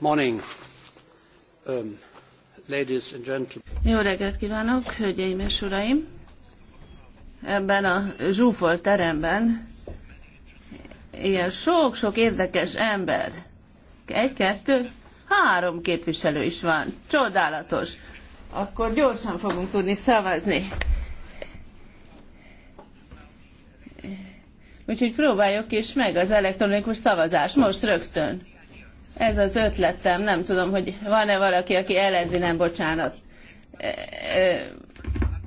Um, Jó reggelt kívánok, hölgyeim és uraim! Ebben a zsúfolt teremben ilyen sok-sok érdekes ember. Egy, kettő, három képviselő is van. Csodálatos. Akkor gyorsan fogunk tudni szavazni. Úgyhogy próbáljuk is meg az elektronikus szavazást most rögtön. Ez az ötletem, nem tudom, hogy van-e valaki, aki elezi, nem bocsánat. E, e,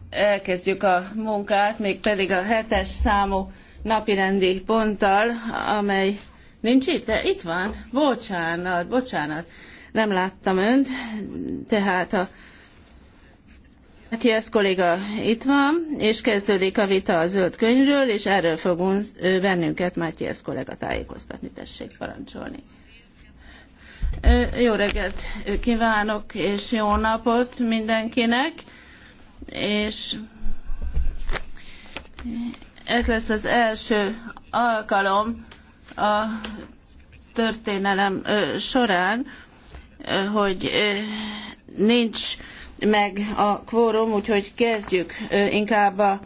elkezdjük a munkát, még pedig a hetes számú napirendi ponttal, amely nincs itt, de itt van. Bocsánat, bocsánat. Nem láttam önt, tehát a Matthias kolléga itt van, és kezdődik a vita a zöld könyvről, és erről fogunk bennünket Matthias kolléga tájékoztatni. Tessék parancsolni. Jó reggelt kívánok, és jó napot mindenkinek, és ez lesz az első alkalom a történelem során, hogy nincs meg a kvórum, úgyhogy kezdjük inkább a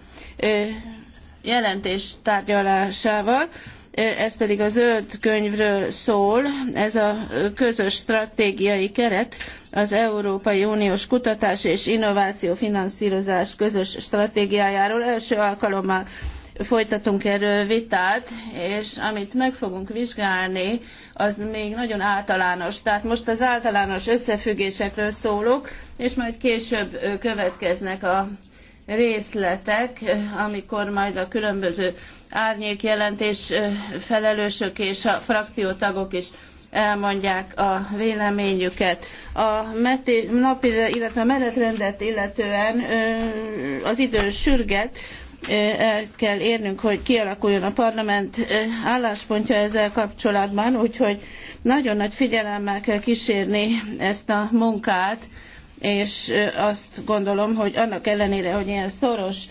jelentés tárgyalásával ez pedig a zöld könyvről szól, ez a közös stratégiai keret, az Európai Uniós Kutatás és Innováció Finanszírozás közös stratégiájáról. Első alkalommal folytatunk erről vitát, és amit meg fogunk vizsgálni, az még nagyon általános. Tehát most az általános összefüggésekről szólok, és majd később következnek a részletek, amikor majd a különböző árnyékjelentés felelősök és a frakciótagok is elmondják a véleményüket. A meti, napi, illetve menetrendet illetően az idő sürget, el kell érnünk, hogy kialakuljon a parlament álláspontja ezzel kapcsolatban, úgyhogy nagyon nagy figyelemmel kell kísérni ezt a munkát, és azt gondolom, hogy annak ellenére, hogy ilyen szoros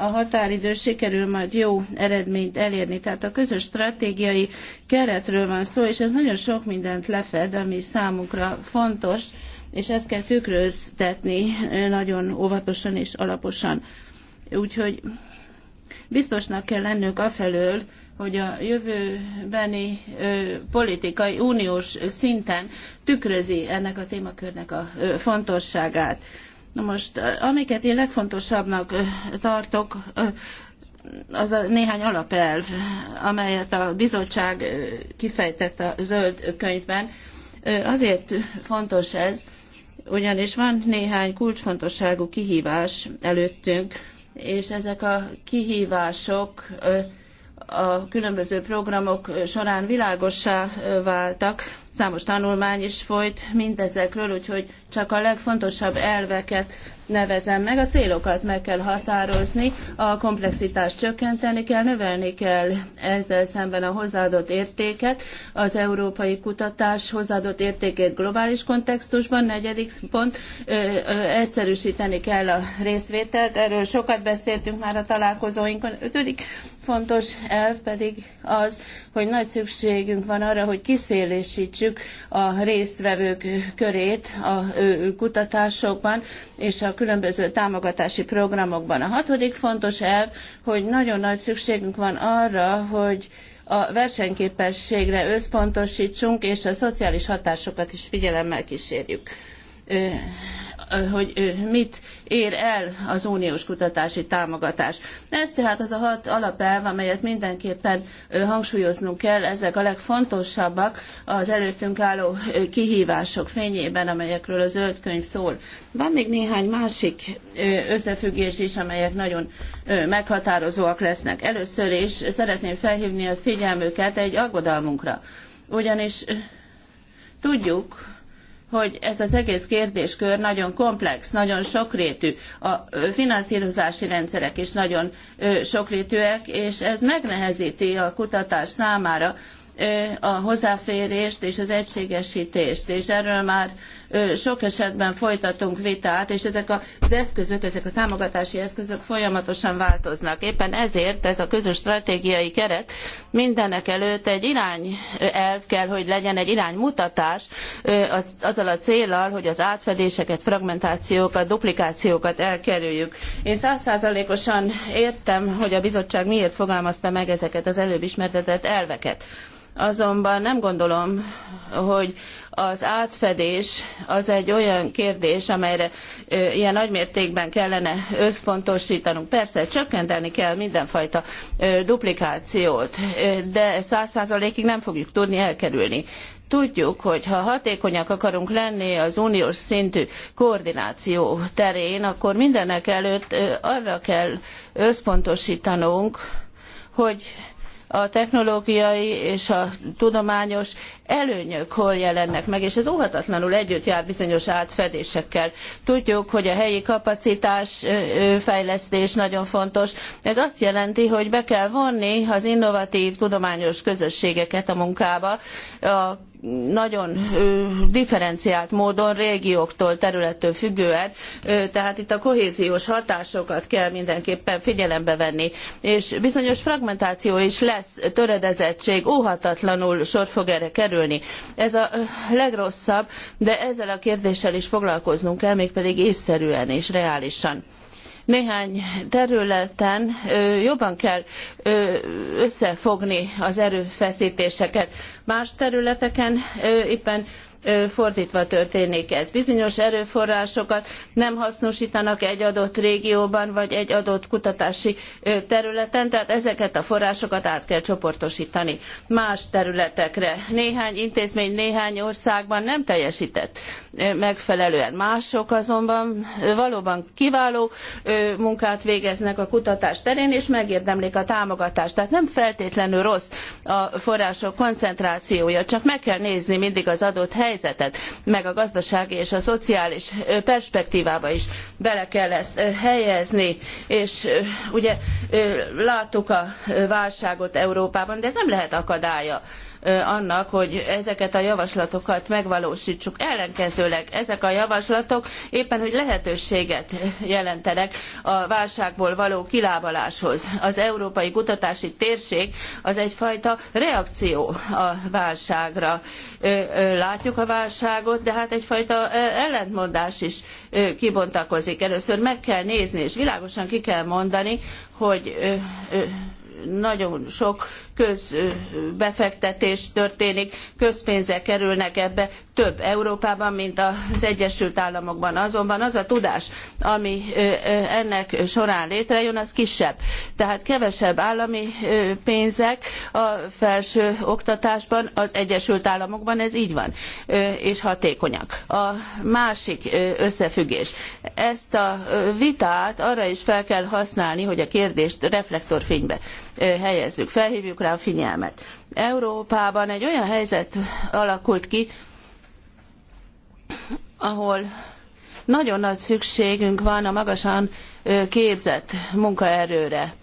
a határidő sikerül majd jó eredményt elérni. Tehát a közös stratégiai keretről van szó, és ez nagyon sok mindent lefed, ami számunkra fontos, és ezt kell tükröztetni nagyon óvatosan és alaposan. Úgyhogy biztosnak kell lennünk afelől, hogy a jövőbeni politikai uniós szinten tükrözi ennek a témakörnek a fontosságát. Na most, amiket én legfontosabbnak tartok, az a néhány alapelv, amelyet a bizottság kifejtett a zöld könyvben. Azért fontos ez, ugyanis van néhány kulcsfontosságú kihívás előttünk, és ezek a kihívások a különböző programok során világossá váltak, Számos tanulmány is folyt mindezekről, úgyhogy csak a legfontosabb elveket nevezem meg. A célokat meg kell határozni, a komplexitást csökkenteni kell, növelni kell ezzel szemben a hozzáadott értéket, az európai kutatás hozzáadott értékét globális kontextusban. Negyedik pont, ö, ö, egyszerűsíteni kell a részvételt, erről sokat beszéltünk már a találkozóinkon. Ötödik fontos elv pedig az, hogy nagy szükségünk van arra, hogy kiszélésítsük bővítsük a résztvevők körét a kutatásokban és a különböző támogatási programokban. A hatodik fontos elv, hogy nagyon nagy szükségünk van arra, hogy a versenyképességre összpontosítsunk, és a szociális hatásokat is figyelemmel kísérjük hogy mit ér el az uniós kutatási támogatás. Ez tehát az a hat alapelv, amelyet mindenképpen hangsúlyoznunk kell, ezek a legfontosabbak az előttünk álló kihívások fényében, amelyekről a zöld könyv szól. Van még néhány másik összefüggés is, amelyek nagyon meghatározóak lesznek. Először is szeretném felhívni a figyelmüket egy aggodalmunkra. Ugyanis tudjuk, hogy ez az egész kérdéskör nagyon komplex, nagyon sokrétű, a finanszírozási rendszerek is nagyon sokrétűek, és ez megnehezíti a kutatás számára a hozzáférést és az egységesítést, és erről már sok esetben folytatunk vitát, és ezek az eszközök, ezek a támogatási eszközök folyamatosan változnak. Éppen ezért ez a közös stratégiai keret mindenekelőtt egy irányelv kell, hogy legyen egy iránymutatás azzal a célral, hogy az átfedéseket, fragmentációkat, duplikációkat elkerüljük. Én százszázalékosan értem, hogy a bizottság miért fogalmazta meg ezeket az előbb ismertetett elveket azonban nem gondolom, hogy az átfedés az egy olyan kérdés, amelyre ilyen nagymértékben kellene összpontosítanunk. Persze csökkenteni kell mindenfajta duplikációt, de száz százalékig nem fogjuk tudni elkerülni tudjuk, hogy ha hatékonyak akarunk lenni az uniós szintű koordináció terén, akkor mindenekelőtt arra kell összpontosítanunk, hogy a technológiai és a tudományos előnyök hol jelennek meg, és ez óhatatlanul együtt jár bizonyos átfedésekkel. Tudjuk, hogy a helyi kapacitás fejlesztés nagyon fontos. Ez azt jelenti, hogy be kell vonni az innovatív tudományos közösségeket a munkába, a nagyon differenciált módon régióktól, területtől függően, tehát itt a kohéziós hatásokat kell mindenképpen figyelembe venni. És bizonyos fragmentáció is lesz, töredezettség óhatatlanul sor fog erre kerülni. Ez a legrosszabb, de ezzel a kérdéssel is foglalkoznunk kell, mégpedig észszerűen és reálisan néhány területen jobban kell összefogni az erőfeszítéseket. Más területeken éppen fordítva történik ez. Bizonyos erőforrásokat nem hasznosítanak egy adott régióban, vagy egy adott kutatási területen, tehát ezeket a forrásokat át kell csoportosítani más területekre. Néhány intézmény néhány országban nem teljesített megfelelően. Mások azonban valóban kiváló munkát végeznek a kutatás terén, és megérdemlik a támogatást. Tehát nem feltétlenül rossz a források koncentrációja, csak meg kell nézni mindig az adott helyzetet, meg a gazdasági és a szociális perspektívába is bele kell ezt helyezni. És ugye láttuk a válságot Európában, de ez nem lehet akadálya annak, hogy ezeket a javaslatokat megvalósítsuk. Ellenkezőleg ezek a javaslatok éppen, hogy lehetőséget jelentenek a válságból való kilábaláshoz. Az európai kutatási térség az egyfajta reakció a válságra. Látjuk a válságot, de hát egyfajta ellentmondás is kibontakozik. Először meg kell nézni, és világosan ki kell mondani, hogy nagyon sok közbefektetés történik, közpénzek kerülnek ebbe, több Európában, mint az Egyesült Államokban. Azonban az a tudás, ami ennek során létrejön, az kisebb. Tehát kevesebb állami pénzek a felső oktatásban, az Egyesült Államokban ez így van, és hatékonyak. A másik összefüggés. Ezt a vitát arra is fel kell használni, hogy a kérdést reflektorfénybe helyezzük, felhívjuk rá a figyelmet. Európában egy olyan helyzet alakult ki, ahol nagyon nagy szükségünk van a magasan képzett munkaerőre.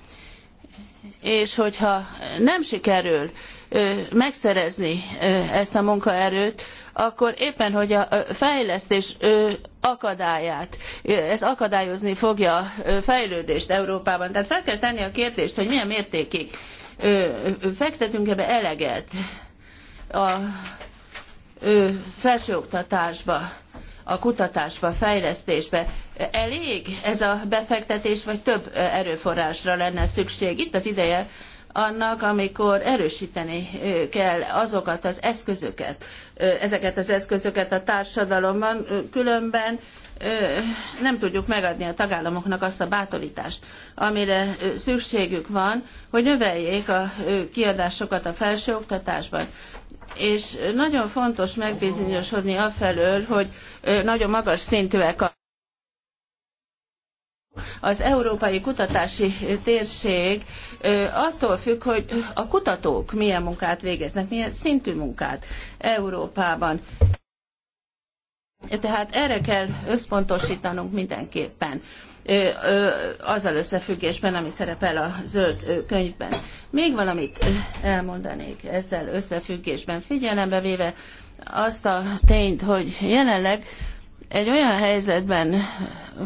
És hogyha nem sikerül megszerezni ezt a munkaerőt, akkor éppen, hogy a fejlesztés akadályát, ez akadályozni fogja a fejlődést Európában. Tehát fel kell tenni a kérdést, hogy milyen mértékig fektetünk ebbe eleget a felsőoktatásba, a kutatásba, fejlesztésbe elég ez a befektetés, vagy több erőforrásra lenne szükség? Itt az ideje annak, amikor erősíteni kell azokat az eszközöket, ezeket az eszközöket a társadalomban, különben nem tudjuk megadni a tagállamoknak azt a bátorítást, amire szükségük van, hogy növeljék a kiadásokat a felsőoktatásban, és nagyon fontos megbizonyosodni afelől, hogy nagyon magas szintűek a az európai kutatási térség attól függ, hogy a kutatók milyen munkát végeznek, milyen szintű munkát Európában. Tehát erre kell összpontosítanunk mindenképpen azzal összefüggésben, ami szerepel a zöld könyvben. Még valamit elmondanék ezzel összefüggésben, figyelembe véve azt a tényt, hogy jelenleg egy olyan helyzetben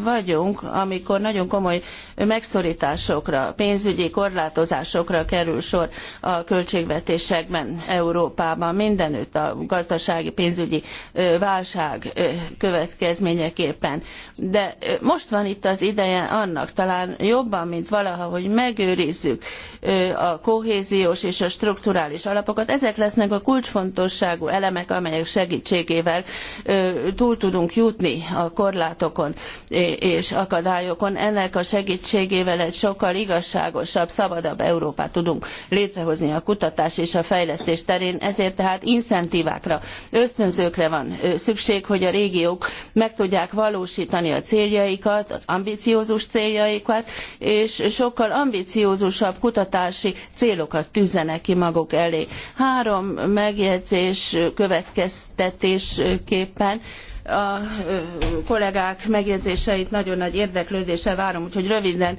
vagyunk, amikor nagyon komoly megszorításokra, pénzügyi korlátozásokra kerül sor a költségvetésekben Európában, mindenütt a gazdasági pénzügyi válság következményeképpen. De most van itt az ideje annak talán jobban, mint valaha, hogy megőrizzük a kohéziós és a strukturális alapokat. Ezek lesznek a kulcsfontosságú elemek, amelyek segítségével túl tudunk jutni a korlátokon, és akadályokon. Ennek a segítségével egy sokkal igazságosabb, szabadabb Európát tudunk létrehozni a kutatás és a fejlesztés terén. Ezért tehát incentívákra, ösztönzőkre van szükség, hogy a régiók meg tudják valósítani a céljaikat, az ambiciózus céljaikat, és sokkal ambiciózusabb kutatási célokat tűzzenek ki maguk elé. Három megjegyzés következtetésképpen a kollégák megjegyzéseit nagyon nagy érdeklődéssel várom, úgyhogy röviden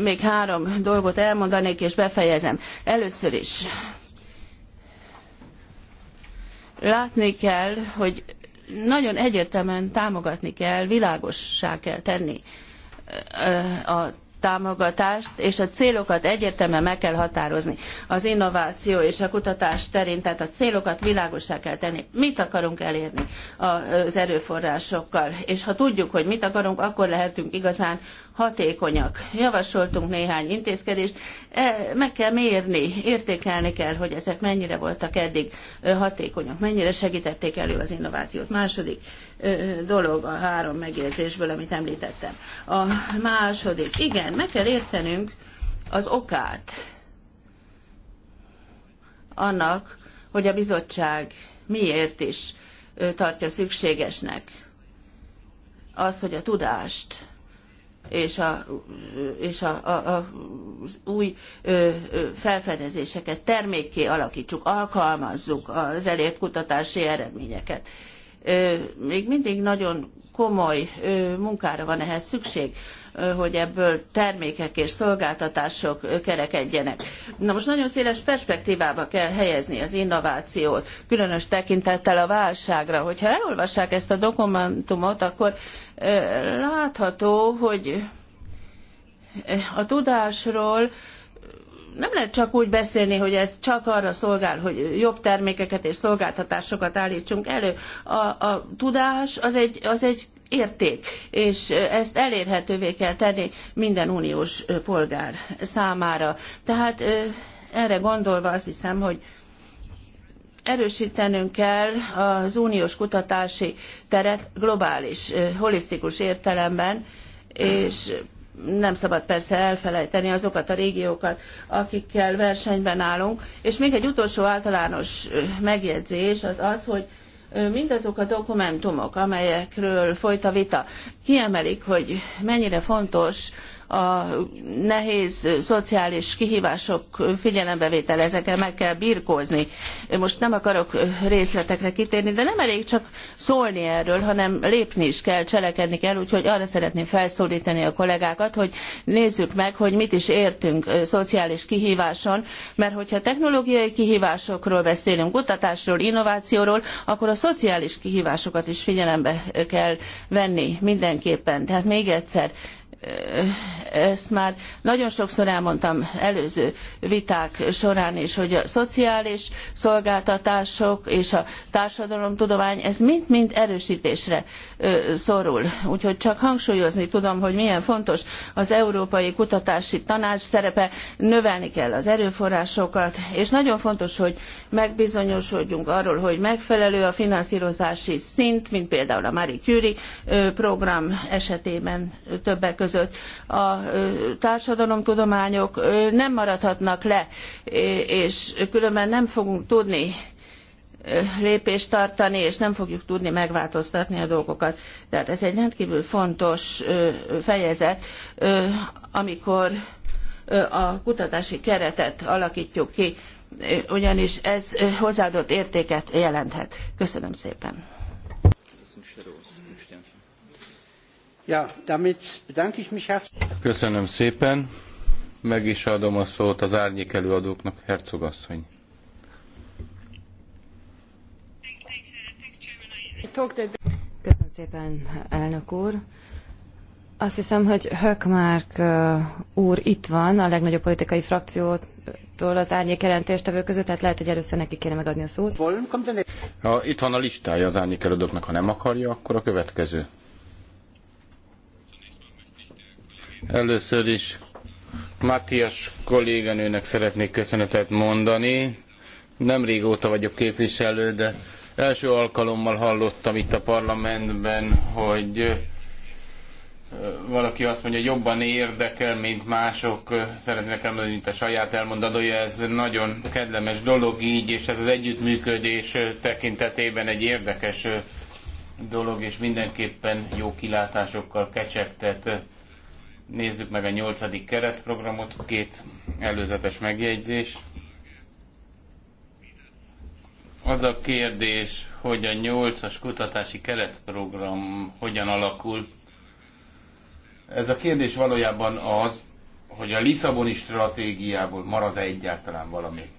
még három dolgot elmondanék és befejezem. Először is látni kell, hogy nagyon egyértelműen támogatni kell, világossá kell tenni a támogatást, és a célokat egyértelműen meg kell határozni. Az innováció és a kutatás terén, tehát a célokat világosá kell tenni. Mit akarunk elérni az erőforrásokkal? És ha tudjuk, hogy mit akarunk, akkor lehetünk igazán hatékonyak. Javasoltunk néhány intézkedést, e, meg kell mérni, értékelni kell, hogy ezek mennyire voltak eddig hatékonyak, mennyire segítették elő az innovációt. Második dolog a három megjegyzésből, amit említettem. A második, igen, meg kell értenünk az okát annak, hogy a bizottság miért is tartja szükségesnek azt, hogy a tudást és a, és a, a, a új ö, ö, felfedezéseket termékké alakítsuk, alkalmazzuk az elért kutatási eredményeket még mindig nagyon komoly munkára van ehhez szükség hogy ebből termékek és szolgáltatások kerekedjenek. Na most nagyon széles perspektívába kell helyezni az innovációt, különös tekintettel a válságra. Hogyha elolvassák ezt a dokumentumot, akkor látható, hogy a tudásról nem lehet csak úgy beszélni, hogy ez csak arra szolgál, hogy jobb termékeket és szolgáltatásokat állítsunk elő. A, a tudás az egy, az egy érték, és ezt elérhetővé kell tenni minden uniós polgár számára. Tehát erre gondolva azt hiszem, hogy erősítenünk kell az uniós kutatási teret globális, holisztikus értelemben, és nem szabad persze elfelejteni azokat a régiókat, akikkel versenyben állunk. És még egy utolsó általános megjegyzés az az, hogy mindazok a dokumentumok, amelyekről folyt a vita, kiemelik, hogy mennyire fontos a nehéz szociális kihívások figyelembevétele, ezekkel meg kell birkózni. Most nem akarok részletekre kitérni, de nem elég csak szólni erről, hanem lépni is kell, cselekedni kell, úgyhogy arra szeretném felszólítani a kollégákat, hogy nézzük meg, hogy mit is értünk szociális kihíváson, mert hogyha technológiai kihívásokról beszélünk, kutatásról, innovációról, akkor a szociális kihívásokat is figyelembe kell venni mindenképpen. Tehát még egyszer ezt már nagyon sokszor elmondtam előző viták során is, hogy a szociális szolgáltatások és a társadalomtudomány, ez mind-mind erősítésre szorul. Úgyhogy csak hangsúlyozni tudom, hogy milyen fontos az Európai Kutatási Tanács szerepe, növelni kell az erőforrásokat, és nagyon fontos, hogy megbizonyosodjunk arról, hogy megfelelő a finanszírozási szint, mint például a Marie Curie program esetében többek között között. A társadalomtudományok nem maradhatnak le, és különben nem fogunk tudni lépést tartani, és nem fogjuk tudni megváltoztatni a dolgokat. Tehát ez egy rendkívül fontos fejezet, amikor a kutatási keretet alakítjuk ki, ugyanis ez hozzáadott értéket jelenthet. Köszönöm szépen. Ja, damit bedanke ich mich Köszönöm szépen. Meg is adom a szót az árnyék előadóknak, Hercogasszony. Köszönöm szépen, elnök úr. Azt hiszem, hogy Hökmárk úr itt van, a legnagyobb politikai frakciótól az árnyék jelentéstevő között, tehát lehet, hogy először neki kéne megadni a szót. Er ha itt van a listája az árnyék előadóknak, ha nem akarja, akkor a következő. Először is Matthias kolléganőnek szeretnék köszönetet mondani. Nem régóta vagyok képviselő, de első alkalommal hallottam itt a parlamentben, hogy valaki azt mondja, hogy jobban érdekel, mint mások szeretnek elmondani, mint a saját elmondadója. Ez nagyon kedlemes dolog így, és ez az együttműködés tekintetében egy érdekes dolog, és mindenképpen jó kilátásokkal kecsegtet Nézzük meg a nyolcadik keretprogramot, két előzetes megjegyzés. Az a kérdés, hogy a nyolcas kutatási keretprogram hogyan alakul. Ez a kérdés valójában az, hogy a Lisszaboni stratégiából marad-e egyáltalán valami.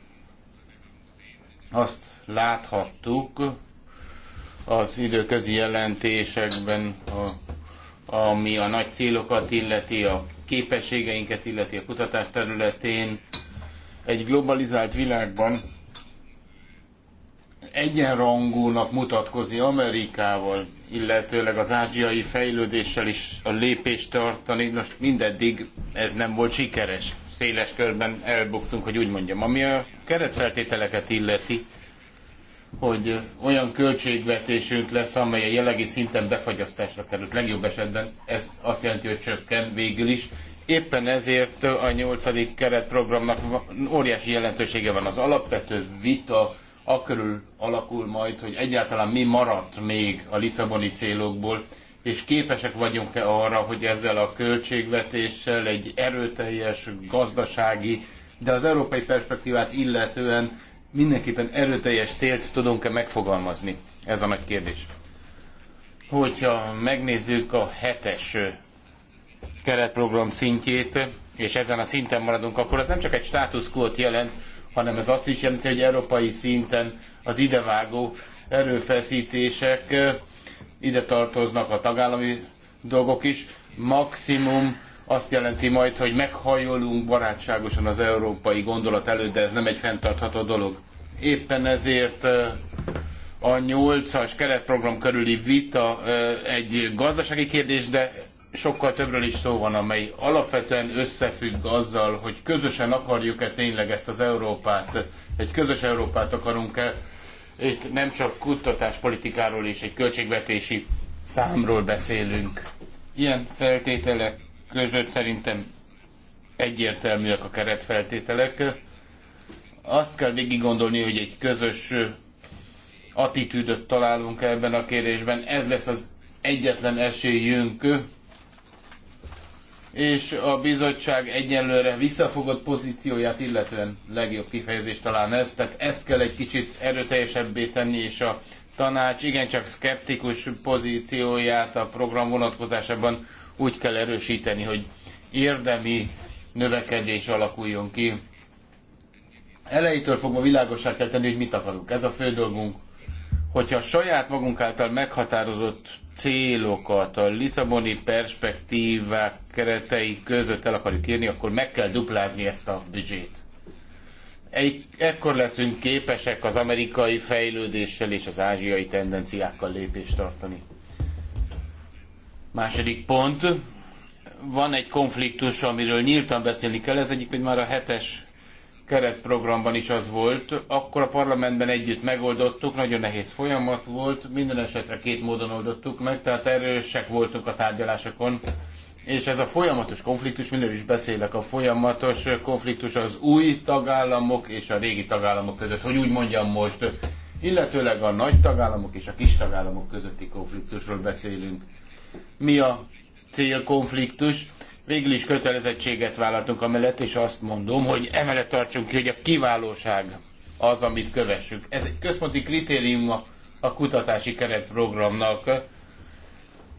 Azt láthattuk az időközi jelentésekben, a ami a nagy célokat illeti, a képességeinket illeti a kutatás területén. Egy globalizált világban egyenrangúnak mutatkozni Amerikával, illetőleg az ázsiai fejlődéssel is a lépést tartani. Most mindeddig ez nem volt sikeres. Széles körben elbuktunk, hogy úgy mondjam. Ami a keretfeltételeket illeti, hogy olyan költségvetésünk lesz, amely a jelenlegi szinten befagyasztásra került. Legjobb esetben ez azt jelenti, hogy csökken végül is. Éppen ezért a nyolcadik keretprogramnak óriási jelentősége van. Az alapvető vita akörül alakul majd, hogy egyáltalán mi maradt még a Lisszaboni célokból, és képesek vagyunk-e arra, hogy ezzel a költségvetéssel egy erőteljes gazdasági, de az európai perspektívát illetően mindenképpen erőteljes célt tudunk-e megfogalmazni? Ez a nagy kérdés. Hogyha megnézzük a hetes keretprogram szintjét, és ezen a szinten maradunk, akkor az nem csak egy státuszkót jelent, hanem ez azt is jelenti, hogy európai szinten az idevágó erőfeszítések ide tartoznak a tagállami dolgok is, maximum azt jelenti majd, hogy meghajolunk barátságosan az európai gondolat előtt, de ez nem egy fenntartható dolog. Éppen ezért eh, a 8-as keretprogram körüli vita eh, egy gazdasági kérdés, de sokkal többről is szó van, amely alapvetően összefügg azzal, hogy közösen akarjuk-e tényleg ezt az Európát, egy közös Európát akarunk-e. Itt nem csak kutatáspolitikáról és egy költségvetési számról beszélünk. Ilyen feltételek között szerintem egyértelműek a keretfeltételek. Azt kell végig gondolni, hogy egy közös attitűdöt találunk ebben a kérdésben. Ez lesz az egyetlen esélyünk, és a bizottság egyenlőre visszafogott pozícióját, illetően legjobb kifejezést talán ez, tehát ezt kell egy kicsit erőteljesebbé tenni, és a tanács igencsak szkeptikus pozícióját a program vonatkozásában úgy kell erősíteni, hogy érdemi növekedés alakuljon ki. Elejétől fogva világosá kell tenni, hogy mit akarunk. Ez a fő dolgunk. Hogyha a saját magunk által meghatározott célokat a Lisszaboni perspektívák keretei között el akarjuk írni, akkor meg kell duplázni ezt a büdzsét. Ekkor leszünk képesek az amerikai fejlődéssel és az ázsiai tendenciákkal lépést tartani. Második pont. Van egy konfliktus, amiről nyíltan beszélni kell, ez egyik, már a hetes keretprogramban is az volt. Akkor a parlamentben együtt megoldottuk, nagyon nehéz folyamat volt, minden esetre két módon oldottuk meg, tehát erősek voltunk a tárgyalásokon. És ez a folyamatos konfliktus, miről is beszélek, a folyamatos konfliktus az új tagállamok és a régi tagállamok között, hogy úgy mondjam most, illetőleg a nagy tagállamok és a kis tagállamok közötti konfliktusról beszélünk mi a célkonfliktus. Végül is kötelezettséget vállaltunk amellett, és azt mondom, hogy emellett tartsunk ki, hogy a kiválóság az, amit kövessük. Ez egy központi kritérium a, a kutatási keretprogramnak,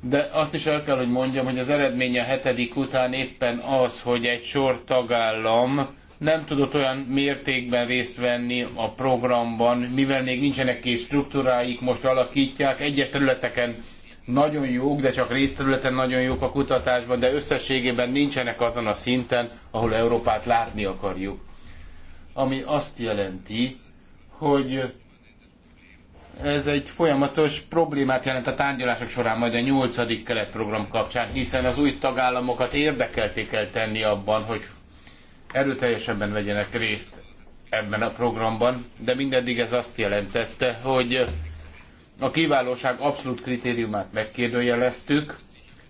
de azt is el kell, hogy mondjam, hogy az eredménye a hetedik után éppen az, hogy egy sor tagállam nem tudott olyan mértékben részt venni a programban, mivel még nincsenek kész struktúráik, most alakítják, egyes területeken nagyon jók, de csak részterületen nagyon jók a kutatásban, de összességében nincsenek azon a szinten, ahol Európát látni akarjuk. Ami azt jelenti, hogy ez egy folyamatos problémát jelent a tárgyalások során majd a nyolcadik keretprogram kapcsán, hiszen az új tagállamokat érdekelté kell tenni abban, hogy erőteljesebben vegyenek részt ebben a programban, de mindeddig ez azt jelentette, hogy a kiválóság abszolút kritériumát megkérdőjeleztük,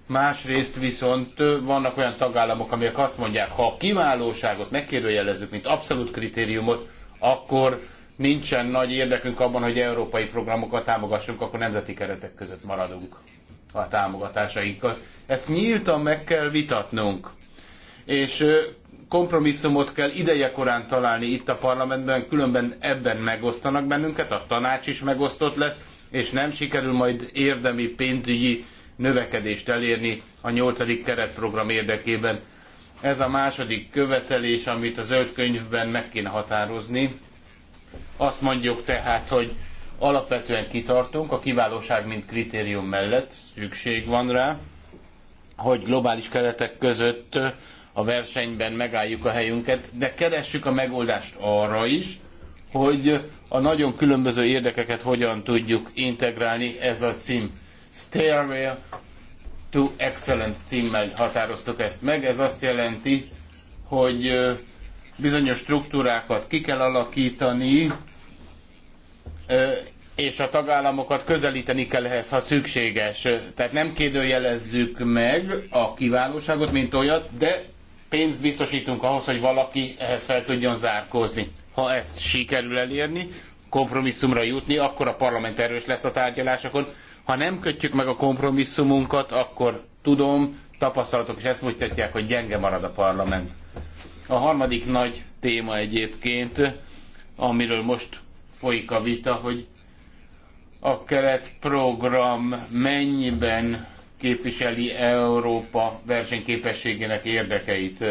másrészt viszont vannak olyan tagállamok, amelyek azt mondják, ha a kiválóságot megkérdőjelezzük, mint abszolút kritériumot, akkor nincsen nagy érdekünk abban, hogy európai programokat támogassunk, akkor nemzeti keretek között maradunk a támogatásainkkal. Ezt nyíltan meg kell vitatnunk, és kompromisszumot kell korán találni itt a parlamentben, különben ebben megosztanak bennünket, a tanács is megosztott lesz, és nem sikerül majd érdemi pénzügyi növekedést elérni a nyolcadik keretprogram érdekében. Ez a második követelés, amit a zöld könyvben meg kéne határozni. Azt mondjuk tehát, hogy alapvetően kitartunk, a kiválóság mint kritérium mellett szükség van rá, hogy globális keretek között a versenyben megálljuk a helyünket, de keressük a megoldást arra is, hogy a nagyon különböző érdekeket hogyan tudjuk integrálni. Ez a cím Stairway to Excellence címmel határoztuk ezt meg. Ez azt jelenti, hogy bizonyos struktúrákat ki kell alakítani, és a tagállamokat közelíteni kell ehhez, ha szükséges. Tehát nem kérdőjelezzük meg a kiválóságot, mint olyat, de pénzt biztosítunk ahhoz, hogy valaki ehhez fel tudjon zárkózni. Ha ezt sikerül elérni, kompromisszumra jutni, akkor a parlament erős lesz a tárgyalásokon. Ha nem kötjük meg a kompromisszumunkat, akkor tudom, tapasztalatok is ezt mutatják, hogy gyenge marad a parlament. A harmadik nagy téma egyébként, amiről most folyik a vita, hogy a keretprogram mennyiben képviseli Európa versenyképességének érdekeit.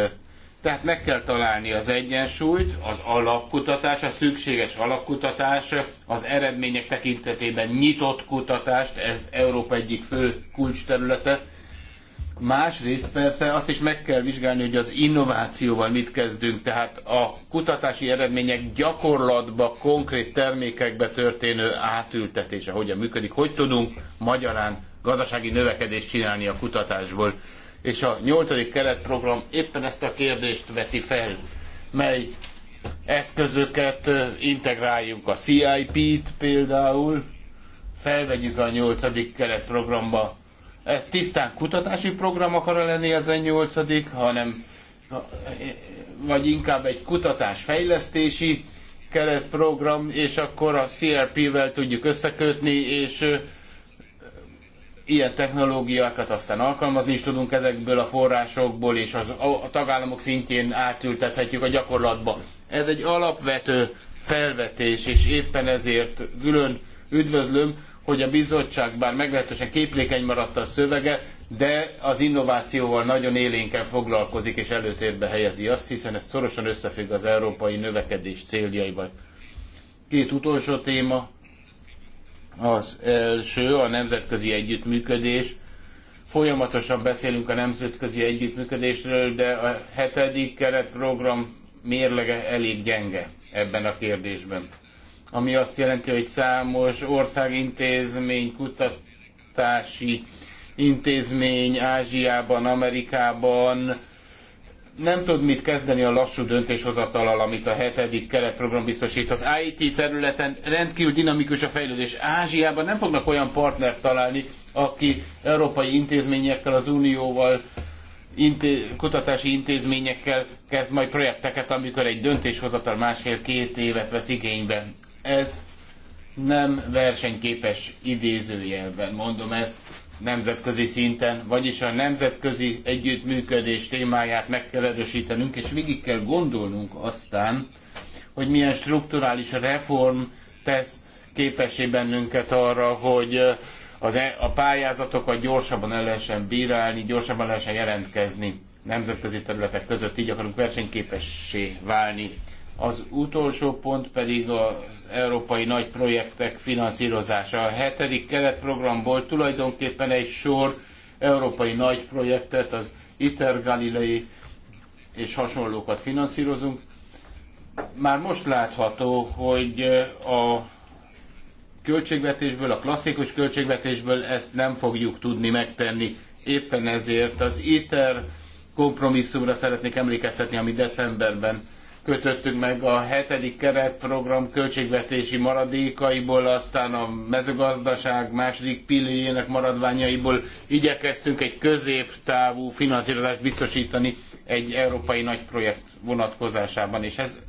Tehát meg kell találni az egyensúlyt, az alapkutatás, a szükséges alapkutatás, az eredmények tekintetében nyitott kutatást, ez Európa egyik fő kulcsterülete. Másrészt persze azt is meg kell vizsgálni, hogy az innovációval mit kezdünk, tehát a kutatási eredmények gyakorlatba, konkrét termékekbe történő átültetése hogyan működik, hogy tudunk magyarán gazdasági növekedést csinálni a kutatásból. És a nyolcadik keretprogram éppen ezt a kérdést veti fel, mely eszközöket integráljunk a CIP-t például, felvegyük a nyolcadik keretprogramba. Ez tisztán kutatási program akar lenni ez a nyolcadik, hanem eh, vagy inkább egy kutatásfejlesztési keretprogram, és akkor a CRP-vel tudjuk összekötni, és ilyen technológiákat aztán alkalmazni is tudunk ezekből a forrásokból, és az, a tagállamok szintjén átültethetjük a gyakorlatba. Ez egy alapvető felvetés, és éppen ezért külön üdvözlöm, hogy a bizottság bár meglehetősen képlékeny maradt a szövege, de az innovációval nagyon élénken foglalkozik és előtérbe helyezi azt, hiszen ez szorosan összefügg az európai növekedés céljaival. Két utolsó téma, az első a nemzetközi együttműködés. Folyamatosan beszélünk a nemzetközi együttműködésről, de a hetedik keretprogram mérlege elég gyenge ebben a kérdésben. Ami azt jelenti, hogy számos országintézmény, kutatási intézmény Ázsiában, Amerikában nem tud mit kezdeni a lassú döntéshozatalal, amit a hetedik keretprogram biztosít. Az IT területen rendkívül dinamikus a fejlődés. Ázsiában nem fognak olyan partnert találni, aki európai intézményekkel, az unióval, inté kutatási intézményekkel kezd majd projekteket, amikor egy döntéshozatal másfél-két évet vesz igénybe. Ez nem versenyképes idézőjelben, mondom ezt nemzetközi szinten, vagyis a nemzetközi együttműködés témáját meg kell erősítenünk, és végig kell gondolnunk aztán, hogy milyen strukturális reform tesz képessé bennünket arra, hogy az, e, a pályázatokat gyorsabban el lehessen bírálni, gyorsabban lehessen jelentkezni nemzetközi területek között, így akarunk versenyképessé válni. Az utolsó pont pedig az európai nagy projektek finanszírozása. A hetedik keretprogramból tulajdonképpen egy sor európai nagy projektet, az ITER Galilei és hasonlókat finanszírozunk. Már most látható, hogy a költségvetésből, a klasszikus költségvetésből ezt nem fogjuk tudni megtenni. Éppen ezért az ITER kompromisszumra szeretnék emlékeztetni, ami decemberben kötöttünk meg a hetedik keretprogram költségvetési maradékaiból, aztán a mezőgazdaság második pilléjének maradványaiból igyekeztünk egy középtávú finanszírozást biztosítani egy európai nagy projekt vonatkozásában, és ez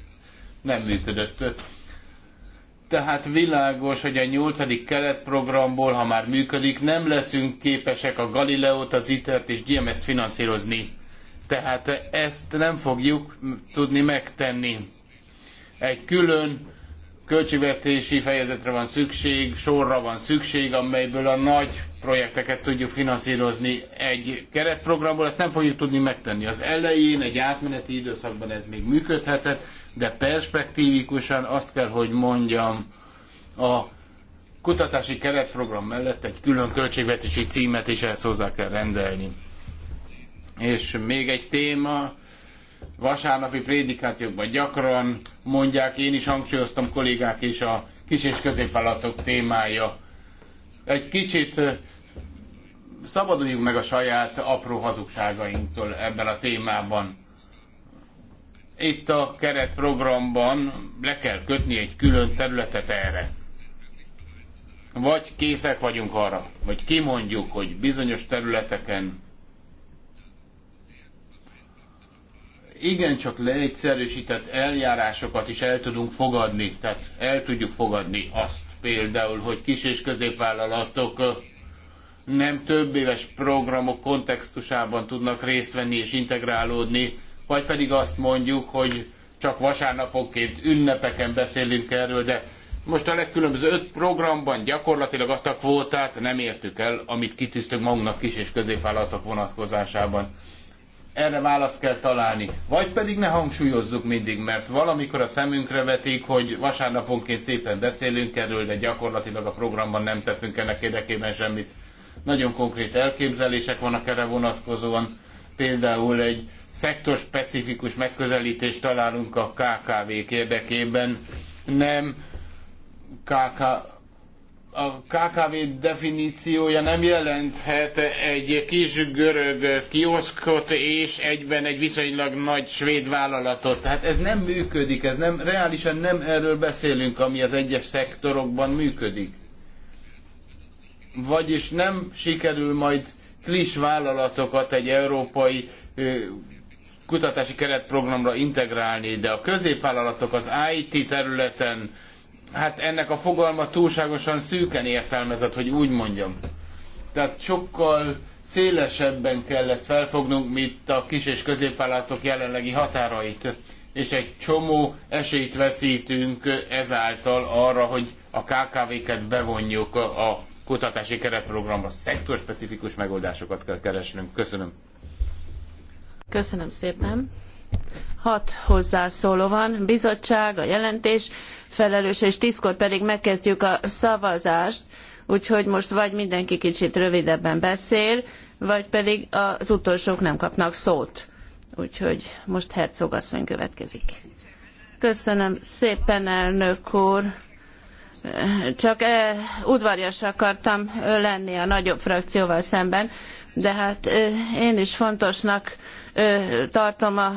nem működött. Tehát világos, hogy a nyolcadik keretprogramból, ha már működik, nem leszünk képesek a Galileót, az ITER-t e és GMS-t finanszírozni tehát ezt nem fogjuk tudni megtenni. Egy külön költségvetési fejezetre van szükség, sorra van szükség, amelyből a nagy projekteket tudjuk finanszírozni egy keretprogramból, ezt nem fogjuk tudni megtenni. Az elején, egy átmeneti időszakban ez még működhetett, de perspektívikusan azt kell, hogy mondjam, a kutatási keretprogram mellett egy külön költségvetési címet is ezt hozzá kell rendelni. És még egy téma, vasárnapi prédikációkban gyakran mondják, én is hangsúlyoztam kollégák is a kis és középvállalatok témája. Egy kicsit szabaduljunk meg a saját apró hazugságainktól ebben a témában. Itt a keretprogramban le kell kötni egy külön területet erre. Vagy készek vagyunk arra, vagy kimondjuk, hogy bizonyos területeken igencsak leegyszerűsített eljárásokat is el tudunk fogadni. Tehát el tudjuk fogadni azt például, hogy kis és középvállalatok nem több éves programok kontextusában tudnak részt venni és integrálódni, vagy pedig azt mondjuk, hogy csak vasárnaponként ünnepeken beszélünk erről, de most a legkülönböző öt programban gyakorlatilag azt a kvótát nem értük el, amit kitűztünk magunknak kis és középvállalatok vonatkozásában erre választ kell találni. Vagy pedig ne hangsúlyozzuk mindig, mert valamikor a szemünkre vetik, hogy vasárnaponként szépen beszélünk erről, de gyakorlatilag a programban nem teszünk ennek érdekében semmit. Nagyon konkrét elképzelések vannak erre vonatkozóan. Például egy szektorspecifikus megközelítést találunk a KKV-k érdekében. Nem KKV a KKV definíciója nem jelenthet egy kis görög kioszkot és egyben egy viszonylag nagy svéd vállalatot. Tehát ez nem működik, ez nem, reálisan nem erről beszélünk, ami az egyes szektorokban működik. Vagyis nem sikerül majd klis vállalatokat egy európai kutatási keretprogramra integrálni, de a középvállalatok az IT területen hát ennek a fogalma túlságosan szűken értelmezett, hogy úgy mondjam. Tehát sokkal szélesebben kell ezt felfognunk, mint a kis és középvállalatok jelenlegi határait. És egy csomó esélyt veszítünk ezáltal arra, hogy a KKV-ket bevonjuk a kutatási keretprogramba. Szektorspecifikus megoldásokat kell keresnünk. Köszönöm. Köszönöm szépen. Hat hozzászóló van, bizottság, a jelentés, felelős, és tzkor pedig megkezdjük a szavazást, úgyhogy most vagy mindenki kicsit rövidebben beszél, vagy pedig az utolsók nem kapnak szót. Úgyhogy most Herzog asszony következik. Köszönöm szépen, elnök úr. Csak eh, udvarias udvarjas akartam lenni a nagyobb frakcióval szemben, de hát eh, én is fontosnak tartom a,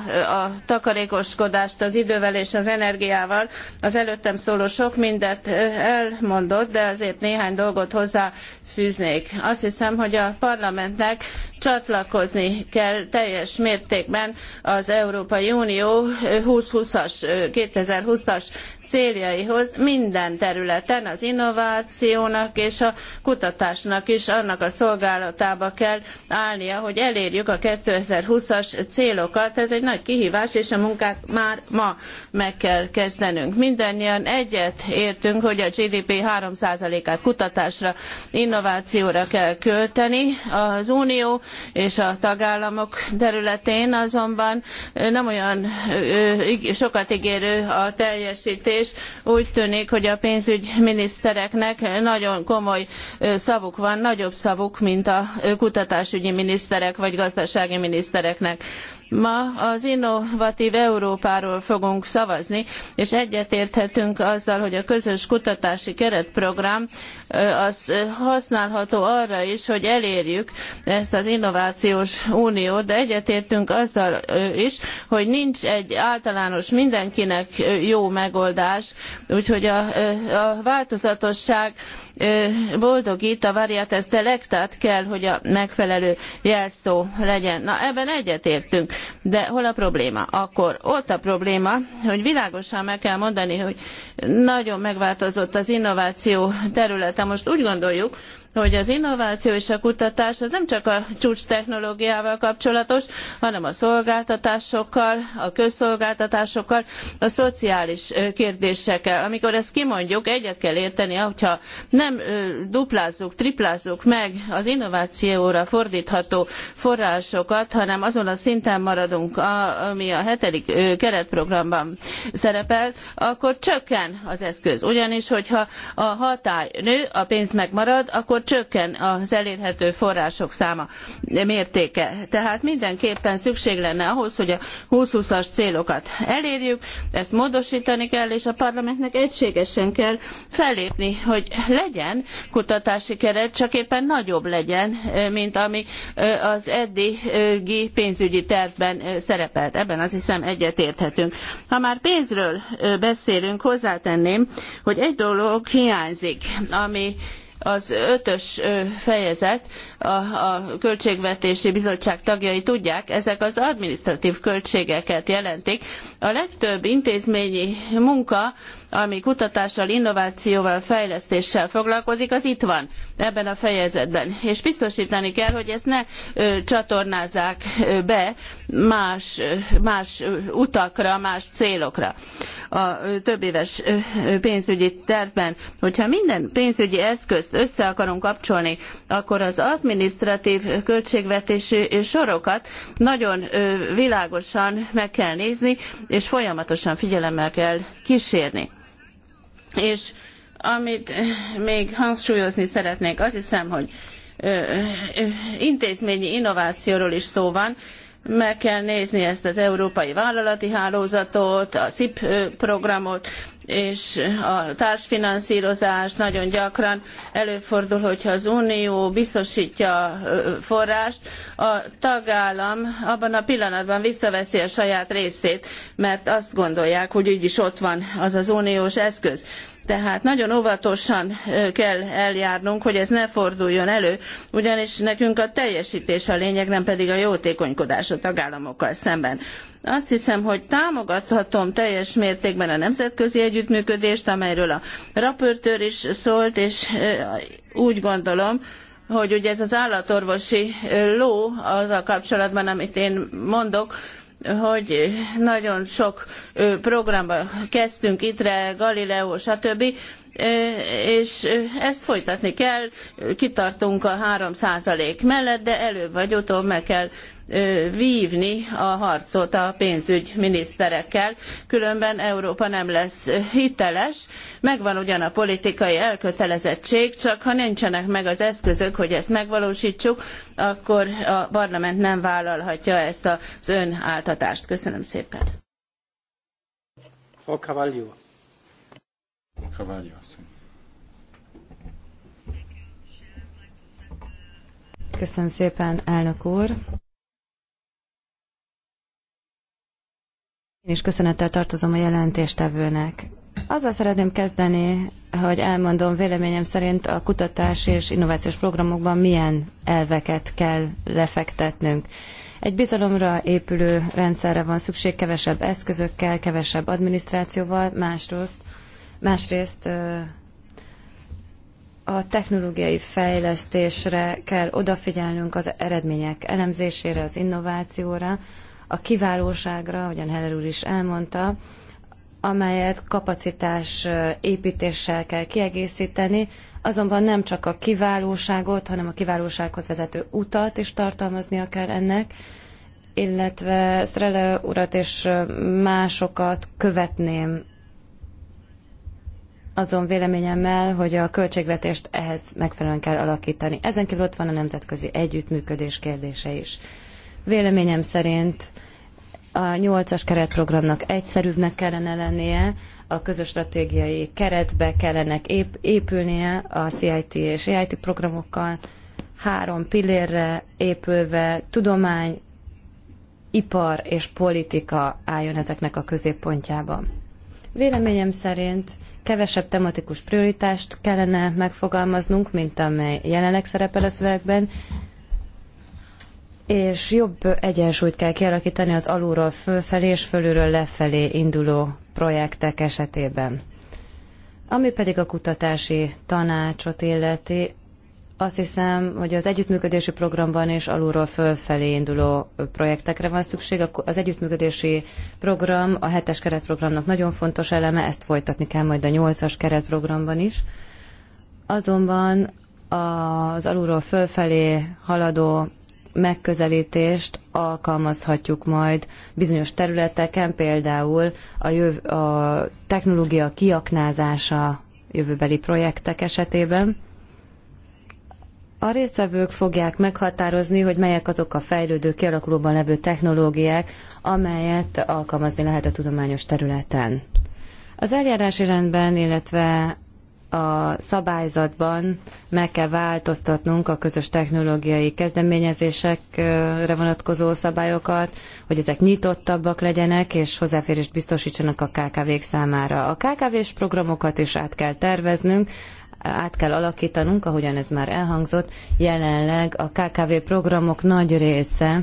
a takarékoskodást az idővel és az energiával. Az előttem szóló sok mindent elmondott, de azért néhány dolgot hozzáfűznék. Azt hiszem, hogy a parlamentnek csatlakozni kell teljes mértékben az Európai Unió 2020-as, 2020-as céljaihoz minden területen az innovációnak és a kutatásnak is annak a szolgálatába kell állnia, hogy elérjük a 2020-as célokat. Ez egy nagy kihívás, és a munkát már ma meg kell kezdenünk. Mindennyian egyet értünk, hogy a GDP 3%-át kutatásra, innovációra kell költeni. Az Unió és a tagállamok területén azonban nem olyan sokat ígérő a teljesítés, és úgy tűnik, hogy a pénzügyminisztereknek nagyon komoly szavuk van, nagyobb szavuk, mint a kutatásügyi miniszterek vagy gazdasági minisztereknek. Ma az innovatív Európáról fogunk szavazni, és egyetérthetünk azzal, hogy a közös kutatási keretprogram az használható arra is, hogy elérjük ezt az innovációs uniót, de egyetértünk azzal is, hogy nincs egy általános mindenkinek jó megoldás, úgyhogy a, a változatosság boldogít, a variates delectat kell, hogy a megfelelő jelszó legyen. Na ebben egyetértünk, de hol a probléma? Akkor ott a probléma, hogy világosan meg kell mondani, hogy nagyon megváltozott az innováció területe. Tehát most úgy gondoljuk, hogy az innováció és a kutatás az nem csak a csúcs technológiával kapcsolatos, hanem a szolgáltatásokkal, a közszolgáltatásokkal, a szociális kérdésekkel. Amikor ezt kimondjuk, egyet kell érteni, hogyha nem duplázzuk, triplázzuk meg az innovációra fordítható forrásokat, hanem azon a szinten maradunk, ami a hetedik keretprogramban szerepel, akkor csökken az eszköz. Ugyanis, hogyha a hatály nő, a pénz megmarad, akkor akkor csökken az elérhető források száma mértéke. Tehát mindenképpen szükség lenne ahhoz, hogy a 20 as célokat elérjük, ezt módosítani kell, és a parlamentnek egységesen kell fellépni, hogy legyen kutatási keret, csak éppen nagyobb legyen, mint ami az eddigi pénzügyi tervben szerepelt. Ebben azt hiszem egyetérthetünk. Ha már pénzről beszélünk, hozzátenném, hogy egy dolog hiányzik, ami az ötös fejezet, a, a Költségvetési Bizottság tagjai tudják, ezek az administratív költségeket jelentik. A legtöbb intézményi munka, ami kutatással, innovációval, fejlesztéssel foglalkozik, az itt van ebben a fejezetben. És biztosítani kell, hogy ezt ne ö, csatornázzák be más, más utakra, más célokra. Ö, a többéves pénzügyi tervben, hogyha minden pénzügyi eszközt össze akarunk kapcsolni, akkor az administratív költségvetési sorokat nagyon világosan meg kell nézni, és folyamatosan figyelemmel kell kísérni. És amit még hangsúlyozni szeretnék, azt hiszem, hogy intézményi innovációról is szó van, meg kell nézni ezt az európai vállalati hálózatot, a SIP programot, és a társfinanszírozás nagyon gyakran előfordul, hogyha az Unió biztosítja forrást, a tagállam abban a pillanatban visszaveszi a saját részét, mert azt gondolják, hogy úgyis ott van az az uniós eszköz tehát nagyon óvatosan kell eljárnunk, hogy ez ne forduljon elő, ugyanis nekünk a teljesítés a lényeg, nem pedig a jótékonykodás a tagállamokkal szemben. Azt hiszem, hogy támogathatom teljes mértékben a nemzetközi együttműködést, amelyről a rapörtőr is szólt, és úgy gondolom, hogy ugye ez az állatorvosi ló azzal kapcsolatban, amit én mondok, hogy nagyon sok programba kezdtünk, ITRE, Galileo, stb. És ezt folytatni kell, kitartunk a 3% mellett, de előbb vagy utóbb meg kell vívni a harcot a pénzügyminiszterekkel, különben Európa nem lesz hiteles. Megvan ugyan a politikai elkötelezettség, csak ha nincsenek meg az eszközök, hogy ezt megvalósítsuk, akkor a parlament nem vállalhatja ezt az áltatást. Köszönöm szépen. Frau Cavallio. Cavallio. Köszönöm szépen, elnök úr. Én is köszönettel tartozom a jelentéstevőnek. Azzal szeretném kezdeni, hogy elmondom véleményem szerint a kutatás és innovációs programokban milyen elveket kell lefektetnünk. Egy bizalomra épülő rendszerre van szükség, kevesebb eszközökkel, kevesebb adminisztrációval, másrészt, másrészt a technológiai fejlesztésre kell odafigyelnünk az eredmények elemzésére, az innovációra, a kiválóságra, ahogyan Heller úr is elmondta, amelyet kapacitás építéssel kell kiegészíteni, azonban nem csak a kiválóságot, hanem a kiválósághoz vezető utat is tartalmaznia kell ennek, illetve Szrele urat és másokat követném azon véleményemmel, hogy a költségvetést ehhez megfelelően kell alakítani. Ezen kívül ott van a nemzetközi együttműködés kérdése is. Véleményem szerint a nyolcas keretprogramnak egyszerűbbnek kellene lennie, a közös stratégiai keretbe kellene ép, épülnie a CIT és EIT programokkal, három pillérre épülve tudomány, ipar és politika álljon ezeknek a középpontjába. Véleményem szerint kevesebb tematikus prioritást kellene megfogalmaznunk, mint amely jelenleg szerepel a szövegben, és jobb egyensúlyt kell kialakítani az alulról fölfelé és fölülről lefelé induló projektek esetében. Ami pedig a kutatási tanácsot illeti, azt hiszem, hogy az együttműködési programban és alulról fölfelé induló projektekre van szükség. Az együttműködési program a hetes keretprogramnak nagyon fontos eleme, ezt folytatni kell majd a nyolcas keretprogramban is. Azonban az alulról fölfelé haladó megközelítést alkalmazhatjuk majd bizonyos területeken, például a, jöv, a technológia kiaknázása jövőbeli projektek esetében. A résztvevők fogják meghatározni, hogy melyek azok a fejlődő, kialakulóban levő technológiák, amelyet alkalmazni lehet a tudományos területen. Az eljárási rendben, illetve a szabályzatban meg kell változtatnunk a közös technológiai kezdeményezésekre vonatkozó szabályokat, hogy ezek nyitottabbak legyenek, és hozzáférést biztosítsanak a KKV-k számára. A KKV-s programokat is át kell terveznünk, át kell alakítanunk, ahogyan ez már elhangzott. Jelenleg a KKV programok nagy része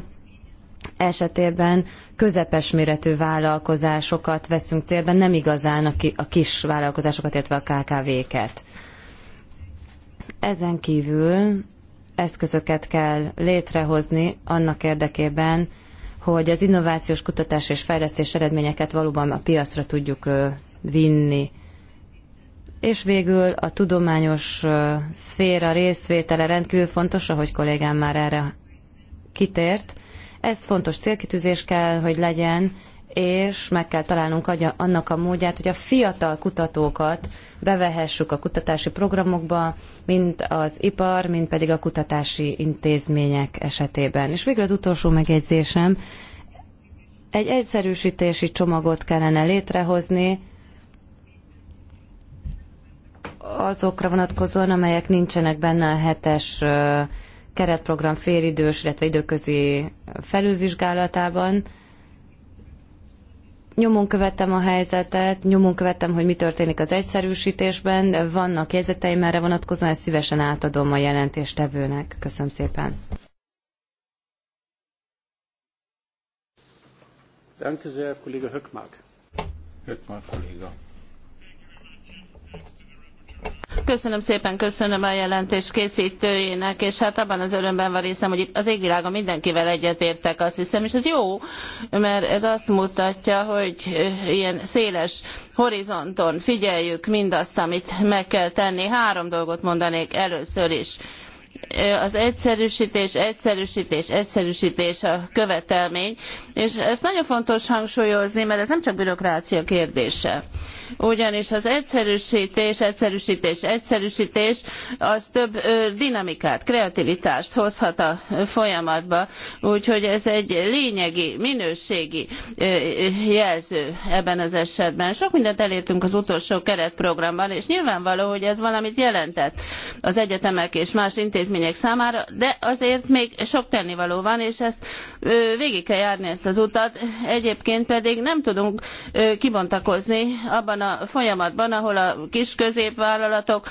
esetében közepes méretű vállalkozásokat veszünk célba, nem igazán a kis vállalkozásokat, illetve a KKV-ket. Ezen kívül eszközöket kell létrehozni annak érdekében, hogy az innovációs kutatás és fejlesztés eredményeket valóban a piacra tudjuk vinni. És végül a tudományos szféra részvétele rendkívül fontos, ahogy kollégám már erre kitért, ez fontos célkitűzés kell, hogy legyen, és meg kell találnunk annak a módját, hogy a fiatal kutatókat bevehessük a kutatási programokba, mind az ipar, mind pedig a kutatási intézmények esetében. És végül az utolsó megjegyzésem, egy egyszerűsítési csomagot kellene létrehozni, azokra vonatkozóan, amelyek nincsenek benne a hetes keretprogram félidős, illetve időközi felülvizsgálatában. Nyomon követtem a helyzetet, nyomon követtem, hogy mi történik az egyszerűsítésben. Vannak jegyzeteim erre vonatkozóan, ezt szívesen átadom a jelentéstevőnek. Köszönöm szépen. Danke sehr, Kollege Höckmark. Höckmark kolléga. Köszönöm szépen, köszönöm a jelentés készítőjének, és hát abban az örömben van részem, hogy itt az égvilágon mindenkivel egyetértek, azt hiszem, és ez jó, mert ez azt mutatja, hogy ilyen széles horizonton figyeljük mindazt, amit meg kell tenni. Három dolgot mondanék először is az egyszerűsítés, egyszerűsítés, egyszerűsítés a követelmény, és ezt nagyon fontos hangsúlyozni, mert ez nem csak bürokrácia kérdése. Ugyanis az egyszerűsítés, egyszerűsítés, egyszerűsítés az több dinamikát, kreativitást hozhat a folyamatba, úgyhogy ez egy lényegi, minőségi jelző ebben az esetben. Sok mindent elértünk az utolsó keretprogramban, és nyilvánvaló, hogy ez valamit jelentett az egyetemek és más intézmények intézmények számára, de azért még sok tennivaló van, és ezt végig kell járni ezt az utat. Egyébként pedig nem tudunk kibontakozni abban a folyamatban, ahol a kis középvállalatok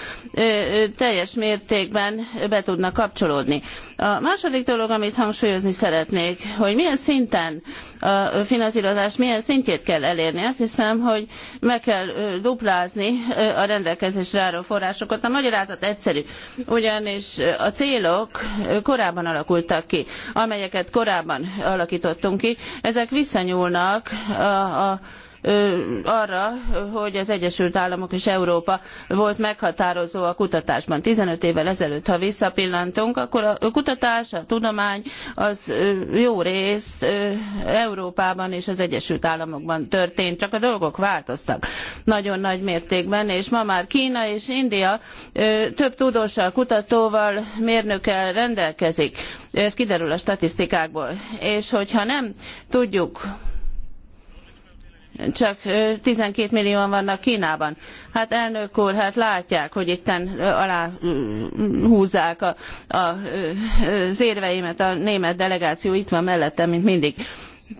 teljes mértékben be tudnak kapcsolódni. A második dolog, amit hangsúlyozni szeretnék, hogy milyen szinten a finanszírozás milyen szintjét kell elérni. Azt hiszem, hogy meg kell duplázni a rendelkezésre álló forrásokat. A magyarázat egyszerű, ugyanis a célok korábban alakultak ki, amelyeket korábban alakítottunk ki, ezek visszanyúlnak a, a arra, hogy az Egyesült Államok és Európa volt meghatározó a kutatásban. 15 évvel ezelőtt, ha visszapillantunk, akkor a kutatás, a tudomány az jó részt Európában és az Egyesült Államokban történt, csak a dolgok változtak nagyon nagy mértékben, és ma már Kína és India több tudóssal, kutatóval, mérnökkel rendelkezik. Ez kiderül a statisztikákból. És hogyha nem tudjuk csak 12 millióan vannak Kínában. Hát elnök úr, hát látják, hogy itten alá húzzák a, a, az érveimet, a német delegáció itt van mellettem, mint mindig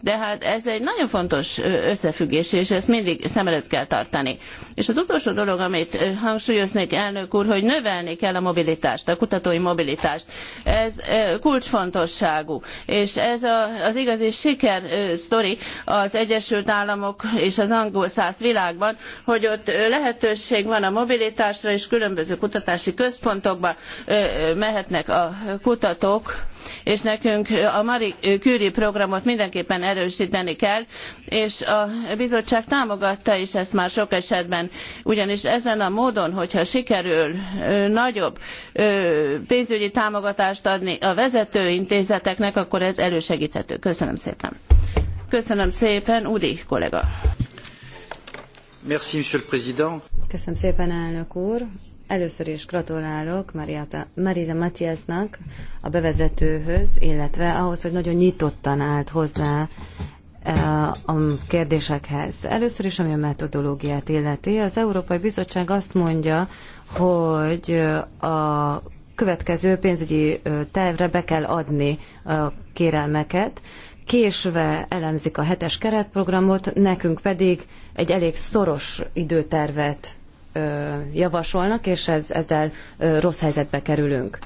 de hát ez egy nagyon fontos összefüggés, és ezt mindig szem előtt kell tartani. És az utolsó dolog, amit hangsúlyoznék, elnök úr, hogy növelni kell a mobilitást, a kutatói mobilitást. Ez kulcsfontosságú, és ez a, az igazi siker sztori az Egyesült Államok és az angol száz világban, hogy ott lehetőség van a mobilitásra, és különböző kutatási központokba mehetnek a kutatók, és nekünk a Marie Curie programot mindenképpen erősíteni kell, és a bizottság támogatta is ezt már sok esetben, ugyanis ezen a módon, hogyha sikerül nagyobb pénzügyi támogatást adni a vezető intézeteknek, akkor ez elősegíthető. Köszönöm szépen. Köszönöm szépen, Udi kollega. Merci, Monsieur le Président. Köszönöm szépen, elnök úr. Először is gratulálok Marisa Matthiasnak a bevezetőhöz, illetve ahhoz, hogy nagyon nyitottan állt hozzá e, a kérdésekhez. Először is, ami a metodológiát illeti, az Európai Bizottság azt mondja, hogy a következő pénzügyi tervre be kell adni a kérelmeket, késve elemzik a hetes keretprogramot, nekünk pedig egy elég szoros időtervet javasolnak, és ez, ezzel rossz helyzetbe kerülünk.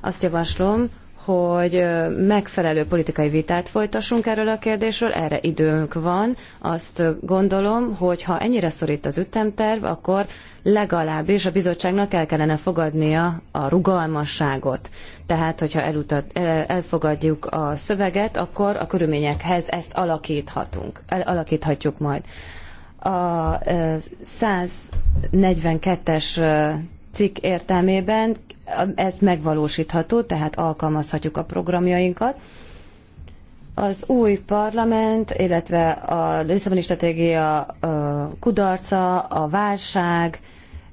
Azt javaslom, hogy megfelelő politikai vitát folytassunk erről a kérdésről, erre időnk van. Azt gondolom, hogy ha ennyire szorít az ütemterv, akkor legalábbis a bizottságnak el kellene fogadnia a rugalmasságot. Tehát, hogyha elutat, elfogadjuk a szöveget, akkor a körülményekhez ezt alakíthatunk, alakíthatjuk majd a 142-es cikk értelmében ez megvalósítható, tehát alkalmazhatjuk a programjainkat. Az új parlament, illetve a Lisszaboni stratégia kudarca, a válság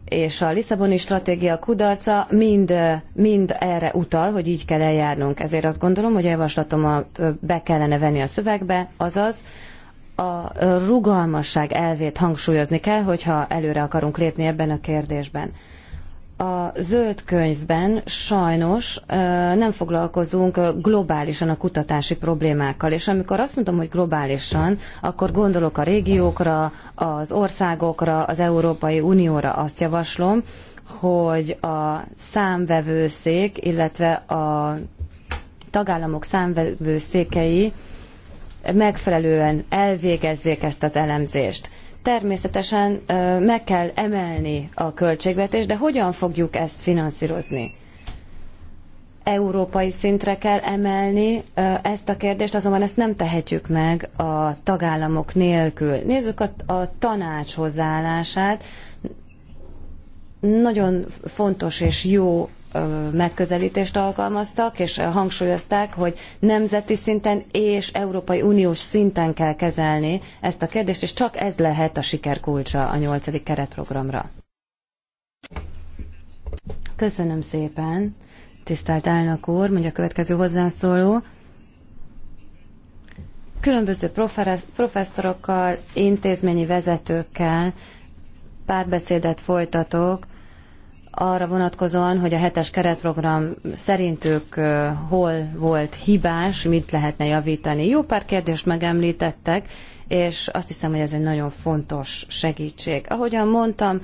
és a Lisszaboni stratégia kudarca mind, mind erre utal, hogy így kell eljárnunk. Ezért azt gondolom, hogy a javaslatomat be kellene venni a szövegbe, azaz, a rugalmasság elvét hangsúlyozni kell, hogyha előre akarunk lépni ebben a kérdésben. A zöld könyvben sajnos nem foglalkozunk globálisan a kutatási problémákkal, és amikor azt mondom, hogy globálisan, akkor gondolok a régiókra, az országokra, az Európai Unióra azt javaslom, hogy a számvevőszék, illetve a tagállamok számvevőszékei székei megfelelően elvégezzék ezt az elemzést. Természetesen meg kell emelni a költségvetést, de hogyan fogjuk ezt finanszírozni? európai szintre kell emelni ezt a kérdést, azonban ezt nem tehetjük meg a tagállamok nélkül. Nézzük a, a tanács hozzáállását. Nagyon fontos és jó megközelítést alkalmaztak, és hangsúlyozták, hogy nemzeti szinten és Európai Uniós szinten kell kezelni ezt a kérdést, és csak ez lehet a siker kulcsa a nyolcadik keretprogramra. Köszönöm szépen, tisztelt elnök úr, mondja a következő hozzászóló. Különböző professzorokkal, intézményi vezetőkkel párbeszédet folytatok arra vonatkozóan, hogy a hetes keretprogram szerintük hol volt hibás, mit lehetne javítani. Jó pár kérdést megemlítettek, és azt hiszem, hogy ez egy nagyon fontos segítség. Ahogyan mondtam,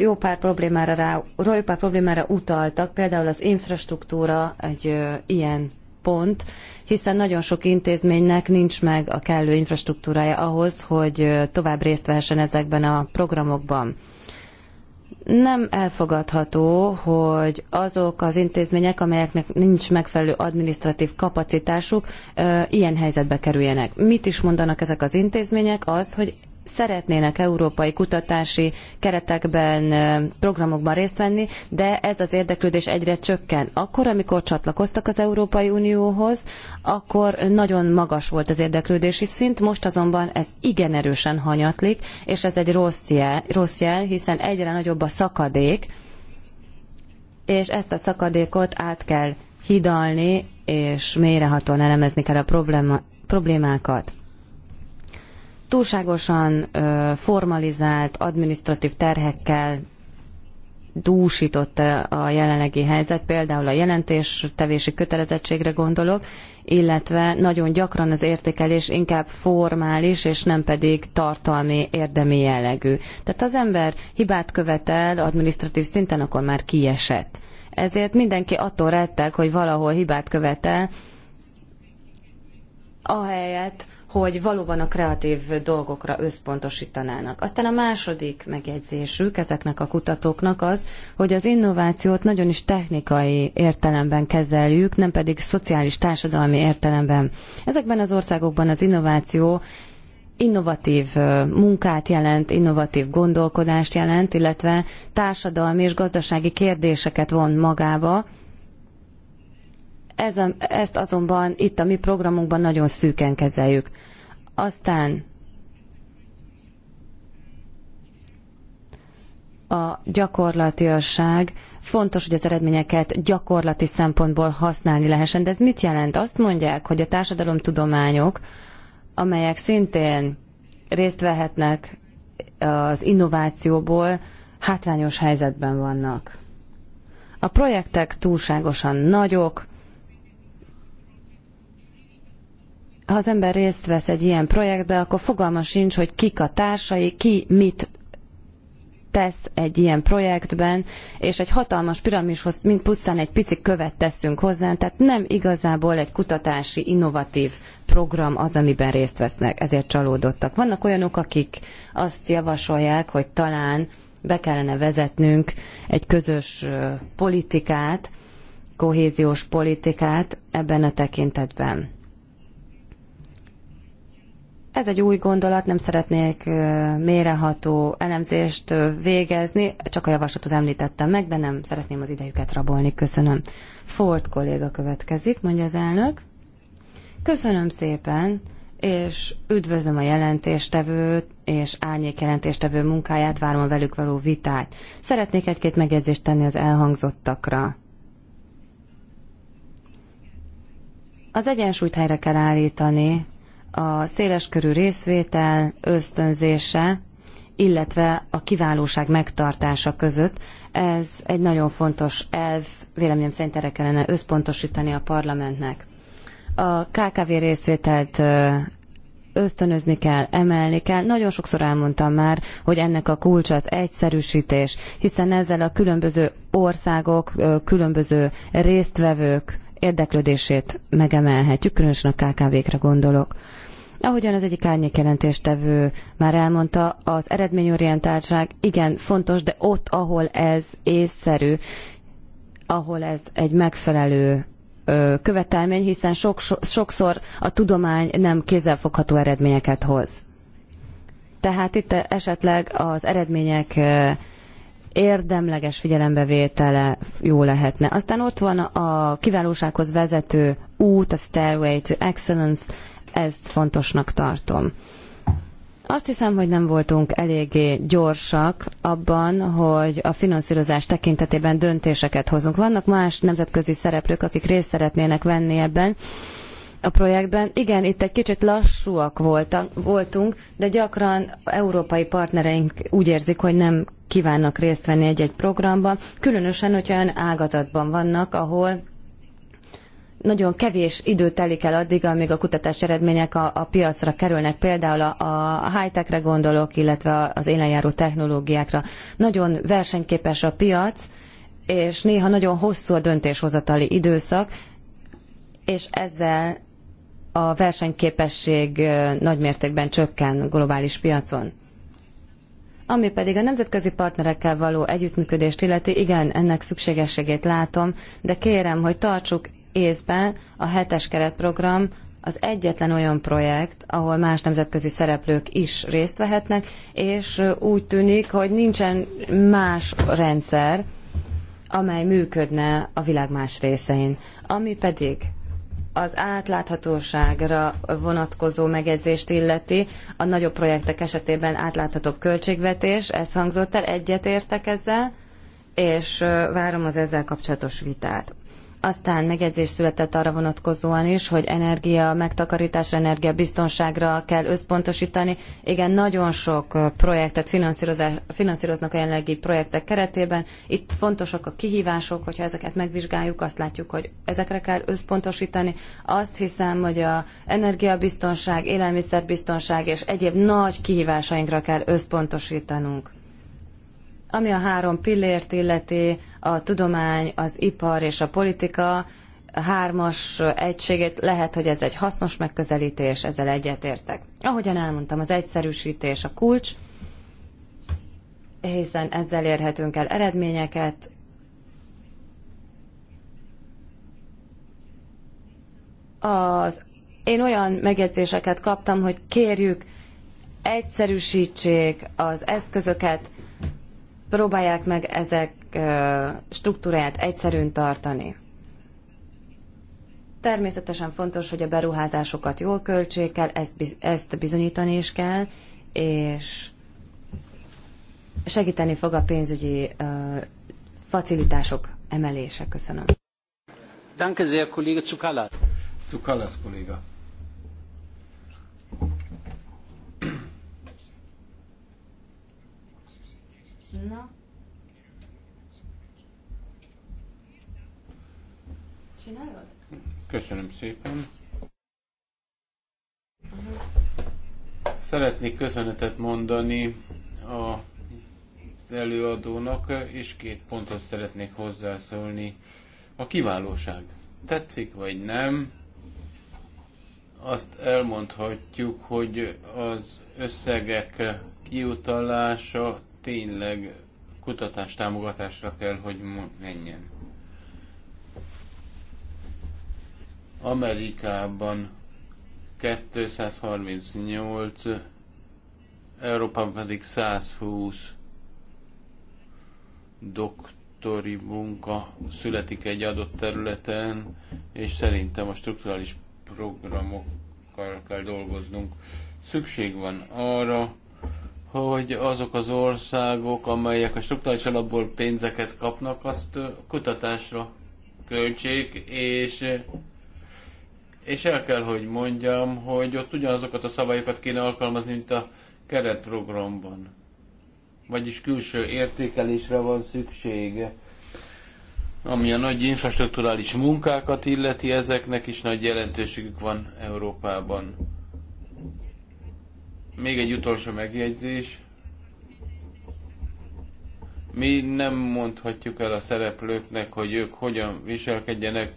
jó pár problémára, rá, jó pár problémára utaltak, például az infrastruktúra egy ilyen pont, hiszen nagyon sok intézménynek nincs meg a kellő infrastruktúrája ahhoz, hogy tovább részt vehessen ezekben a programokban nem elfogadható, hogy azok az intézmények, amelyeknek nincs megfelelő administratív kapacitásuk, ilyen helyzetbe kerüljenek. Mit is mondanak ezek az intézmények? Azt, hogy szeretnének európai kutatási keretekben, programokban részt venni, de ez az érdeklődés egyre csökken. Akkor, amikor csatlakoztak az Európai Unióhoz, akkor nagyon magas volt az érdeklődési szint, most azonban ez igen erősen hanyatlik, és ez egy rossz jel, rossz jel hiszen egyre nagyobb a szakadék, és ezt a szakadékot át kell hidalni, és mélyrehatóan elemezni kell a problémákat túlságosan formalizált, administratív terhekkel dúsított a jelenlegi helyzet, például a jelentéstevési kötelezettségre gondolok, illetve nagyon gyakran az értékelés inkább formális, és nem pedig tartalmi, érdemi jellegű. Tehát az ember hibát követel administratív szinten, akkor már kiesett. Ezért mindenki attól retteg, hogy valahol hibát követel, ahelyett, hogy valóban a kreatív dolgokra összpontosítanának. Aztán a második megjegyzésük ezeknek a kutatóknak az, hogy az innovációt nagyon is technikai értelemben kezeljük, nem pedig szociális, társadalmi értelemben. Ezekben az országokban az innováció innovatív munkát jelent, innovatív gondolkodást jelent, illetve társadalmi és gazdasági kérdéseket von magába, ez a, ezt azonban itt a mi programunkban nagyon szűken kezeljük. Aztán a gyakorlatiasság. Fontos, hogy az eredményeket gyakorlati szempontból használni lehessen, de ez mit jelent? Azt mondják, hogy a társadalomtudományok, amelyek szintén részt vehetnek az innovációból, hátrányos helyzetben vannak. A projektek túlságosan nagyok, ha az ember részt vesz egy ilyen projektbe, akkor fogalma sincs, hogy kik a társai, ki mit tesz egy ilyen projektben, és egy hatalmas piramishoz, mint pusztán egy pici követ teszünk hozzá, tehát nem igazából egy kutatási, innovatív program az, amiben részt vesznek, ezért csalódottak. Vannak olyanok, akik azt javasolják, hogy talán be kellene vezetnünk egy közös politikát, kohéziós politikát ebben a tekintetben. Ez egy új gondolat, nem szeretnék méreható elemzést végezni, csak a javaslatot említettem meg, de nem szeretném az idejüket rabolni. Köszönöm. Ford kolléga következik, mondja az elnök. Köszönöm szépen, és üdvözlöm a jelentéstevőt és árnyék jelentéstevő munkáját, várom a velük való vitát. Szeretnék egy-két megjegyzést tenni az elhangzottakra. Az egyensúlyt helyre kell állítani a széleskörű részvétel ösztönzése, illetve a kiválóság megtartása között. Ez egy nagyon fontos elv, véleményem szerint erre kellene összpontosítani a parlamentnek. A KKV részvételt ösztönözni kell, emelni kell. Nagyon sokszor elmondtam már, hogy ennek a kulcsa az egyszerűsítés, hiszen ezzel a különböző országok, különböző résztvevők érdeklődését megemelhetjük, különösen a KKV-kre gondolok. Ahogyan az egyik árnyék jelentéstevő már elmondta, az eredményorientáltság igen fontos, de ott, ahol ez észszerű, ahol ez egy megfelelő követelmény, hiszen sok, sokszor a tudomány nem kézzelfogható eredményeket hoz. Tehát itt esetleg az eredmények érdemleges figyelembevétele jó lehetne. Aztán ott van a kiválósághoz vezető út, a Stairway to Excellence, ezt fontosnak tartom. Azt hiszem, hogy nem voltunk eléggé gyorsak abban, hogy a finanszírozás tekintetében döntéseket hozunk. Vannak más nemzetközi szereplők, akik részt szeretnének venni ebben a projektben. Igen, itt egy kicsit lassúak voltak, voltunk, de gyakran európai partnereink úgy érzik, hogy nem kívánnak részt venni egy-egy programban, különösen, hogyha olyan ágazatban vannak, ahol nagyon kevés idő telik el addig, amíg a kutatás eredmények a, a piacra kerülnek, például a, a high-techre gondolok, illetve az élenjáró technológiákra. Nagyon versenyképes a piac, és néha nagyon hosszú a döntéshozatali időszak, és ezzel a versenyképesség nagymértékben csökken globális piacon. Ami pedig a nemzetközi partnerekkel való együttműködést illeti, igen, ennek szükségességét látom, de kérem, hogy tartsuk észben a hetes keretprogram az egyetlen olyan projekt, ahol más nemzetközi szereplők is részt vehetnek, és úgy tűnik, hogy nincsen más rendszer, amely működne a világ más részein. Ami pedig az átláthatóságra vonatkozó megjegyzést illeti, a nagyobb projektek esetében átláthatóbb költségvetés, ez hangzott el, egyetértek ezzel, és várom az ezzel kapcsolatos vitát. Aztán megjegyzés született arra vonatkozóan is, hogy energia megtakarításra, energia biztonságra kell összpontosítani. Igen, nagyon sok projektet finanszíroznak a jelenlegi projektek keretében. Itt fontosak a kihívások, hogyha ezeket megvizsgáljuk, azt látjuk, hogy ezekre kell összpontosítani. Azt hiszem, hogy a energiabiztonság, élelmiszerbiztonság és egyéb nagy kihívásainkra kell összpontosítanunk. Ami a három pillért illeti, a tudomány, az ipar és a politika, hármas egységét, lehet, hogy ez egy hasznos megközelítés, ezzel egyetértek. Ahogyan elmondtam, az egyszerűsítés a kulcs, hiszen ezzel érhetünk el eredményeket. Az, én olyan megjegyzéseket kaptam, hogy kérjük, egyszerűsítsék az eszközöket, próbálják meg ezek struktúráját egyszerűn tartani. Természetesen fontos, hogy a beruházásokat jól költsék kell, ezt, bizonyítani is kell, és segíteni fog a pénzügyi facilitások emelése. Köszönöm. Danke sehr, Kollege Cukalas. Cukalas kolléga. Na. Csinálod? Köszönöm szépen. Szeretnék köszönetet mondani a az előadónak, és két pontot szeretnék hozzászólni. A kiválóság. Tetszik vagy nem, azt elmondhatjuk, hogy az összegek kiutalása tényleg kutatás támogatásra kell, hogy menjen. Amerikában 238, Európában pedig 120 doktori munka születik egy adott területen, és szerintem a strukturális programokkal kell dolgoznunk. Szükség van arra, hogy azok az országok, amelyek a struktúrális alapból pénzeket kapnak, azt kutatásra költsék, és, és el kell, hogy mondjam, hogy ott ugyanazokat a szabályokat kéne alkalmazni, mint a keretprogramban. Vagyis külső értékelésre van szüksége. Ami a nagy infrastruktúrális munkákat illeti, ezeknek is nagy jelentőségük van Európában még egy utolsó megjegyzés. Mi nem mondhatjuk el a szereplőknek, hogy ők hogyan viselkedjenek.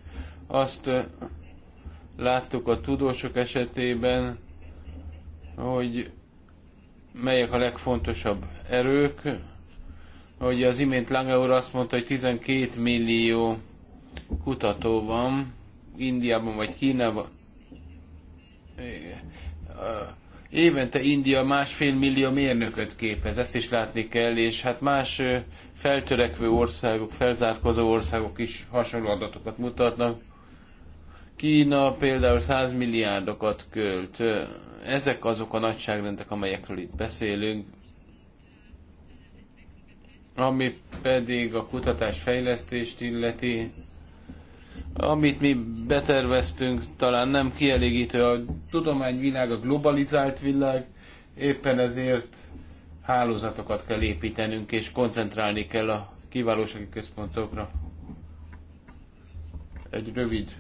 Azt láttuk a tudósok esetében, hogy melyek a legfontosabb erők. Hogy az imént Lange úr azt mondta, hogy 12 millió kutató van Indiában vagy Kínában. Évente India másfél millió mérnököt képez, ezt is látni kell, és hát más feltörekvő országok, felzárkozó országok is hasonló adatokat mutatnak. Kína például 100 milliárdokat költ. Ezek azok a nagyságrendek, amelyekről itt beszélünk. Ami pedig a kutatás fejlesztést illeti, amit mi beterveztünk, talán nem kielégítő. A tudományvilág, a globalizált világ, éppen ezért hálózatokat kell építenünk, és koncentrálni kell a kiválósági központokra. Egy rövid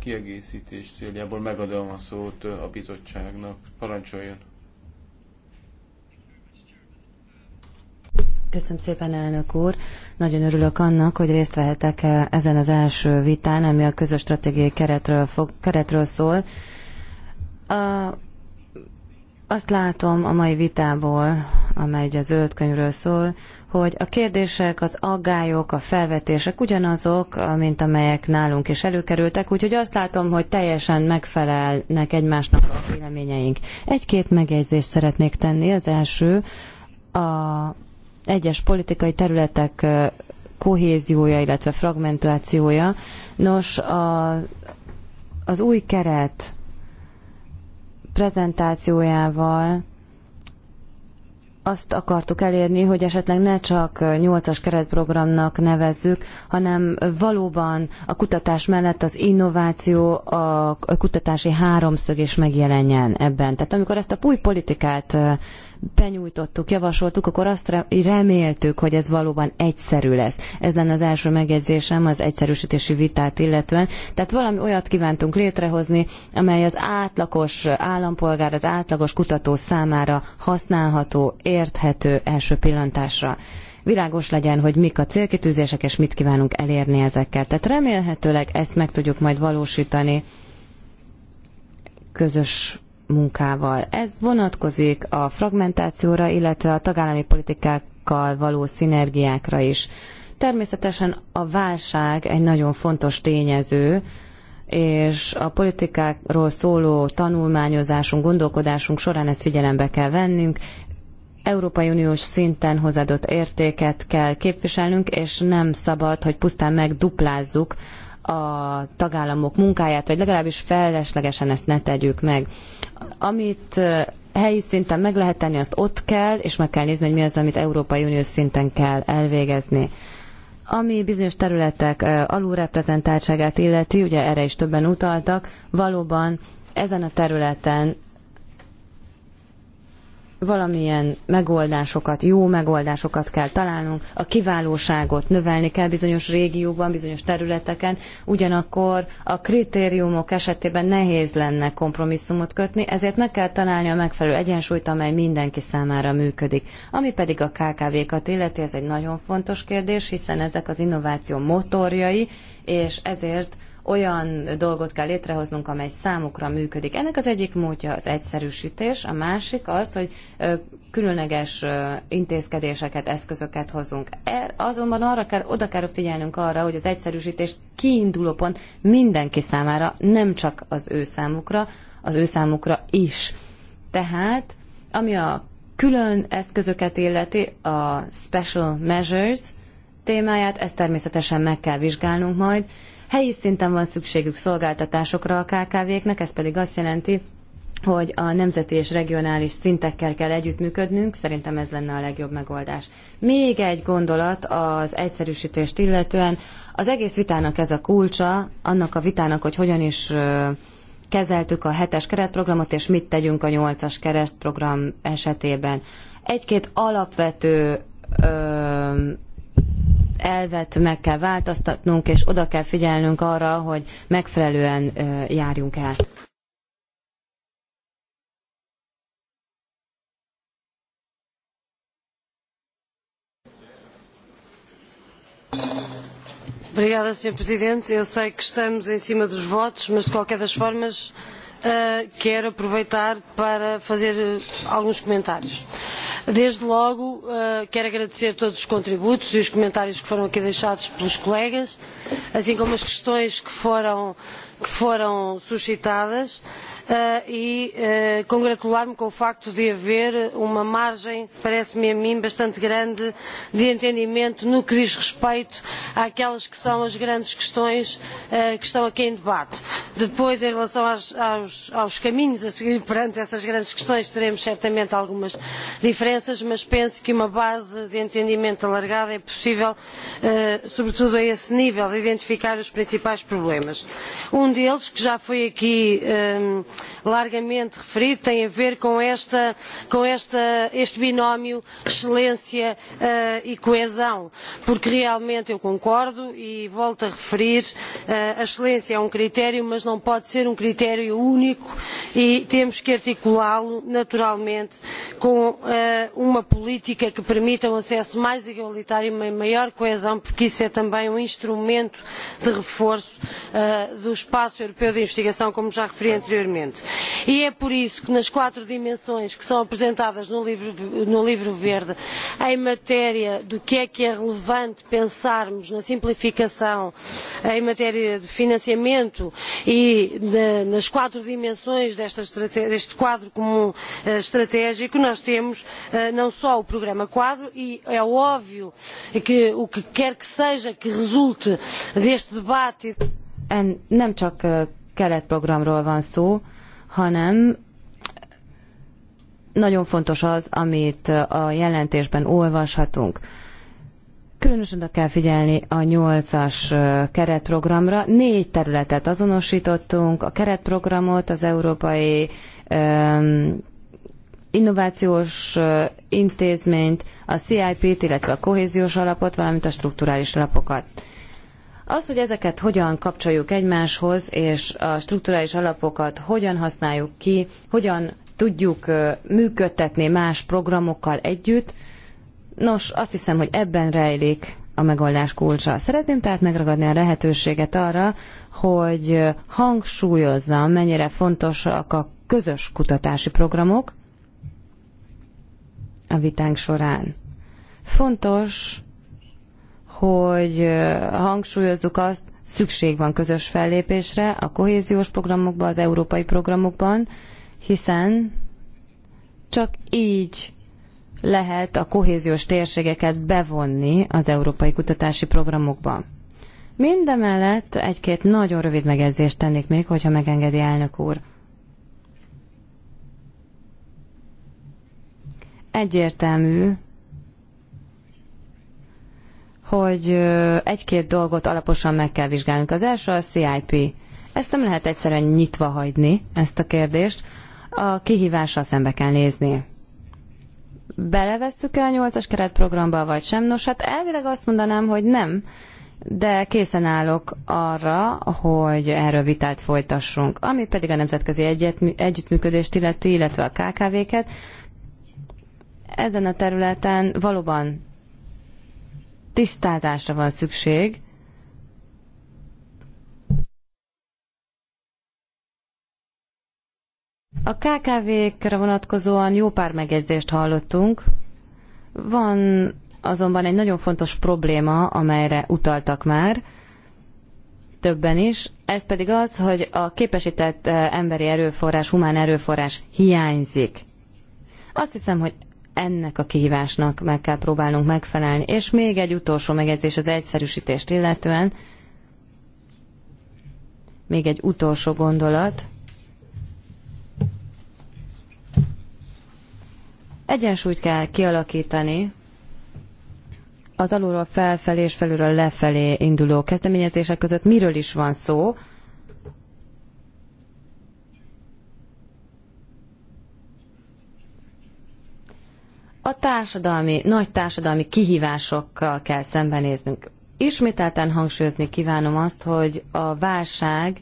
kiegészítés céljából megadom a szót a bizottságnak. Parancsoljon! Köszönöm szépen, elnök úr. Nagyon örülök annak, hogy részt vehetek eh, ezen az első vitán, ami a közös stratégiai keretről, fog, keretről szól. A, azt látom a mai vitából, amely ugye a zöld könyvről szól, hogy a kérdések, az aggályok, a felvetések ugyanazok, mint amelyek nálunk is előkerültek, úgyhogy azt látom, hogy teljesen megfelelnek egymásnak a véleményeink. Egy-két megjegyzést szeretnék tenni. Az első a egyes politikai területek kohéziója, illetve fragmentációja. Nos, a, az új keret prezentációjával azt akartuk elérni, hogy esetleg ne csak 8-as keretprogramnak nevezzük, hanem valóban a kutatás mellett az innováció, a kutatási háromszög is megjelenjen ebben. Tehát amikor ezt a új politikát benyújtottuk, javasoltuk, akkor azt reméltük, hogy ez valóban egyszerű lesz. Ez lenne az első megjegyzésem az egyszerűsítési vitát illetően. Tehát valami olyat kívántunk létrehozni, amely az átlagos állampolgár, az átlagos kutató számára használható, érthető első pillantásra világos legyen, hogy mik a célkitűzések, és mit kívánunk elérni ezekkel. Tehát remélhetőleg ezt meg tudjuk majd valósítani közös munkával. Ez vonatkozik a fragmentációra, illetve a tagállami politikákkal való szinergiákra is. Természetesen a válság egy nagyon fontos tényező, és a politikákról szóló tanulmányozásunk, gondolkodásunk során ezt figyelembe kell vennünk. Európai Uniós szinten hozzáadott értéket kell képviselnünk, és nem szabad, hogy pusztán megduplázzuk a tagállamok munkáját, vagy legalábbis feleslegesen ezt ne tegyük meg. Amit helyi szinten meg lehet tenni, azt ott kell, és meg kell nézni, hogy mi az, amit Európai Unió szinten kell elvégezni. Ami bizonyos területek alulreprezentáltságát illeti, ugye erre is többen utaltak, valóban ezen a területen valamilyen megoldásokat, jó megoldásokat kell találnunk, a kiválóságot növelni kell bizonyos régiókban, bizonyos területeken, ugyanakkor a kritériumok esetében nehéz lenne kompromisszumot kötni, ezért meg kell találni a megfelelő egyensúlyt, amely mindenki számára működik. Ami pedig a KKV-kat illeti, ez egy nagyon fontos kérdés, hiszen ezek az innováció motorjai, és ezért olyan dolgot kell létrehoznunk, amely számukra működik. Ennek az egyik módja az egyszerűsítés, a másik az, hogy különleges intézkedéseket, eszközöket hozunk. E, azonban arra kell, oda kell figyelnünk arra, hogy az egyszerűsítés kiinduló pont mindenki számára, nem csak az ő számukra, az ő számukra is. Tehát, ami a külön eszközöket illeti, a special measures témáját, ezt természetesen meg kell vizsgálnunk majd, Helyi szinten van szükségük szolgáltatásokra a KKV-knek, ez pedig azt jelenti, hogy a nemzeti és regionális szintekkel kell együttműködnünk, szerintem ez lenne a legjobb megoldás. Még egy gondolat az egyszerűsítést illetően. Az egész vitának ez a kulcsa, annak a vitának, hogy hogyan is kezeltük a hetes keretprogramot, és mit tegyünk a nyolcas keretprogram esetében. Egy-két alapvető ö, elvet meg kell változtatnunk, és oda kell figyelnünk arra, hogy megfelelően járjunk el. Obrigada, Sr. Presidente. Eu sei que estamos em cima dos votos, mas de qualquer das formas Uh, quero aproveitar para fazer eh, alguns comentários. Desde logo, uh, quero agradecer todos os contributos e os comentários que foram aqui deixados pelos colegas, assim como as questões que foram, que foram suscitadas. Uh, Ah, e ah, congratular-me com o facto de haver uma margem, parece-me a mim, bastante grande de entendimento no que diz respeito àquelas que são as grandes questões ah, que estão aqui em debate. Depois, em relação aos, aos, aos caminhos a seguir perante essas grandes questões, teremos certamente algumas diferenças, mas penso que uma base de entendimento alargada é possível, sobretudo a esse nível, de identificar os principais problemas. Um deles, que já foi aqui um, largamente referido tem a ver com, esta, com esta, este binómio excelência uh, e coesão, porque realmente eu concordo e volto a referir, uh, a excelência é um critério, mas não pode ser um critério único e temos que articulá-lo naturalmente com uh, uma política que permita um acesso mais igualitário e uma maior coesão, porque isso é também um instrumento de reforço uh, do espaço europeu de investigação, como já referi anteriormente efetivamente. E é por isso que nas quatro dimensões que são apresentadas no livro, no livro verde, em matéria do que é que é relevante pensarmos na simplificação em matéria de financiamento e de, nas quatro dimensões desta deste quadro comum eh, estratégico, nós temos eh, não só o programa quadro e é óbvio que o que quer que seja que resulte deste debate. En, nem csak eh, keretprogramról van szó, hanem nagyon fontos az, amit a jelentésben olvashatunk. Különösen oda kell figyelni a 8-as keretprogramra. Négy területet azonosítottunk, a keretprogramot, az európai um, innovációs intézményt, a CIP-t, illetve a kohéziós alapot, valamint a strukturális alapokat. Az, hogy ezeket hogyan kapcsoljuk egymáshoz, és a strukturális alapokat hogyan használjuk ki, hogyan tudjuk működtetni más programokkal együtt, nos, azt hiszem, hogy ebben rejlik a megoldás kulcsa. Szeretném tehát megragadni a lehetőséget arra, hogy hangsúlyozzam, mennyire fontosak a közös kutatási programok a vitánk során. Fontos hogy hangsúlyozzuk azt, szükség van közös fellépésre a kohéziós programokban, az európai programokban, hiszen csak így lehet a kohéziós térségeket bevonni az európai kutatási programokba. Mindemellett egy-két nagyon rövid megjegyzést tennék még, hogyha megengedi elnök úr. Egyértelmű, hogy egy-két dolgot alaposan meg kell vizsgálnunk. Az első a CIP. Ezt nem lehet egyszerűen nyitva hagyni, ezt a kérdést. A kihívással szembe kell nézni. Belevesszük-e a nyolcas keretprogramba, vagy sem? Nos, hát elvileg azt mondanám, hogy nem, de készen állok arra, hogy erről vitát folytassunk. Ami pedig a nemzetközi együttműködést illeti, illetve a KKV-ket, ezen a területen valóban tisztázásra van szükség. A KKV-kre vonatkozóan jó pár megjegyzést hallottunk. Van azonban egy nagyon fontos probléma, amelyre utaltak már, többen is, ez pedig az, hogy a képesített eh, emberi erőforrás, humán erőforrás hiányzik. Azt hiszem, hogy ennek a kihívásnak meg kell próbálnunk megfelelni. És még egy utolsó megjegyzés az egyszerűsítést illetően. Még egy utolsó gondolat. Egyensúlyt kell kialakítani az alulról felfelé és felülről lefelé induló kezdeményezések között. Miről is van szó? a társadalmi, nagy társadalmi kihívásokkal kell szembenéznünk. Ismételten hangsúlyozni kívánom azt, hogy a válság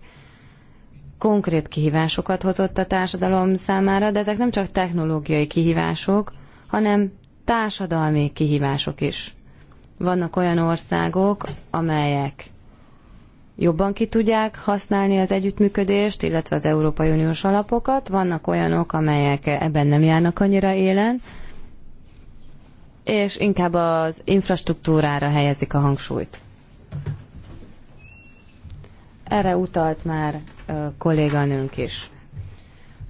konkrét kihívásokat hozott a társadalom számára, de ezek nem csak technológiai kihívások, hanem társadalmi kihívások is. Vannak olyan országok, amelyek jobban ki tudják használni az együttműködést, illetve az Európai Uniós alapokat, vannak olyanok, amelyek ebben nem járnak annyira élen, és inkább az infrastruktúrára helyezik a hangsúlyt. Erre utalt már kolléganőnk is.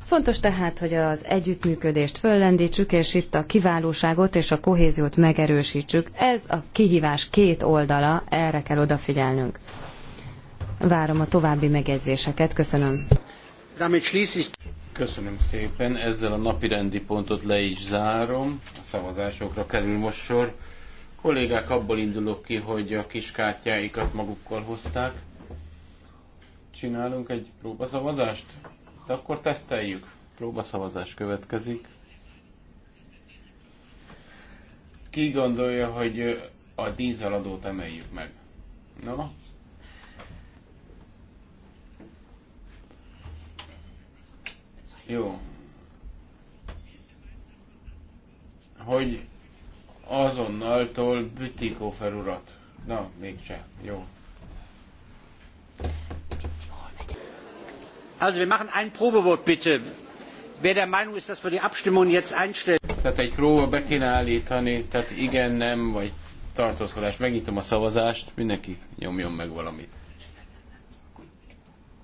Fontos tehát, hogy az együttműködést föllendítsük, és itt a kiválóságot és a kohéziót megerősítsük. Ez a kihívás két oldala, erre kell odafigyelnünk. Várom a további megjegyzéseket. Köszönöm. Köszönöm szépen. Ezzel a napi rendi pontot le is zárom. A szavazásokra kerül most sor. Kollégák, abból indulok ki, hogy a kiskártyáikat magukkal hozták. Csinálunk egy próbaszavazást? De akkor teszteljük. Próbaszavazás következik. Ki gondolja, hogy a dízeladót emeljük meg? Na, Jó. Hogy azonnaltól Bütikofer urat. Na, mégse. Jó. Also wir machen ein Probewort bitte. Wer der Meinung ist, dass wir die Abstimmung jetzt einstellen. Tehát egy próba be kéne állítani, tehát igen, nem, vagy tartózkodás. Megnyitom a szavazást, mindenki nyomjon meg valamit.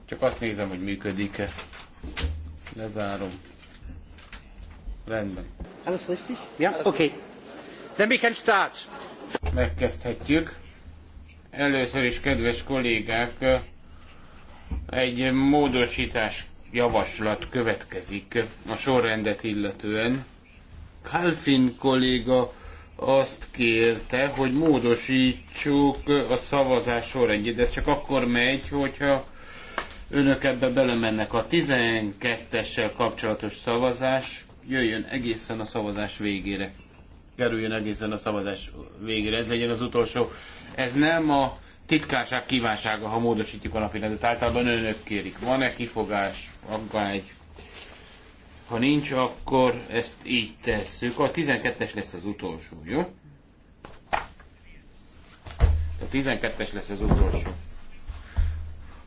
Csak azt nézem, hogy működik-e. Lezárom. Rendben. Alles richtig? Ja, oké. Okay. Then we can start. Megkezdhetjük. Először is, kedves kollégák, egy módosítás javaslat következik a sorrendet illetően. Kalfin kolléga azt kérte, hogy módosítsuk a szavazás sorrendjét, de ez csak akkor megy, hogyha önök ebbe belemennek. A 12-essel kapcsolatos szavazás jöjjön egészen a szavazás végére. Kerüljön egészen a szavazás végére. Ez legyen az utolsó. Ez nem a titkárság kívánsága, ha módosítjuk a napirendet. Általában önök kérik. Van-e kifogás, aggály? Ha nincs, akkor ezt így tesszük. A 12-es lesz az utolsó, jó? A 12-es lesz az utolsó.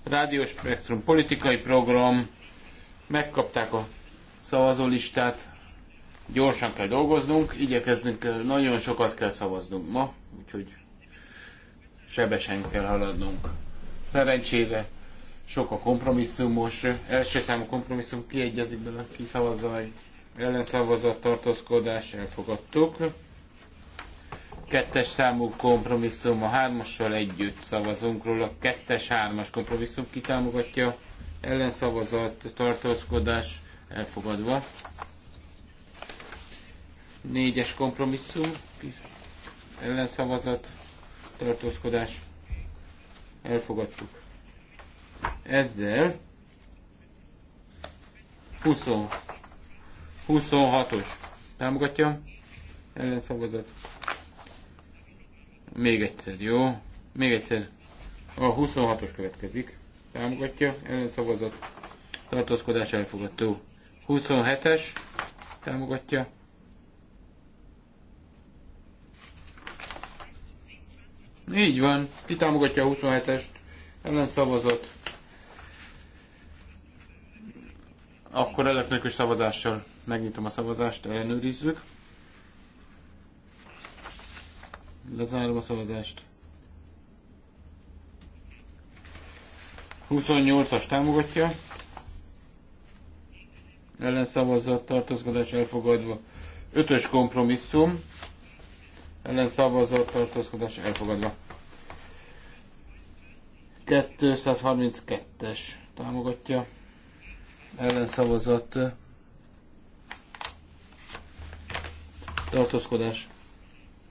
Rádióspektrum politikai program, megkapták a szavazólistát, gyorsan kell dolgoznunk, igyekeznünk, nagyon sokat kell szavaznunk ma, úgyhogy sebesen kell haladnunk. Szerencsére sok a kompromisszumos, első számú kompromisszum kiegyezik bele, ki szavazza, ellenszavazat, tartózkodás, elfogadtuk kettes számú kompromisszum, a hármassal együtt szavazunk róla, kettes, hármas kompromisszum kitámogatja, ellenszavazat, tartózkodás elfogadva. Négyes kompromisszum, ellenszavazat, tartózkodás elfogadtuk. Ezzel 20, 26-os támogatja, ellenszavazat, még egyszer, jó? Még egyszer. A 26-os következik. Támogatja, ellenszavazat. Tartózkodás elfogadó. 27-es. Támogatja. Így van. Ki támogatja a 27-est? Ellenszavazat. Akkor elektronikus szavazással megnyitom a szavazást, ellenőrizzük. Lezárom a szavazást. 28-as támogatja. Ellenszavazat, tartózkodás elfogadva. 5-ös kompromisszum. Ellenszavazat, tartózkodás elfogadva. 232-es támogatja. Ellenszavazat, tartózkodás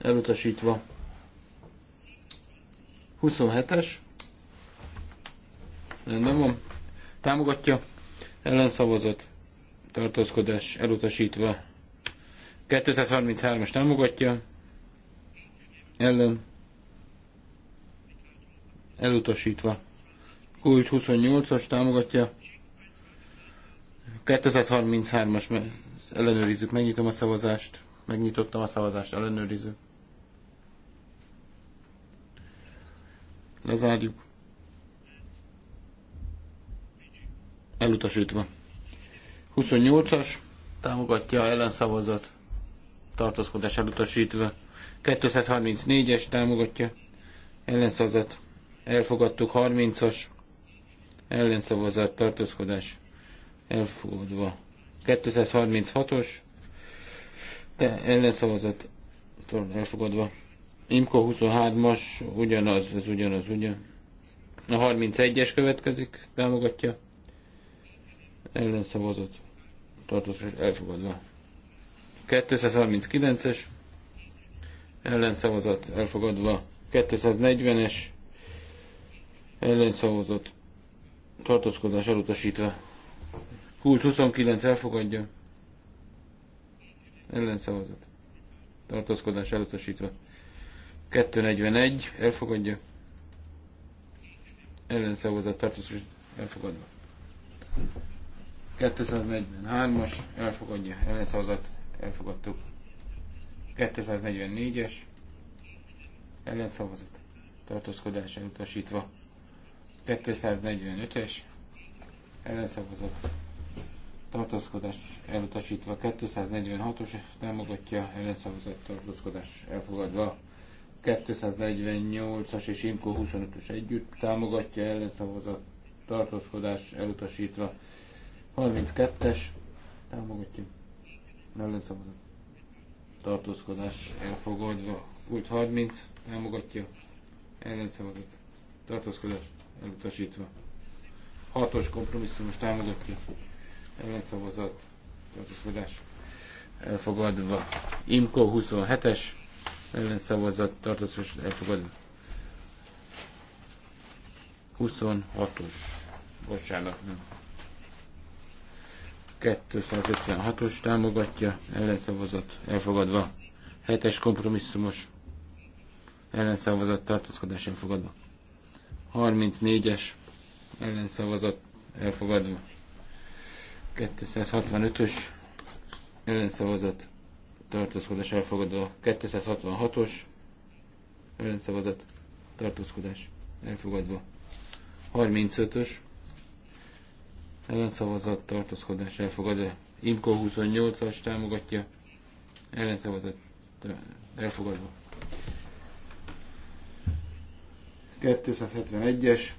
elutasítva. 27-es, rendben van, támogatja, ellenszavazat, tartózkodás elutasítva. 233-as támogatja, ellen elutasítva. Kult 28-as támogatja. 233-as ellenőrizzük, megnyitom a szavazást. Megnyitottam a szavazást, ellenőrizzük. Lezárjuk. Elutasítva. 28-as támogatja ellenszavazat. Tartózkodás elutasítva. 234-es támogatja ellenszavazat. Elfogadtuk 30-as ellenszavazat tartózkodás elfogadva. 236-os te ellenszavazat elfogadva. Imko 23-as, ugyanaz, ez ugyanaz, ugyan. A 31-es következik, támogatja. Ellenszavazott. Tartozás elfogadva. 239-es. Ellenszavazat elfogadva. 240-es. Ellenszavazott. Tartózkodás elutasítva. Kult 29 elfogadja. Ellenszavazat. Tartózkodás elutasítva. 241 elfogadja. Ellenszavazat tartózkodás elfogadva. 243-as elfogadja. Ellenszavazat elfogadtuk. 244-es ellenszavazat tartózkodás elutasítva. 245-ös ellenszavazat tartózkodás elutasítva 246-os támogatja, ellenszavazat tartózkodás elfogadva 248-as és Imko 25-ös együtt támogatja ellenszavazat tartózkodás elutasítva. 32-es támogatja ellenszavazat tartózkodás elfogadva. Úgy 30 támogatja ellenszavazat tartózkodás elutasítva. 6-os kompromisszumos támogatja ellenszavazat tartózkodás elfogadva. Imko 27-es szavazat tartozás elfogad. 26-os, bocsánat, nem. 256-os támogatja, ellenszavazat elfogadva. 7-es kompromisszumos, ellenszavazat tartózkodás elfogadva. 34-es, ellenszavazat elfogadva. 265-ös, ellenszavazat tartózkodás elfogadva. 266-os ellenszavazat tartózkodás elfogadva. 35-ös ellenszavazat tartózkodás elfogadva. Imko 28-as támogatja ellenszavazat elfogadva. 271-es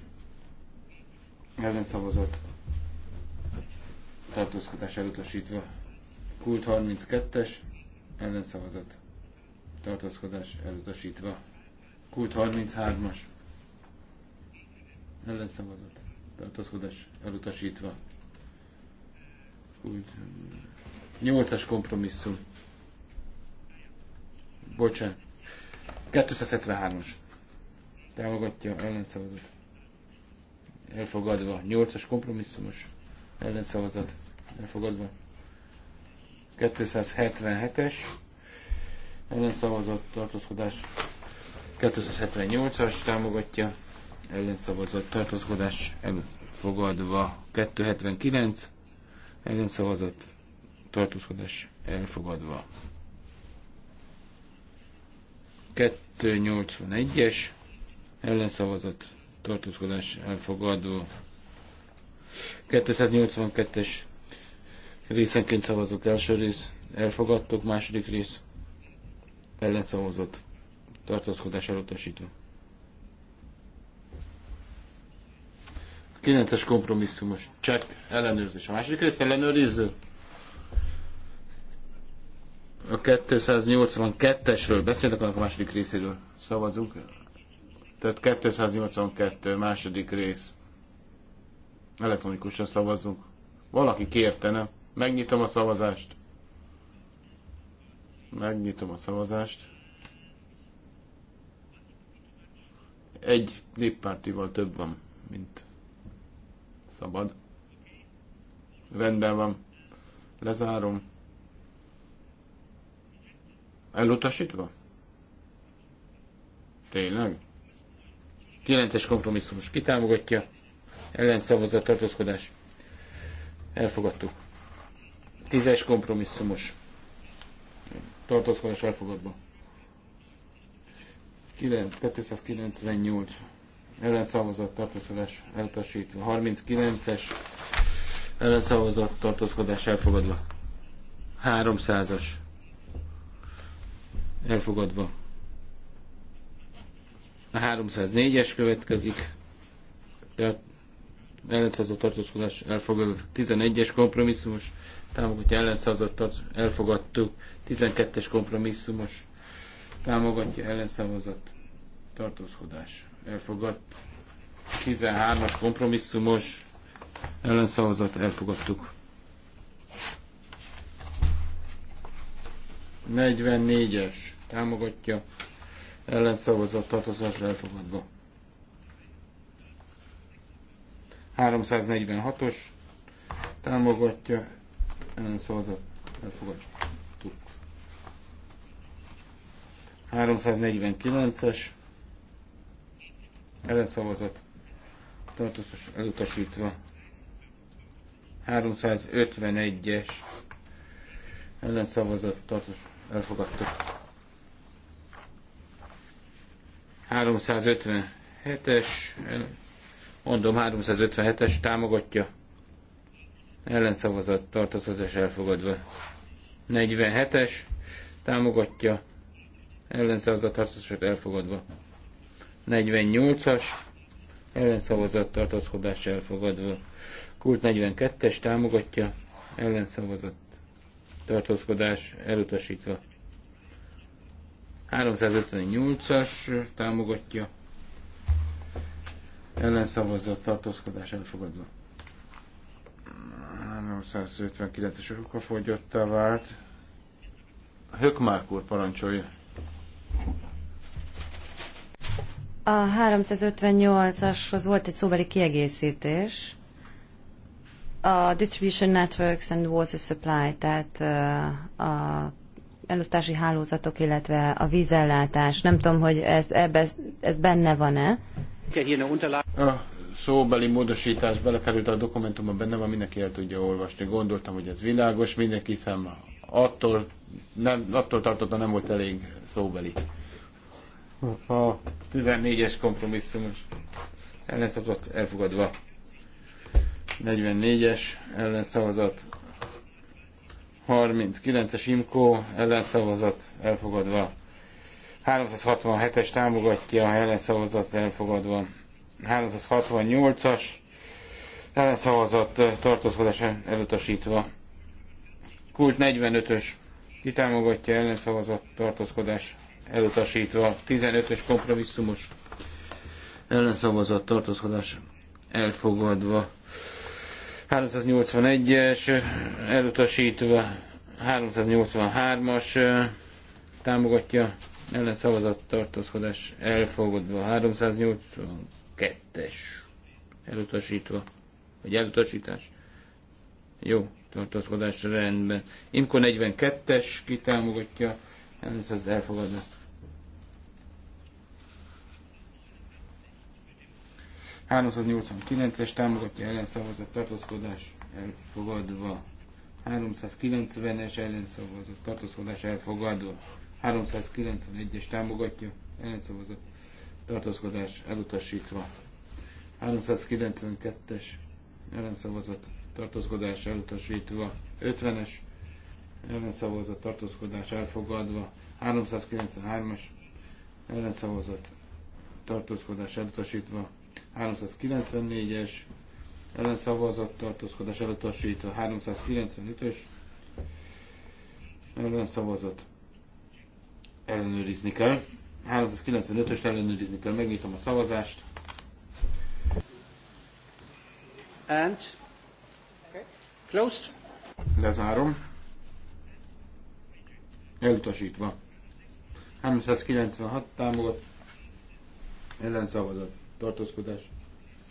ellenszavazat tartózkodás elutasítva. Kult 32-es ellenszavazat, tartózkodás elutasítva. Kult 33-as, ellenszavazat, tartózkodás elutasítva. Kult 8-as kompromisszum. Bocsánat. 273-as. Támogatja ellenszavazat. Elfogadva. 8-as kompromisszumos ellenszavazat. Elfogadva. 277-es, ellen szavazott tartózkodás 278-as támogatja, szavazott tartózkodás elfogadva 279, ellen szavazott tartózkodás elfogadva. 281-es, ellen szavazott tartózkodás elfogadva. 282-es Részenként szavazok első rész, elfogadtok, második rész, ellenszavazott, tartózkodás elutasító. A kilences kompromisszumos, Csak ellenőrzés. A második rész ellenőrizzük. A 282-esről Beszéltek annak a második részéről szavazunk. Tehát 282 második rész. Elektronikusan szavazunk. Valaki kérte, nem? Megnyitom a szavazást. Megnyitom a szavazást. Egy néppártival több van, mint szabad. Rendben van. Lezárom. Elutasítva? Tényleg? 9-es kompromisszumos kitámogatja. Ellenszavazat tartózkodás. Elfogadtuk. Tízes kompromisszumos. Tartózkodás elfogadva. 298 ellenszavazat tartózkodás elutasítva. 39-es ellenszavazat tartózkodás elfogadva. 300-as elfogadva. A 304-es következik. Tehát ellenszavazat tartózkodás elfogadva. 11-es kompromisszumos támogatja ellenszavazatot, elfogadtuk. 12-es kompromisszumos támogatja ellenszavazat, tartózkodás, elfogadt. 13-as kompromisszumos ellenszavazat, elfogadtuk. 44-es támogatja ellenszavazat, tartózkodás, elfogadva. 346-os támogatja ellen szavazat elfogadtuk. 349-es ellenszavazat tartozás elutasítva. 351-es ellenszavazat tartozás elfogadtuk. 357-es, mondom 357-es támogatja ellenszavazat tartózkodás elfogadva. 47-es támogatja ellenszavazat tartózkodás elfogadva. 48-as ellenszavazat tartózkodás elfogadva. Kult 42-es támogatja ellenszavazat tartózkodás elutasítva. 358-as támogatja ellenszavazat tartózkodás elfogadva. 359-es fogyottá vált. Hökmárk úr parancsolja. A 358-ashoz volt egy szóbeli kiegészítés. A Distribution Networks and Water Supply, tehát a elosztási hálózatok, illetve a vízellátás. Nem tudom, hogy ez, ebbe, ez benne van-e. A szóbeli módosítás belekerült a dokumentumban, benne van, mindenki el tudja olvasni. Gondoltam, hogy ez világos, mindenki szem attól, nem, attól tartottam, nem volt elég szóbeli. A 14-es kompromisszum ellenszavazat elfogadva. 44-es ellenszavazat 39-es Imkó ellenszavazat elfogadva. 367-es támogatja ellenszavazat elfogadva. 368-as eh, ellenszavazat tartózkodás elutasítva. Kult 45-ös kitámogatja ellenszavazat tartózkodás elutasítva. 15-ös kompromisszumos ellenszavazat tartózkodás elfogadva. 381-es eh, elutasítva. 383-as eh, támogatja ellenszavazat tartózkodás elfogadva. 380 kettes. Elutasítva. Vagy elutasítás. Jó, tartózkodás rendben. Imko 42-es kitámogatja, ez az elfogadva. es támogatja ellenszavazat tartózkodás elfogadva. 390-es ellenszavazat tartózkodás elfogadva. 391-es támogatja ellenszavazat tartózkodás elutasítva. 392-es ellenszavazat tartózkodás elutasítva. 50-es ellenszavazat tartózkodás elfogadva. 393-as ellenszavazat tartózkodás elutasítva. 394-es ellenszavazat tartózkodás elutasítva. 395-ös ellenszavazat ellenőrizni kell. 395 ös ellenőrizni kell, megnyitom a szavazást. And closed. Lezárom. Elutasítva. 396 támogat. Ellen szavazat. Tartózkodás.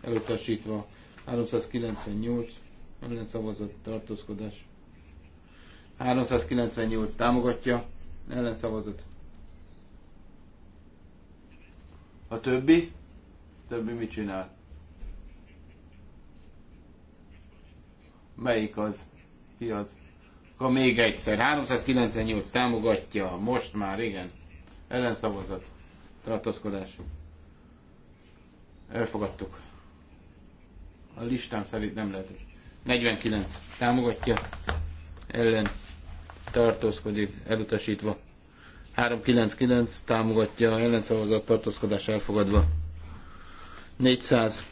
Elutasítva. 398 szavazat. Tartózkodás. 398 támogatja. Ellen szavazat. A többi? A többi mit csinál? Melyik az? Ki az? Akkor még egyszer. 398 támogatja. Most már, igen. Ellenszavazat. tartozkodásuk Elfogadtuk. A listám szerint nem lehet. 49 támogatja. Ellen tartózkodik, elutasítva. 399 támogatja, ellenszavazat, tartózkodás elfogadva. 400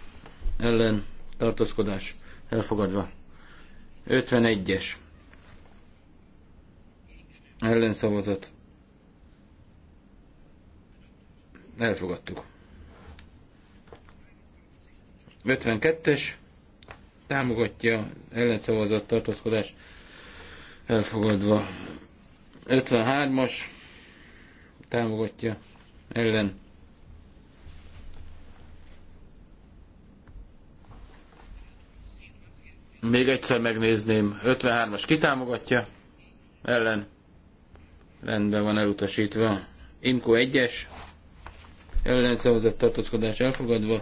ellen tartózkodás elfogadva. 51-es ellenszavazat. Elfogadtuk. 52-es támogatja ellenszavazat tartózkodás elfogadva. 53-as támogatja ellen. Még egyszer megnézném, 53-as kitámogatja ellen. Rendben van elutasítva. Imko 1-es ellenszavazat tartózkodás elfogadva.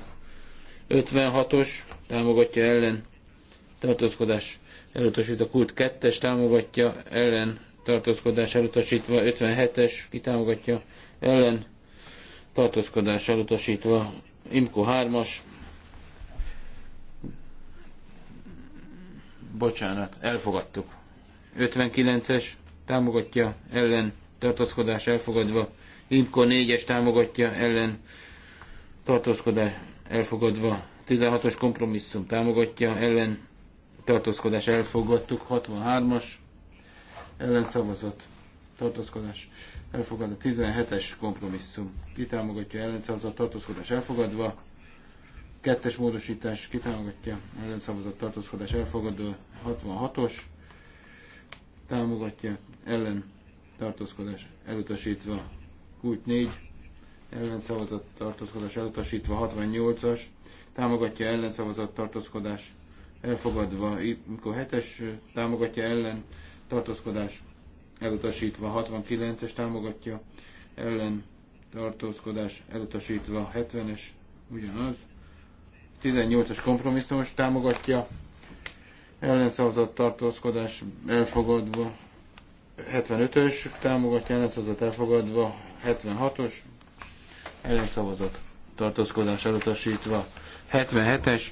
56-os támogatja ellen tartózkodás elutasítva kult 2-es támogatja ellen tartózkodás elutasítva, 57-es kitámogatja, ellen tartózkodás elutasítva, Imko 3-as, bocsánat, elfogadtuk. 59-es támogatja, ellen tartózkodás elfogadva, Imko 4-es támogatja, ellen tartózkodás elfogadva, 16-os kompromisszum támogatja, ellen tartózkodás elfogadtuk, 63-as ellenszavazott tartózkodás elfogadva, 17-es kompromisszum, ki támogatja, ellenszavazott tartózkodás elfogadva, kettes módosítás, ki támogatja, ellenszavazott tartózkodás elfogadva, 66-os, támogatja, ellen tartózkodás elutasítva, kult 4, ellenszavazat tartózkodás elutasítva 68-as, támogatja ellenszavazat tartózkodás elfogadva, mikor 7-es, támogatja ellen tartózkodás elutasítva 69-es támogatja, ellen tartózkodás elutasítva 70-es, ugyanaz. 18-as kompromisszumos támogatja, ellenszavazat tartózkodás elfogadva 75-ös, támogatja ellenszavazat elfogadva 76-os, ellenszavazat tartózkodás elutasítva 77-es,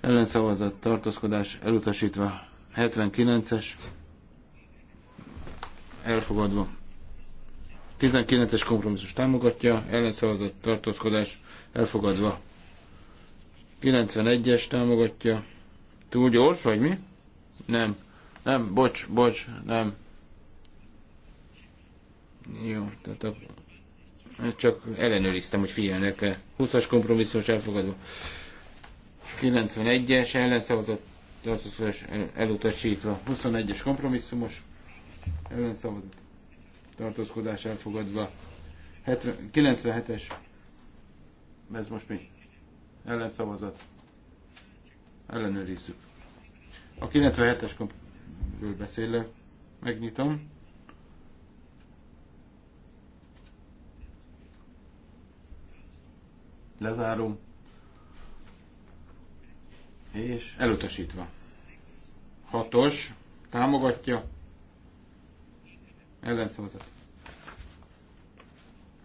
ellenszavazat tartózkodás elutasítva 79-es, elfogadva. 19-es kompromisszus támogatja, ellenszavazott tartózkodás elfogadva. 91-es támogatja. Túl gyors, vagy mi? Nem. Nem, bocs, bocs, nem. Jó, tehát a... csak ellenőriztem, hogy figyelnek-e. 20-as kompromisszumos elfogadva. 91-es ellenszavazott tartózkodás elutasítva. 21-es kompromisszumos ellen szabad tartózkodás elfogadva. 97-es. Ez most mi? Ellenszavazat. Ellenőrizzük. A 97-esről beszélek. Megnyitom. Lezárom. És elutasítva. Hatos. Támogatja ellenszavazat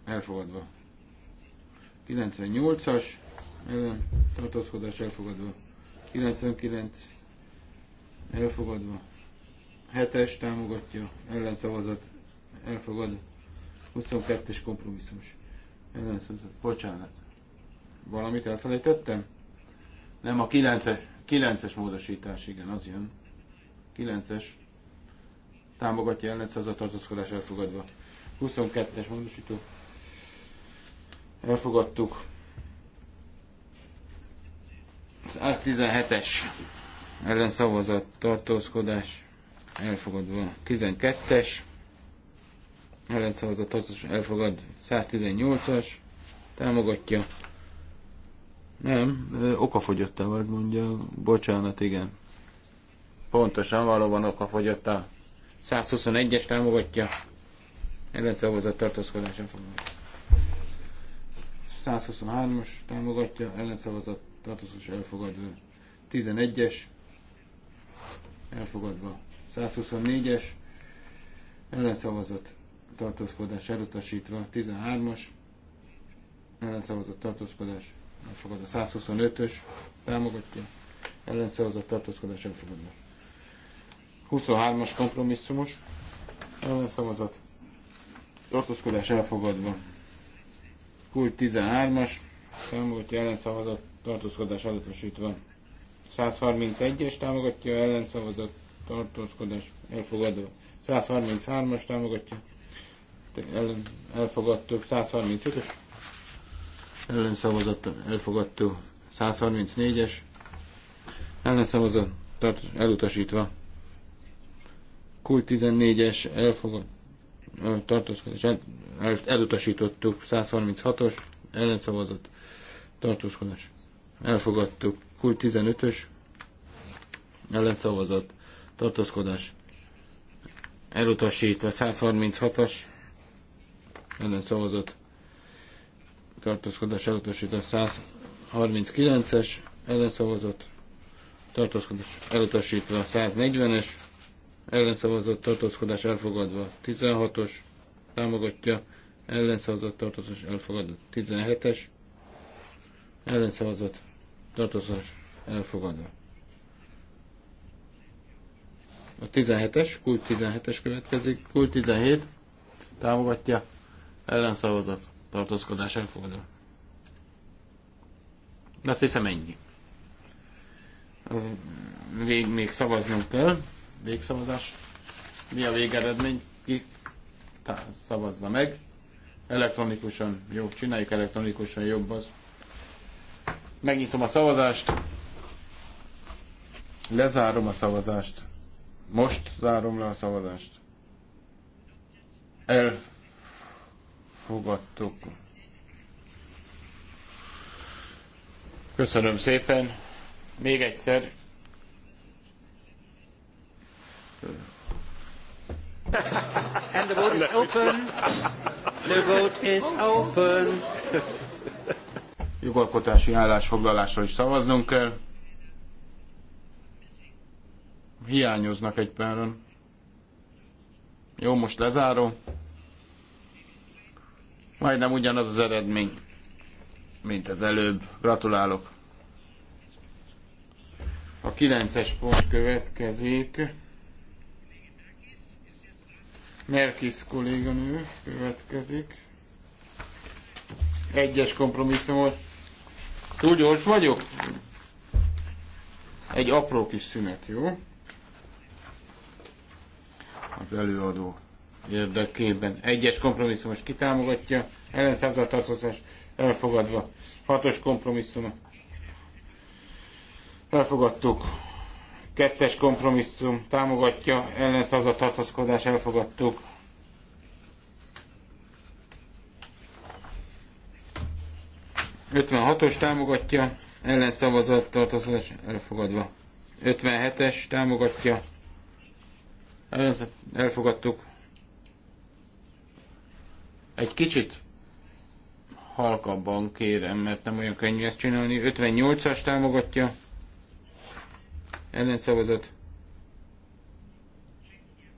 elfogadva. 98-as ellen tartózkodás elfogadva. 99 elfogadva. 7-es támogatja ellenszavazat Elfogad. 22-es kompromisszumos ellenszavazat. Bocsánat. Valamit elfelejtettem? Nem, a 9-es, 9-es módosítás, igen, az jön. 9-es támogatja az a tartózkodás elfogadva. 22-es módosító. Elfogadtuk. 117-es ellenszavazat tartózkodás elfogadva. 12-es ellenszavazat tartózkodás elfogad. 118-as támogatja. Nem, okafogyottá vagy mondja. Bocsánat, igen. Pontosan, valóban okafogyottá. 121-es támogatja, ellen szavazat tartózkodás elfogadva. 123-as támogatja, ellen szavazat tartózkodás elfogadva. 11-es elfogadva. 124-es ellen szavazat tartózkodás elutasítva. 13-as ellen szavazat tartózkodás elfogadva. 125-ös támogatja, ellen szavazat tartózkodás elfogadva. 23-as kompromisszumos ellenszavazat. Tartózkodás elfogadva. Kult 13-as támogatja ellenszavazat. Tartózkodás adatosítva. 131-es támogatja ellenszavazat. Tartózkodás elfogadva. 133-as támogatja ellen, elfogadtuk. 135-ös ellenszavazat elfogadtó, 134-es ellenszavazat tart, elutasítva. Kult 14-es elfogad, tartózkodás elutasítottuk, 136-os ellenszavazat tartózkodás elfogadtuk, Kult 15-ös ellenszavazat tartózkodás elutasítva, 136-as ellenszavazat tartózkodás elutasítva, 139-es ellenszavazat tartózkodás elutasítva, 140-es ellenszavazott tartózkodás elfogadva. 16-os támogatja, ellenszavazott tartózkodás elfogadva. 17-es ellenszavazott tartózkodás elfogadva. A 17-es, kult 17-es következik, kult 17 támogatja, ellenszavazott tartózkodás elfogadva. De azt hiszem ennyi. Az még, még szavaznunk kell végszavazás. Mi a végeredmény? Ki szavazza meg? Elektronikusan, jó, csináljuk elektronikusan, jobb az. Megnyitom a szavazást. Lezárom a szavazást. Most zárom le a szavazást. Elfogadtuk. Köszönöm szépen. Még egyszer And the vote is open. The vote is open. Jogalkotási állásfoglalásról is szavaznunk kell. Hiányoznak egy páran. Jó, most lezárom. Majdnem ugyanaz az eredmény, mint az előbb. Gratulálok! A 9-es pont következik. Merkis kolléganő következik. Egyes kompromisszumos. Túl gyors vagyok? Egy apró kis szünet, jó? Az előadó érdekében. Egyes kompromisszumos kitámogatja, ellenszázaltartozás elfogadva. Hatos kompromisszumot Elfogadtuk Kettes kompromisszum támogatja, ellenszavazat tartózkodás elfogadtuk. Ötven hatos támogatja, ellenszavazat tartózkodás elfogadva. 57-es támogatja. Elfogadtuk. Egy kicsit halkabban kérem, mert nem olyan könnyű ezt csinálni. 58-as támogatja ellenszavazat,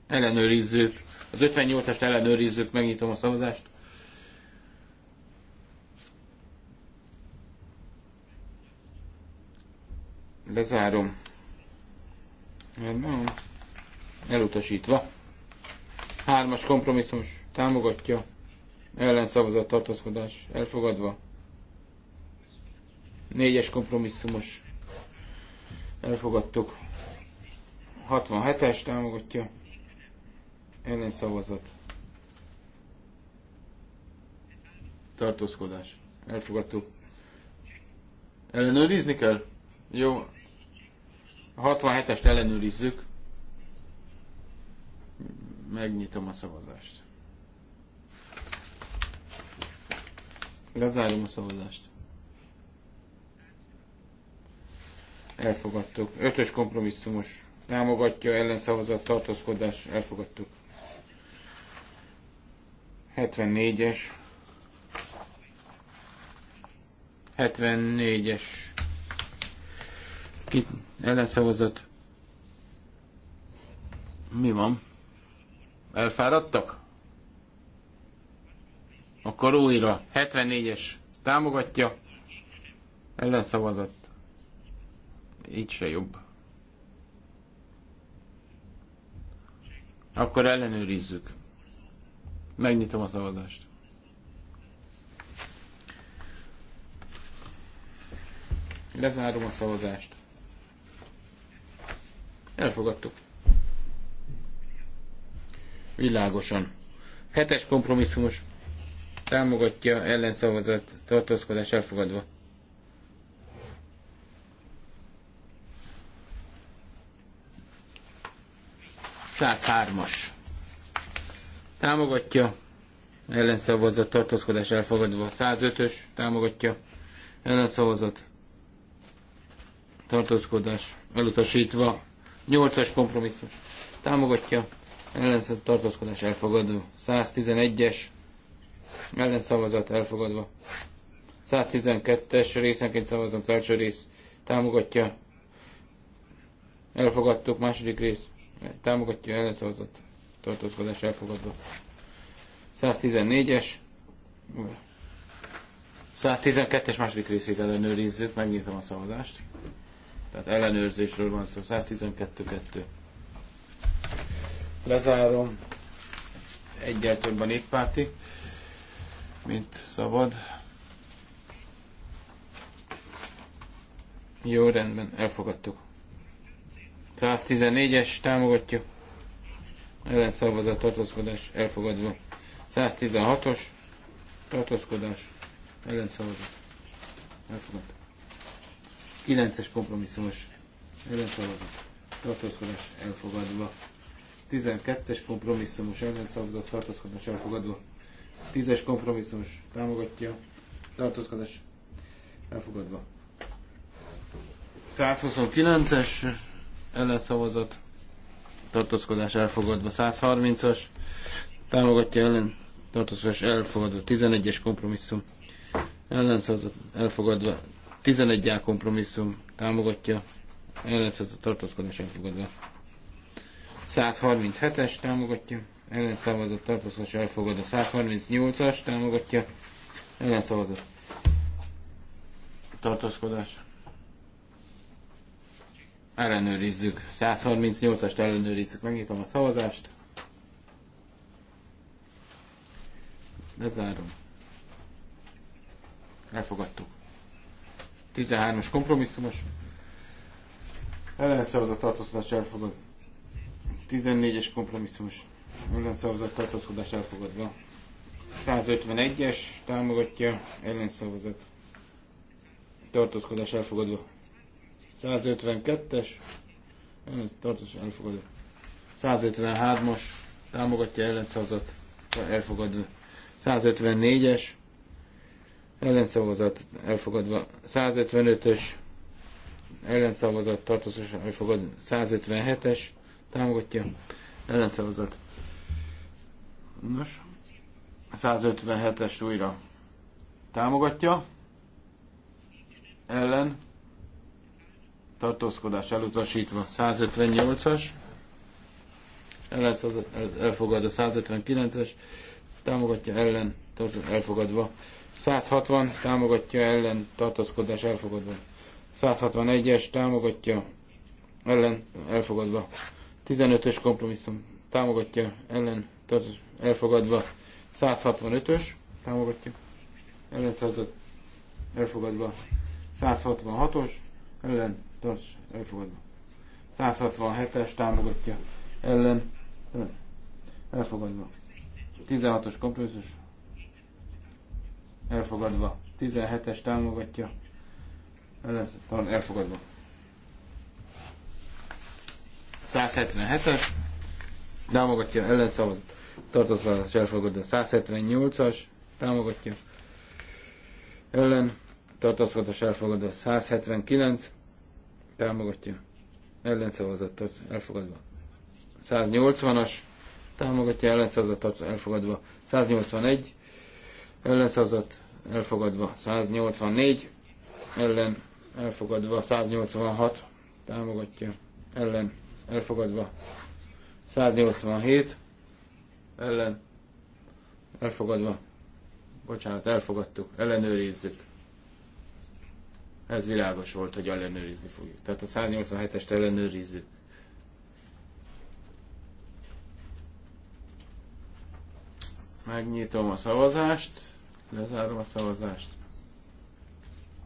ellenőrizzük, az 58-ast ellenőrizzük, megnyitom a szavazást. Lezárom. Elutasítva. Hármas kompromisszumos támogatja. Ellenszavazat tartózkodás elfogadva. Négyes kompromisszumos Elfogadtuk. 67-es támogatja. Ellen szavazat. Tartózkodás. Elfogadtuk. Ellenőrizni kell? Jó. A 67-est ellenőrizzük. Megnyitom a szavazást. Lezárom a szavazást. elfogadtuk. Ötös kompromisszumos támogatja, ellenszavazat, tartózkodás, elfogadtuk. 74-es. 74-es. Ki ellenszavazat? Mi van? Elfáradtak? Akkor újra. 74-es támogatja. Ellenszavazat így se jobb. Akkor ellenőrizzük. Megnyitom a szavazást. Lezárom a szavazást. Elfogadtuk. Világosan. Hetes kompromisszumos. Támogatja ellenszavazat, tartózkodás elfogadva. 103-as. Támogatja. Ellenszavazat. Tartózkodás elfogadva. 105-ös. Támogatja. Ellenszavazat. Tartózkodás elutasítva. 8-as kompromisszum. Támogatja. Ellenszavazat. Tartózkodás elfogadva. 111-es. Ellenszavazat elfogadva. 112-es részenként szavazunk első rész. Támogatja. Elfogadtuk második rész támogatja ellenszavazat tartózkodás elfogadva. 114-es, 112-es második részét ellenőrizzük, megnyitom a szavazást. Tehát ellenőrzésről van szó, 112-2. Lezárom. Egyel több a néppárti, mint szabad. Jó, rendben, elfogadtuk. 114-es támogatja. Ellenszavazat tartózkodás elfogadva. 116-os tartózkodás ellenszavazat. Elfogadva. 9-es kompromisszumos ellenszavazat tartózkodás elfogadva. 12-es kompromisszumos ellenszavazat tartózkodás elfogadva. 10-es kompromisszumos támogatja tartózkodás elfogadva. 129-es ellenszavazat, tartózkodás elfogadva 130-as, támogatja ellen, tartózkodás elfogadva 11-es kompromisszum, ellenszavazat elfogadva 11 A kompromisszum, támogatja ellenszavazat, tartózkodás elfogadva 137-es támogatja, ellenszavazat, tartózkodás elfogadva 138-as támogatja, ellenszavazat, tartózkodás Ellenőrizzük. 138-ast ellenőrizzük. Megnyitom a szavazást. Lezárom. Elfogadtuk. 13-as kompromisszumos. Ellenszavazat tartózkodás elfogad. 14-es kompromisszumos. Ellenszavazat tartózkodás elfogadva. 151-es támogatja ellenszavazat. Tartózkodás elfogadva. 152-es, tartós elfogadott. 153-as, támogatja ellenszavazat, elfogadva. 154-es, ellenszavazat elfogadva. 155-ös, ellenszavazat tartósan elfogadva. 157-es, támogatja, ellenszavazat. Nos, 157-es újra támogatja, ellen, tartózkodás elutasítva 158-as, El elfogadva 159-es, támogatja ellen, elfogadva 160, támogatja ellen, tartózkodás elfogadva 161-es, támogatja ellen, elfogadva 15-ös kompromisszum, támogatja ellen, tartózkodás elfogadva 165-ös, támogatja ellen elfogadva 166-os, ellen Tarts, elfogadva. 167-es támogatja ellen elfogadva. 16-os kompromisszus elfogadva. 17-es támogatja ellen elfogadva. 177-es támogatja ellen ellenszavazat tartózkodás elfogadva. 178-as támogatja ellen tartózkodás elfogadva. 179 támogatja, ellenszavazattal elfogadva. 180-as támogatja, ellenszavazattal elfogadva. 181 ellenszavazat elfogadva. 184 ellen elfogadva. 186 támogatja, ellen elfogadva. 187 ellen elfogadva. Bocsánat, elfogadtuk, ellenőrizzük. Ez világos volt, hogy ellenőrizni fogjuk. Tehát a 187-est ellenőrizzük. Megnyitom a szavazást, lezárom a szavazást.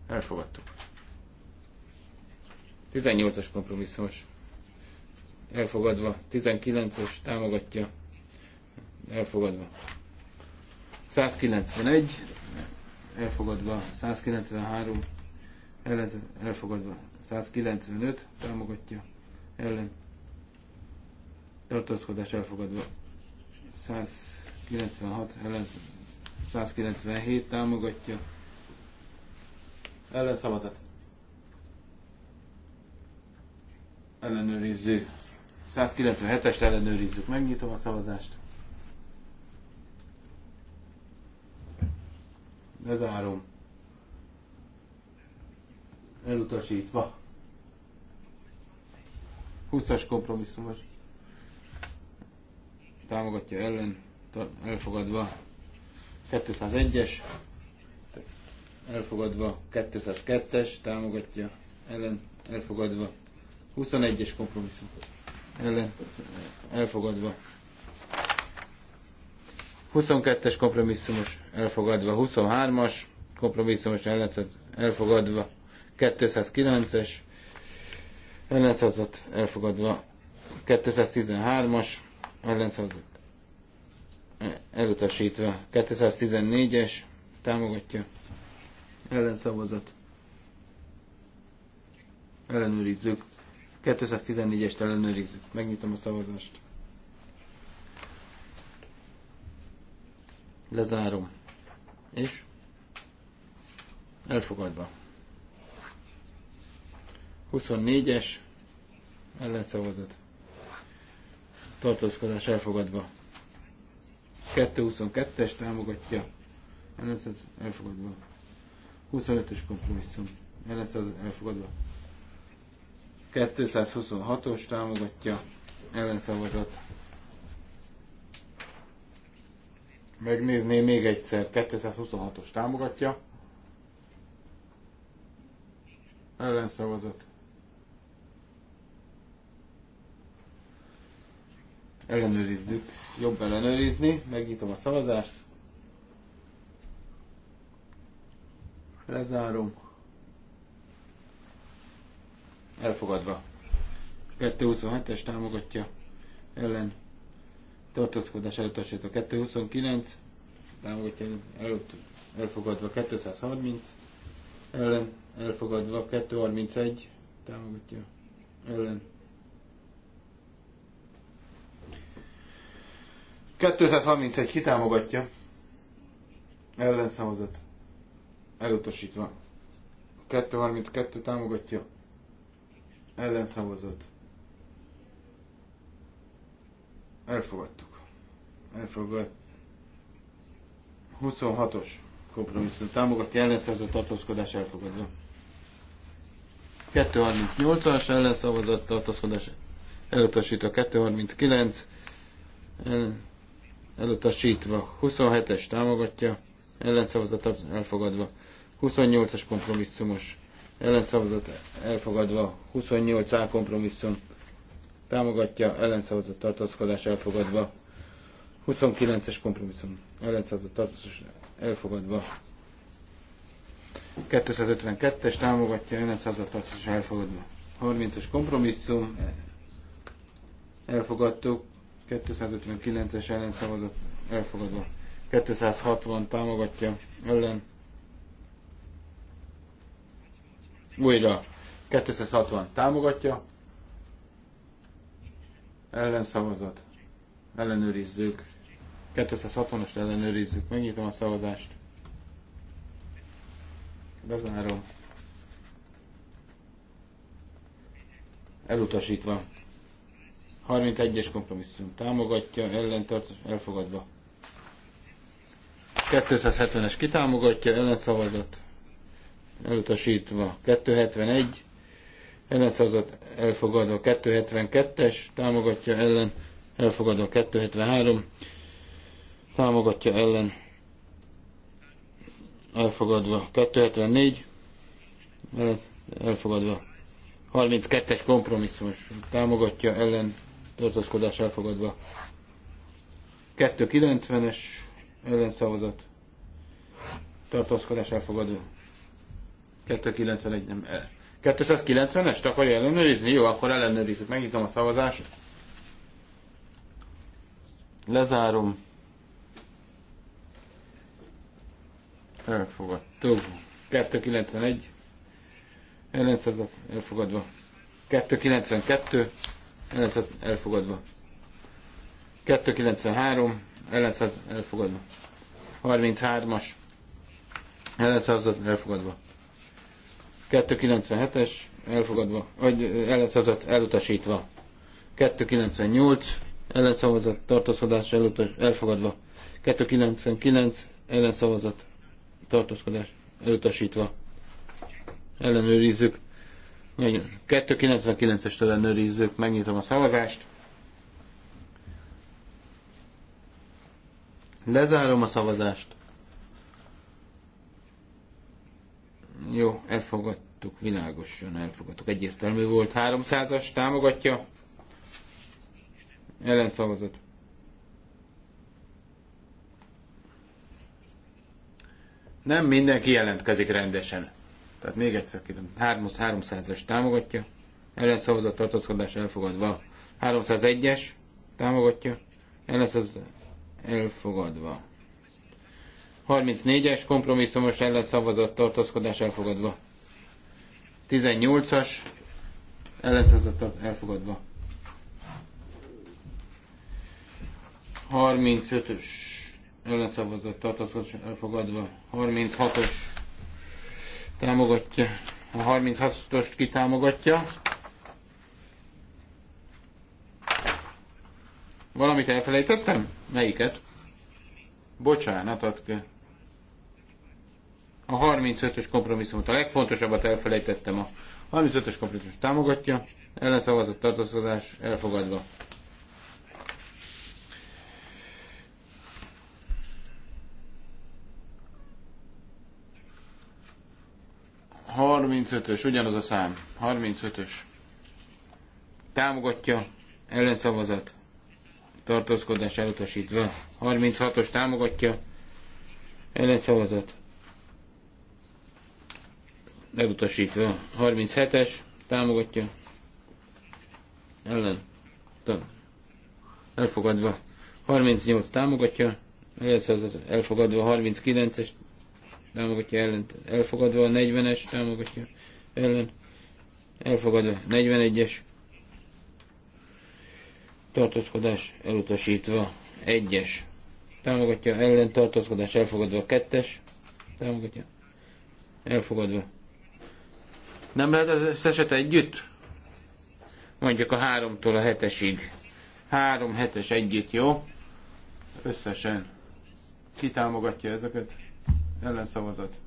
Elfogadtuk. 18-as kompromisszumos. Elfogadva. 19-es támogatja. Elfogadva. 191. Elfogadva. 193 elfogadva. 195 támogatja ellen tartózkodás elfogadva. 196 ellen 197 támogatja ellen szavazat. Ellenőrizzük. 197-est ellenőrizzük. Megnyitom a szavazást. Lezárom elutasítva. 20-as kompromisszumos. Támogatja ellen, elfogadva. 201-es, elfogadva. 202-es, támogatja ellen, elfogadva. 21-es kompromisszum. Ellen, elfogadva. 22-es kompromisszumos elfogadva, 23-as kompromisszumos ellen, elfogadva, 209-es ellenszavazat elfogadva, 213-as ellenszavazat e, elutasítva, 214-es támogatja ellenszavazat ellenőrizzük, 214-est ellenőrizzük, megnyitom a szavazást. Lezárom. És? Elfogadva. 24-es ellenszavazat. Tartózkodás elfogadva. 222-es támogatja. Ellenszavazat elfogadva. 25-ös kompromisszum. Ellenszavazat elfogadva. 226-os támogatja. Ellenszavazat. Megnézném még egyszer. 226-os támogatja. Ellenszavazat ellenőrizzük. Jobb ellenőrizni, megnyitom a szavazást. Lezárom. Elfogadva. 227-es támogatja ellen tartózkodás a 229 támogatja előtt. elfogadva 230 ellen elfogadva 231 támogatja ellen 231 kitámogatja. Ellenszavazat. Elutasítva. 232 támogatja. Ellenszavazat. Elfogadtuk. Elfogadt. 26-os kompromisszum támogatja. ellenszerzett tartózkodás elfogadja. 238-as ellenszavazat tartózkodás a 239 ellen elutasítva, 27-es támogatja, ellenszavazat elfogadva, 28-as kompromisszumos, ellenszavazat elfogadva, 28A kompromisszum, támogatja, ellenszavazat tartózkodás elfogadva, 29-es kompromisszum, ellenszavazat tartózkodás elfogadva, 252-es támogatja, ellenszavazat tartózkodás elfogadva, 30-as kompromisszum, elfogadtuk, 259-es ellen szavazott, elfogadva. 260 támogatja, ellen. Újra. 260 támogatja, ellen szavazott. Ellenőrizzük. 260-ast ellenőrizzük. Megnyitom a szavazást. Bezárom. Elutasítva. 31-es kompromisszum támogatja, ellentart, elfogadva. 270-es kitámogatja, ellenszavazat elutasítva. 271 ellenszavazat elfogadva. 272-es támogatja, ellen elfogadva. 273 támogatja, ellen elfogadva. 274 ellensz, elfogadva. 32-es kompromisszum, támogatja, ellen tartózkodás elfogadva. 290-es ellenszavazat tartózkodás elfogadó. 291 nem el. 290-est akarja ellenőrizni? Jó, akkor ellenőrizzük. Megnyitom a szavazást. Lezárom. Elfogadó. 291. Ellenszavazat elfogadva. 292 ellenszert elfogadva. 293 ellenszert elfogadva. 33-as ellenszert elfogadva. 297-es elfogadva, vagy ellenszavazat elutasítva. 298 ellenszavazat tartózkodás elutas, elfogadva. 299 ellenszavazat tartózkodás elutasítva. Ellenőrizzük. 299 estől ellenőrizzük, megnyitom a szavazást. Lezárom a szavazást. Jó, elfogadtuk, világosan elfogadtuk. Egyértelmű volt, 300-as támogatja. szavazat. Nem mindenki jelentkezik rendesen. Tehát még egyszer kérem, 300 es támogatja, ellenszavazat tartózkodás elfogadva. 301-es támogatja, ellenszavazat elfogadva. 34-es kompromisszumos ellenszavazat tartózkodás elfogadva. 18-as ellenszavazat elfogadva. 35-ös ellenszavazat tartózkodás elfogadva. 36-os támogatja, a 36-ost kitámogatja. Valamit elfelejtettem? Melyiket? Bocsánatot hát kell. A 35-ös kompromisszumot, a legfontosabbat elfelejtettem. A 35-ös kompromisszumot támogatja, ellenszavazott tartózkodás elfogadva. 35-ös, ugyanaz a szám. 35-ös. Támogatja, ellenszavazat, tartózkodás elutasítva. 36-os támogatja, ellenszavazat, elutasítva. 37-es támogatja, ellen, elfogadva. 38 támogatja, elfogadva 39-es támogatja ellen, elfogadva a 40-es, támogatja ellen, elfogadva 41-es, tartózkodás elutasítva 1-es, támogatja ellen, tartózkodás elfogadva 2-es, támogatja elfogadva. Nem lehet az összeset együtt? Mondjuk a 3-tól a 7-esig. 3 3-7-es együtt, jó? Összesen. Ki támogatja ezeket? Ellenszavazat.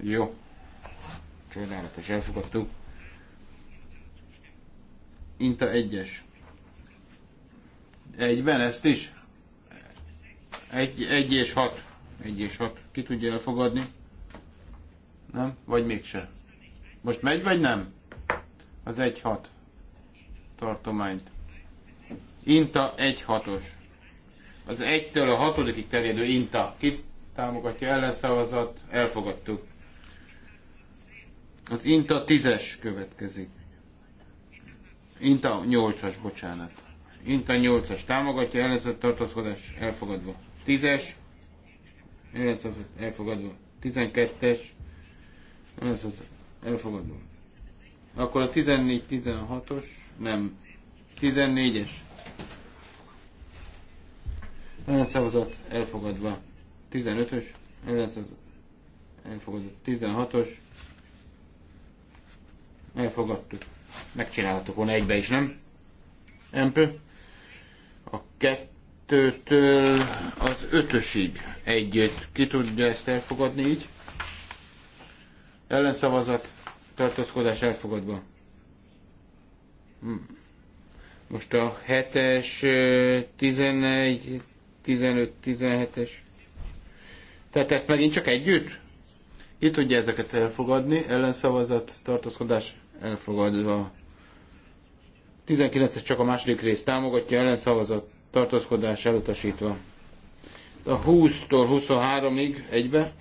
Jó. Csodálatos, elfogadtuk. Inta 1-es. Egyben ezt is? 1 egy, és 6. 1 és 6. Ki tudja elfogadni? Nem? Vagy mégse? Most megy, vagy nem? Az 1-6 tartományt. Inta 1-6-os. Az 1-től a 6 terjedő Inta. Ki támogatja ellenszavazat, elfogadtuk. Az Inta 10-es következik. Inta 8-as, bocsánat. Inta 8-as támogatja, ellenszavazat, tartózkodás, elfogadva. 10-es, ellenszavazat, elfogadva. 12-es, ellenszavazat, elfogadva. Akkor a 14-16-os, nem, 14-es. Ellenszavazat elfogadva. 15-ös, elfogadott. 16-os, elfogadtuk. Megcsináltuk volna egybe is, nem? Empő. A kettőtől az ötösig egyet Ki tudja ezt elfogadni így? Ellenszavazat, tartózkodás elfogadva. Hmm. Most a 7-es, 11, 15, 17-es tehát ezt megint csak együtt? Ki tudja ezeket elfogadni? Ellenszavazat, tartózkodás elfogadva. 19-es csak a második rész támogatja, ellenszavazat, tartózkodás elutasítva. A 20-tól 23-ig egybe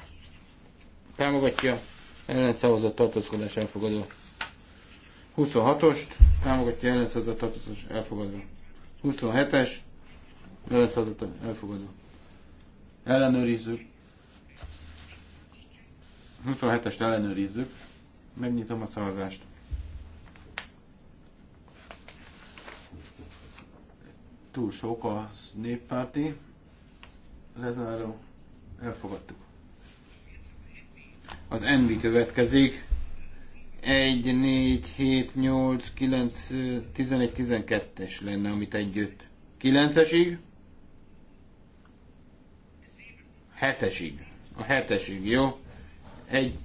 támogatja, ellenszavazat, tartózkodás elfogadva. 26-ost támogatja, ellenszavazat, tartózkodás elfogadva. 27-es, ellenszavazat elfogadva. Ellenőrizzük. 27-est ellenőrizzük. Megnyitom a szavazást. Túl sok a néppárti. Lezáró. Elfogadtuk. Az Envi következik. 1, 4, 7, 8, 9, 11, 12-es lenne, amit együtt. 9-esig? 7-esig. A 7-esig, jó? Egy,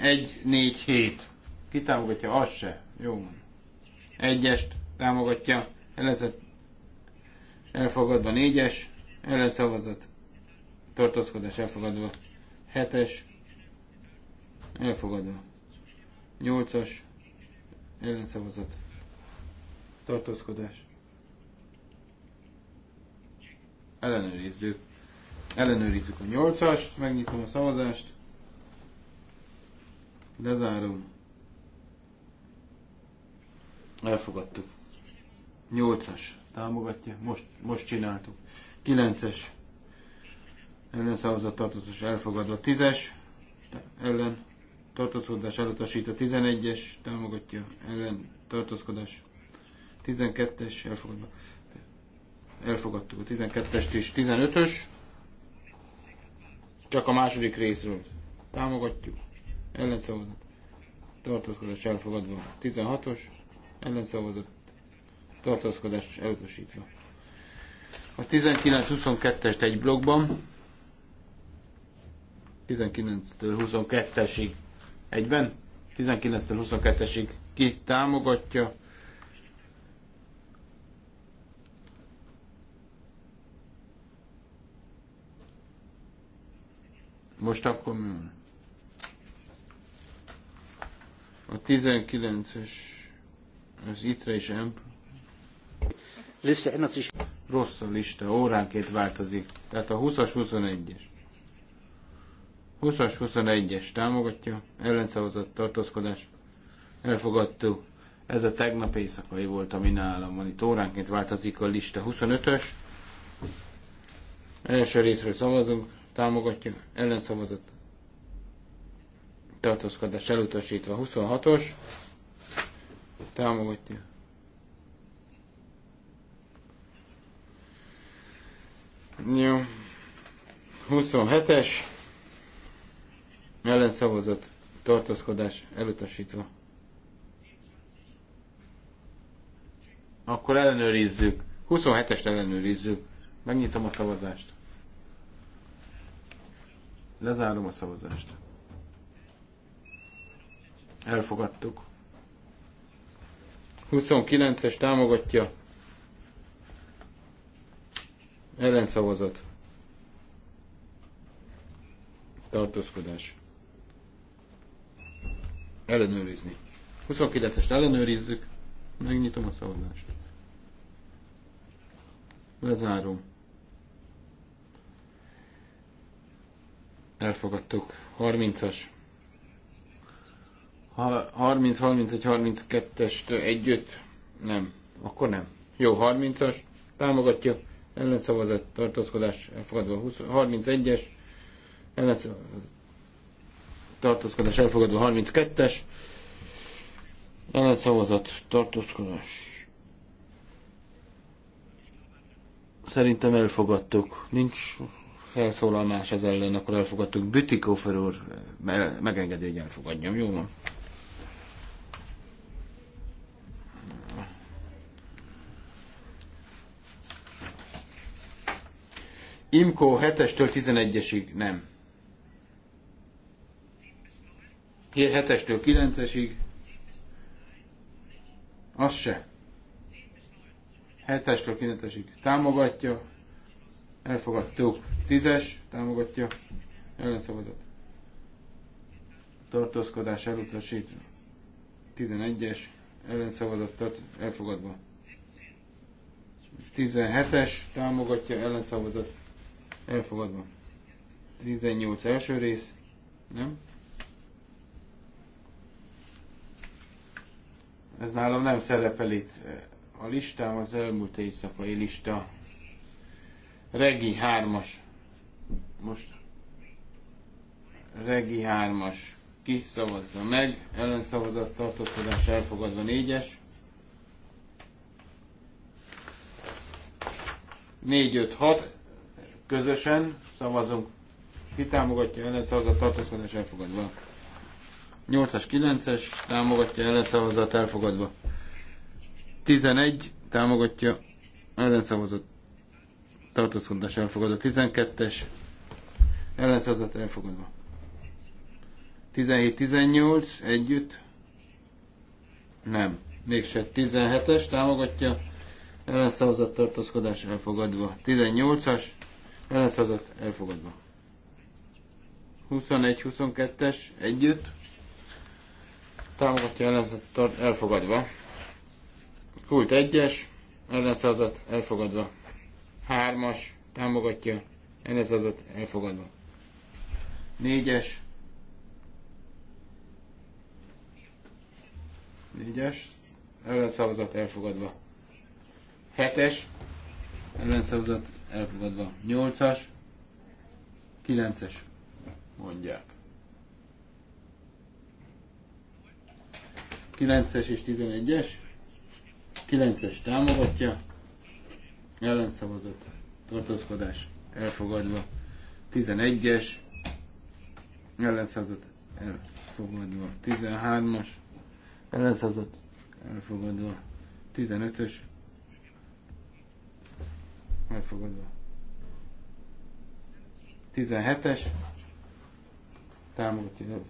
egy, négy, hét. Ki támogatja? Az se. Jó van. Egyest támogatja. Ellenzett. Elfogadva négyes. Ellenszavazat. Tartózkodás elfogadva. Hetes. Elfogadva. Nyolcas. Ellenszavazat. Tartózkodás. Ellenőrizzük. Ellenőrizzük a nyolcast. Megnyitom a szavazást. Lezárom. Elfogadtuk. 8-as támogatja. Most, most csináltuk. 9-es ellenszavazat tartozás elfogadva. 10-es ellen tartózkodás elutasít a 11-es támogatja ellen tartózkodás. 12-es elfogadva. Elfogadtuk a 12-est is. 15-ös. Csak a második részről támogatjuk ellenszavazat, tartózkodás elfogadva. 16-os, ellenszavazat, tartózkodás elutasítva. A 19-22-est egy blokkban, 19-től 22-esig egyben, 19-től 22-esig ki támogatja, Most akkor mi van? A 19-es az ITRE és EMP. Liste ändert is. Rossz a lista, óránként változik. Tehát a 20-as, 21-es. 20-as, 21-es támogatja, ellenszavazat, tartózkodás. Elfogadtuk. Ez a tegnap éjszakai volt, ami nálam van. Itt óránként változik a lista. 25-ös. Első részről szavazunk, támogatja, ellenszavazat, tartózkodás elutasítva. 26-os támogatja. Jó. 27-es ellenszavazat tartózkodás elutasítva. Akkor ellenőrizzük. 27-est ellenőrizzük. Megnyitom a szavazást. Lezárom a szavazást. Elfogadtuk. 29-es támogatja. Ellenszavazat. Tartózkodás. Ellenőrizni. 29-est ellenőrizzük. Megnyitom a szavazást. Lezárom. Elfogadtuk. 30-as. 30-31-32-est együtt? Nem. Akkor nem. Jó, 30-as támogatja, ellenszavazat, tartózkodás elfogadva. 31-es, ellenszavazat, tartózkodás elfogadva. 32-es, ellenszavazat, tartózkodás. Szerintem elfogadtuk. Nincs felszólalás ez ellen, akkor elfogadtuk. Bütikófer úr megengedi, hogy elfogadjam. Jó van. Imko 7-estől 11-esig nem. 7-estől 9-esig. Az se. 7-estől 9-esig támogatja. Elfogadtuk. 10-es támogatja. Ellenszavazat. Tartózkodás elutasít. 11-es ellenszavazat tart, elfogadva. 17-es támogatja ellenszavazat Elfogadva. 18 első rész. Nem? Ez nálam nem szerepel itt. A listám az elmúlt éjszakai lista. Regi 3-as. Most. Regi 3-as. Ki szavazza meg? Ellenszavazat tartózkodás elfogadva 4-es. 4-5-6 Közösen szavazunk. Ki támogatja ellenszavazat, és elfogadva. 8-as, 9-es támogatja ellenszavazat elfogadva. 11 támogatja ellenszavazat tartózkodás elfogadva. 12-es ellenszavazat elfogadva. 17-18 együtt. Nem. Mégse 17-es támogatja ellenszavazat tartózkodás elfogadva. 18-as ellenszázat elfogadva. 21-22-es együtt támogatja ellenszázat elfogadva. Kult 1-es, ellenszázat elfogadva. 3-as támogatja ellenszázat elfogadva. 4-es 4-es ellenszázat elfogadva. 7-es ellenszázat elfogadva. 8-as, 9-es, mondják. 9-es és 11-es. 9-es támogatja. Ellenszavazott. Tartózkodás. Elfogadva. 11-es. Ellenszavazott Elfogadva. 13-as. Ellenszavazott Elfogadva. 15-ös. Elfogadva. 17-es. Támogatja.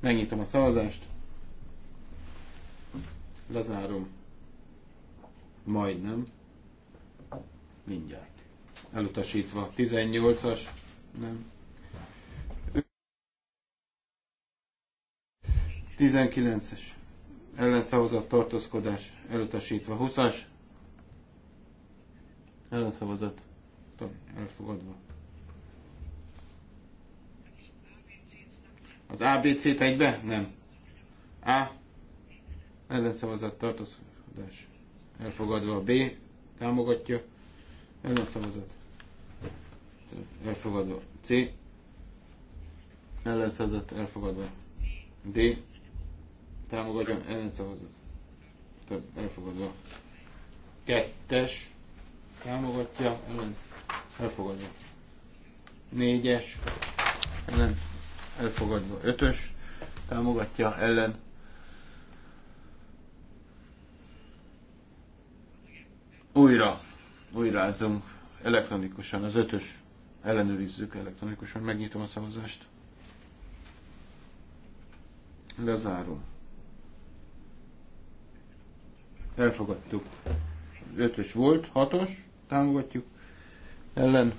Megnyitom a szavazást. Lezárom. Majdnem. Mindjárt. Elutasítva. 18-as. Nem. 19-es ellenszavazat tartózkodás elutasítva. 20-as ellenszavazat elfogadva. Az ABC-t egybe? Nem. A ellenszavazat tartózkodás elfogadva. B támogatja ellenszavazat elfogadva. C ellenszavazat elfogadva. D támogatja, ellenszavazat elfogadva. Kettes támogatja, ellen elfogadva. Négyes ellen elfogadva. Ötös támogatja, ellen újra, újrázunk elektronikusan, az ötös ellenőrizzük elektronikusan, megnyitom a szavazást. Lezárom elfogadtuk. Az ötös volt, hatos, támogatjuk. Ellen,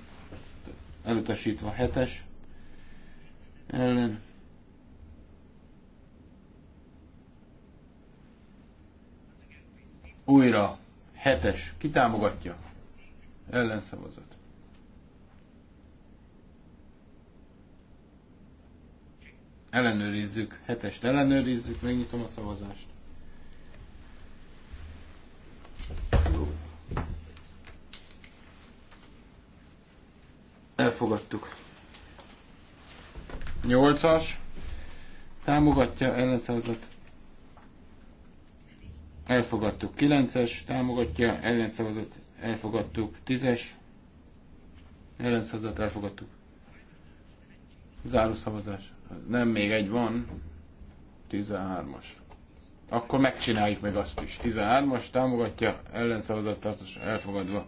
elutasítva hetes, ellen. Újra, hetes, ki támogatja? Ellenszavazat. Ellenőrizzük, hetest ellenőrizzük, megnyitom a szavazást. Elfogadtuk. Nyolcas. Támogatja ellenszavazat. Elfogadtuk. Kilences. Támogatja ellenszavazat. Elfogadtuk. Tízes. Ellenszavazat elfogadtuk. Záró szavazás. Nem, még egy van. 13-as. Akkor megcsináljuk meg azt is. 13-as támogatja, ellenszavazat tartás elfogadva.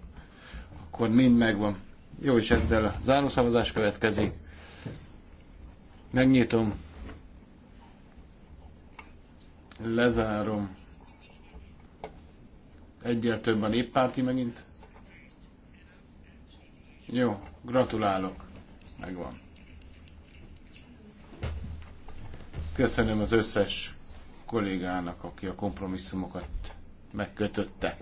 Akkor mind megvan. Jó, és ezzel a zárószavazás következik. Megnyitom. Lezárom. Egyel több a néppárti megint. Jó, gratulálok. Megvan. Köszönöm az összes kollégának, aki a kompromisszumokat megkötötte.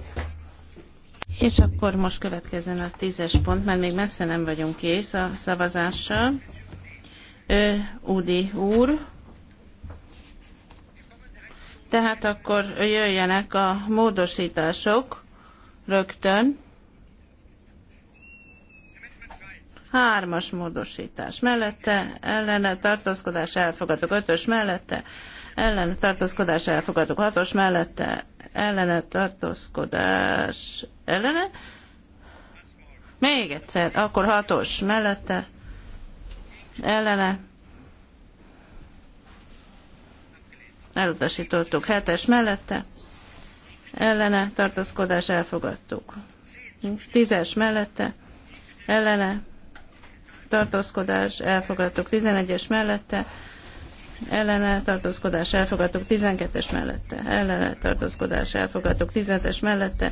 És akkor most következzen a tízes pont, mert még messze nem vagyunk kész a szavazással. Ö, Udi úr. Tehát akkor jöjjenek a módosítások rögtön. Hármas módosítás mellette, ellene tartózkodás elfogadok, ötös mellette, ellene tartózkodás elfogadok, hatos mellette, ellene tartózkodás ellene. Még egyszer, akkor hatos mellette ellene. Elutasítottuk hetes mellette. Ellene tartózkodás elfogadtuk. Tízes mellette. Ellene tartózkodás elfogadtuk. Tizenegyes mellette ellene tartózkodás elfogadtuk 12-es mellette, ellene tartózkodás elfogadtuk 15-es mellette,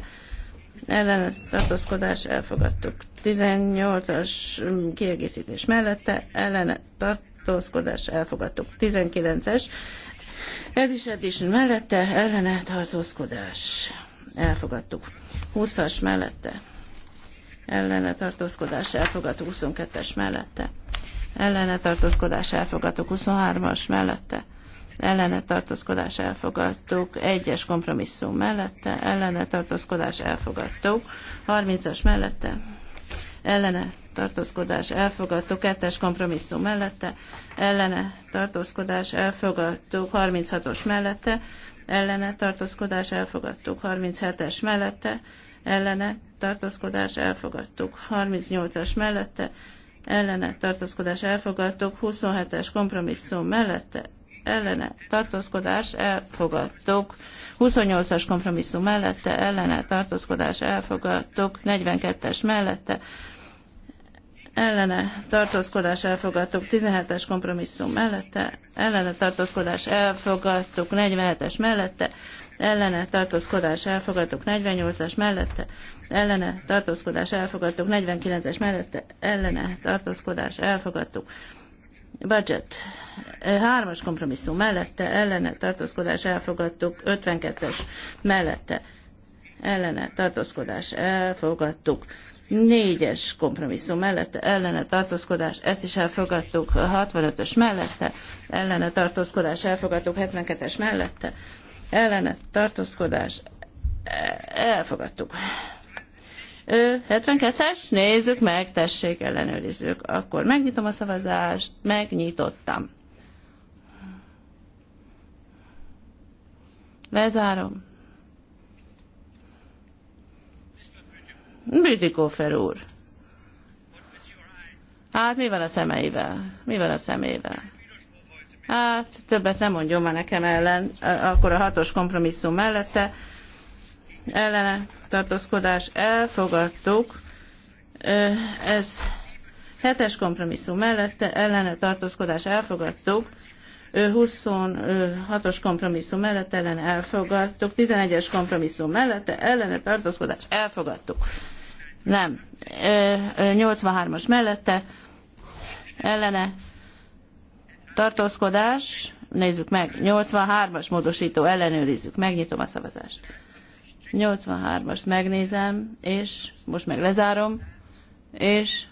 ellene tartózkodás elfogadtuk 18-as mm, kiegészítés mellette, ellene tartózkodás elfogadtuk 19-es, ez is edition mellette, ellene tartózkodás elfogadtuk 20-as mellette, ellene tartózkodás elfogadtuk 22-es mellette ellene tartózkodás elfogadtuk 23-as mellette, ellene tartózkodás elfogadtuk, 1-es kompromisszum mellette, ellene tartózkodás elfogadtuk, 30-as mellette, ellene tartózkodás elfogadtuk, 2-es kompromisszum mellette, ellene tartózkodás elfogadtuk, 36-os mellette, ellene tartózkodás elfogadtuk, 37-es mellette, ellene tartózkodás elfogadtuk, 38-as mellette, ellene tartózkodás elfogadtok, 27-es kompromisszum mellette ellene tartózkodás elfogadtok, 28-as kompromisszum mellette ellene tartózkodás elfogadtok, 42-es mellette ellene tartózkodás elfogadtok, 17-es kompromisszum mellette ellene tartózkodás elfogadtok, 47-es mellette ellene tartózkodás elfogadtok, 48-as mellette ellene tartózkodás elfogadtuk, 49-es mellette ellene tartózkodás elfogadtuk. Budget. E, hármas kompromisszum mellette ellene tartózkodás elfogadtuk, 52-es mellette ellene tartózkodás elfogadtuk. Négyes kompromisszum mellette ellene tartózkodás, ezt is elfogadtuk, 65-ös mellette ellene tartózkodás, elfogadtuk 72-es mellette ellene tartózkodás, e, elfogadtuk. 72-es? Nézzük meg, tessék, ellenőrizzük. Akkor megnyitom a szavazást, megnyitottam. Lezárom. Bütikófer úr. Hát mi van a szemeivel? Mi van a szemével? Hát többet nem mondjon már nekem ellen, akkor a hatos kompromisszum mellette ellene tartózkodás elfogadtuk. Ez hetes kompromisszum mellette ellene tartózkodás elfogadtuk. 26-os kompromisszum mellett ellen elfogadtuk, 11-es kompromisszum mellette ellene tartózkodás elfogadtuk. Nem. 83-as mellette ellene tartózkodás, nézzük meg, 83-as módosító, ellenőrizzük, megnyitom a szavazást. 83-ast megnézem, és most meg lezárom, és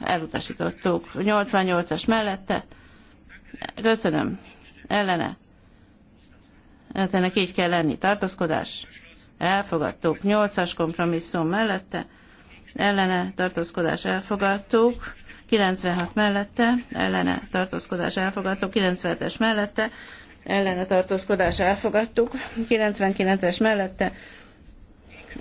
elutasítottuk. 88-as mellette. Köszönöm. Ellene. Hát ennek így kell lenni. Tartózkodás. Elfogadtuk. 8-as kompromisszum mellette. Ellene tartózkodás elfogadtuk. 96 mellette. Ellene tartózkodás elfogadtuk. 97-es mellette ellene tartózkodás elfogadtuk, 99-es mellette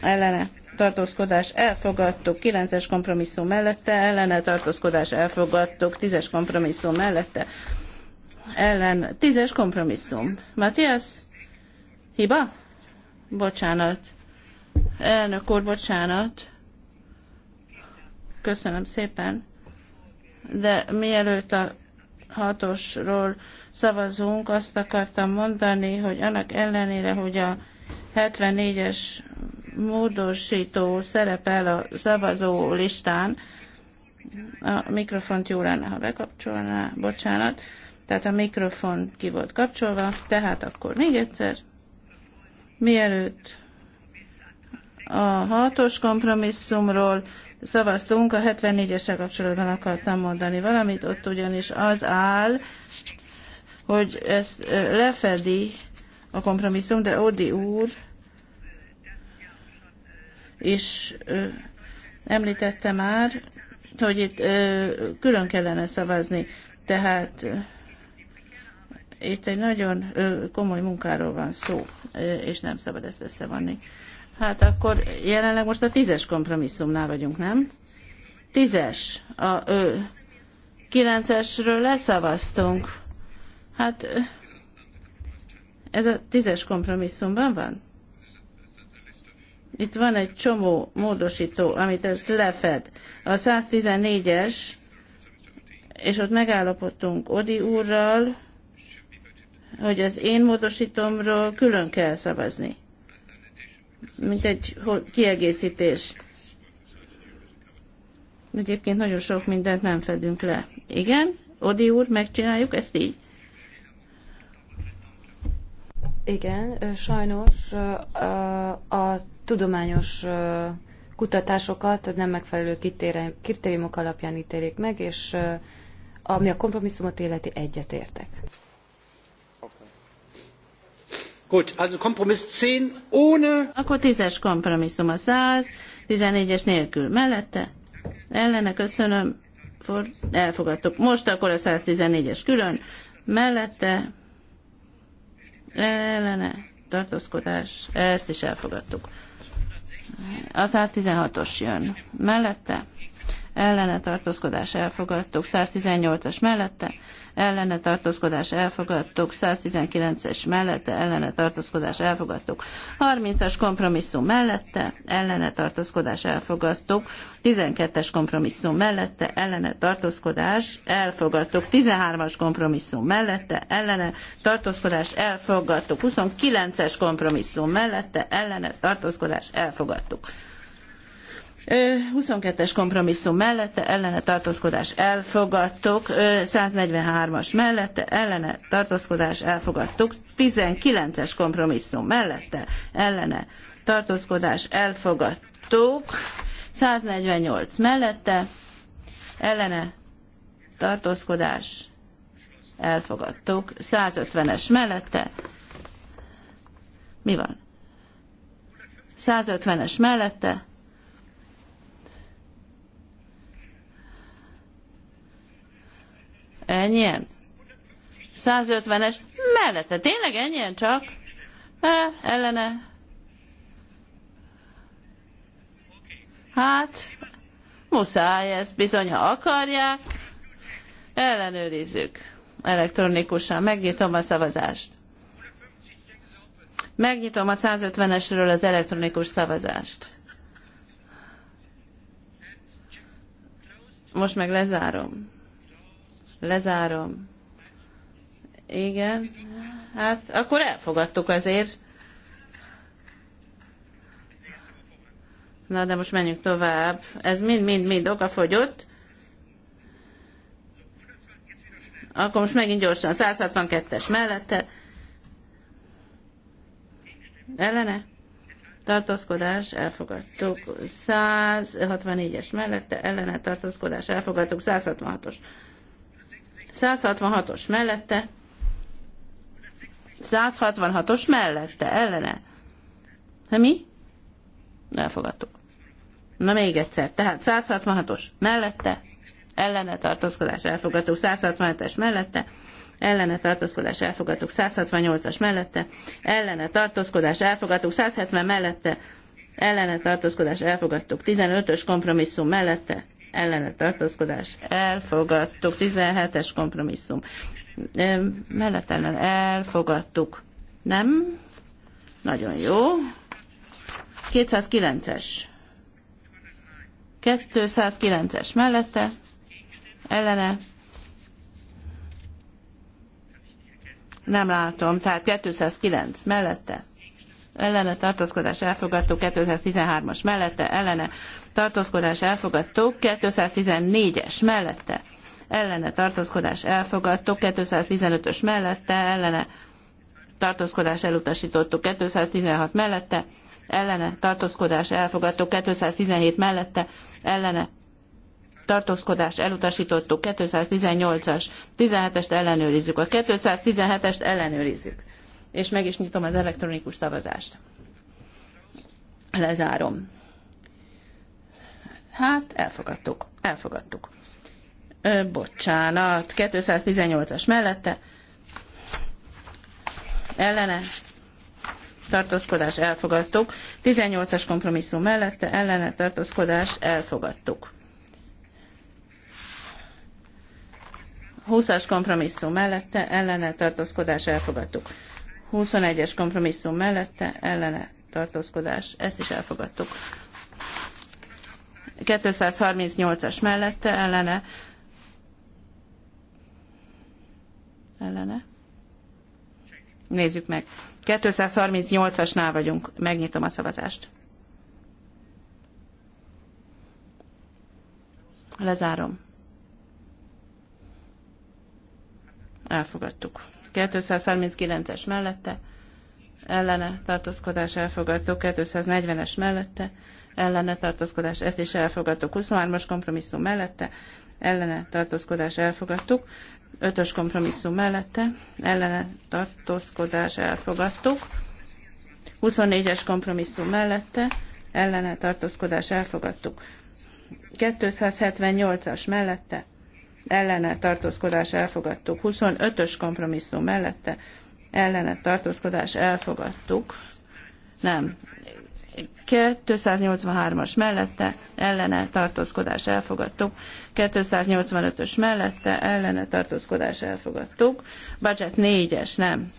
ellene tartózkodás elfogadtuk, 9-es kompromisszum mellette ellene tartózkodás elfogadtuk, 10-es kompromisszum mellette ellen, 10-es kompromisszum. Matthias? Hiba? Bocsánat. Elnök úr, bocsánat. Köszönöm szépen. De mielőtt a 76-osról szavazunk, azt akartam mondani, hogy annak ellenére, hogy a 74-es módosító szerepel a szavazó listán, a mikrofont jó lenne, ha bekapcsolná, bocsánat, tehát a mikrofon ki volt kapcsolva, tehát akkor még egyszer, mielőtt a hatos kompromisszumról szavaztunk, a 74-essel kapcsolatban akartam mondani valamit, ott ugyanis az áll, hogy ezt lefedi a kompromisszum, de Odi úr is említette már, hogy itt külön kellene szavazni. Tehát itt egy nagyon komoly munkáról van szó, és nem szabad ezt összevonni. Hát akkor jelenleg most a tízes kompromisszumnál vagyunk, nem? Tízes. A ö, kilencesről leszavaztunk. Hát ez a tízes kompromisszumban van? Itt van egy csomó módosító, amit ez lefed. A 114-es, és ott megállapodtunk Odi úrral, hogy az én módosítomról külön kell szavazni mint egy kiegészítés. egyébként nagyon sok mindent nem fedünk le. Igen, Odi úr, megcsináljuk ezt így? Igen, sajnos a tudományos kutatásokat nem megfelelő kritériumok alapján ítélik meg, és ami a kompromisszumot illeti, egyetértek. Gut, also Kompromiss 10 ohne... Akkor tízes kompromisszum a 100, 14-es nélkül. Mellette? Ellene köszönöm. For, elfogadtuk. Most akkor a 114-es külön. Mellette? Ellene. Tartózkodás. Ezt is elfogadtuk. A 116-os jön. Mellette? ellene tartózkodás elfogadtuk, 118-as mellette, ellene tartózkodás elfogadtuk, 119-es mellette, ellene tartózkodás elfogadtuk, 30-as kompromisszum mellette, ellene tartózkodás elfogadtuk, 12-es kompromisszum mellette, ellene tartózkodás elfogadtuk, 13-as kompromisszum mellette, ellene tartózkodás elfogadtuk, 29-es kompromisszum mellette, ellene tartózkodás elfogadtuk. 22-es kompromisszum mellette ellene tartózkodás elfogadtuk, 143-as mellette ellene tartózkodás elfogadtuk, 19-es kompromisszum mellette ellene tartózkodás elfogadtuk, 148 mellette ellene tartózkodás elfogadtuk, 150-es mellette mi van? 150-es mellette Ennyien? 150-es mellette. Tényleg ennyien csak? E, ellene. Hát, muszáj ez. bizony, ha akarják. Ellenőrizzük. Elektronikusan megnyitom a szavazást. Megnyitom a 150-esről az elektronikus szavazást. Most meg lezárom. Lezárom. Igen. Hát akkor elfogadtuk azért. Na, de most menjünk tovább. Ez mind-mind-mind oka fogyott. Akkor most megint gyorsan. 162-es mellette. Ellene? Tartózkodás, elfogadtuk. 164-es mellette, ellene tartózkodás, elfogadtuk. 166-os 166-os mellette, 166-os mellette, ellene. Ha mi? Elfogadtuk. Na még egyszer, tehát 166-os mellette, ellene tartózkodás elfogadtuk, 167-es mellette, ellene tartózkodás elfogadtuk, 168-as mellette, ellene tartózkodás elfogadtuk, 170 mellette, ellene tartózkodás elfogadtuk, 15-ös kompromisszum mellette, ellene tartózkodás elfogadtuk, 17-es kompromisszum mellett ellen elfogadtuk, nem? Nagyon jó. 209-es. 209-es mellette, ellene. Nem látom, tehát 209 mellette, ellene tartózkodás elfogadtuk, 213-as mellette, ellene tartózkodás elfogadtuk, 214-es mellette ellene tartózkodás elfogadtuk, 215-ös mellette ellene tartózkodás elutasítottuk, 216 mellette ellene tartózkodás elfogadtuk, 217 mellette ellene tartózkodás elutasítottuk, 218-as, 17-est ellenőrizzük, a 217-est ellenőrizzük. És meg is nyitom az elektronikus szavazást. Lezárom. Hát, elfogadtuk. Elfogadtuk. Ö, bocsánat, 218-as mellette. Ellene. Tartózkodás elfogadtuk. 18-as kompromisszum mellette. Ellene tartózkodás elfogadtuk. 20-as kompromisszum mellette. Ellene tartózkodás elfogadtuk. 21-es kompromisszum mellette. Ellene tartózkodás. Ezt is elfogadtuk. 238-as mellette ellene ellene. Nézzük meg. 238-asnál vagyunk. Megnyitom a szavazást. Lezárom. Elfogadtuk. 239-es mellette, ellene tartózkodás elfogadtuk, 240-es mellette, ellene tartózkodás, ezt is elfogadtuk. 23-as kompromisszum mellette, ellene tartózkodás elfogadtuk. 5-ös kompromisszum mellette, ellene tartózkodás elfogadtuk. 24-es kompromisszum mellette, ellene tartózkodás elfogadtuk. 278-as mellette, ellene tartózkodás elfogadtuk. 25-ös kompromisszum mellette, ellene tartózkodás elfogadtuk. Nem. 283-as mellette ellene tartózkodás elfogadtuk, 285-ös mellette ellene tartózkodás elfogadtuk, budget 4-es nem,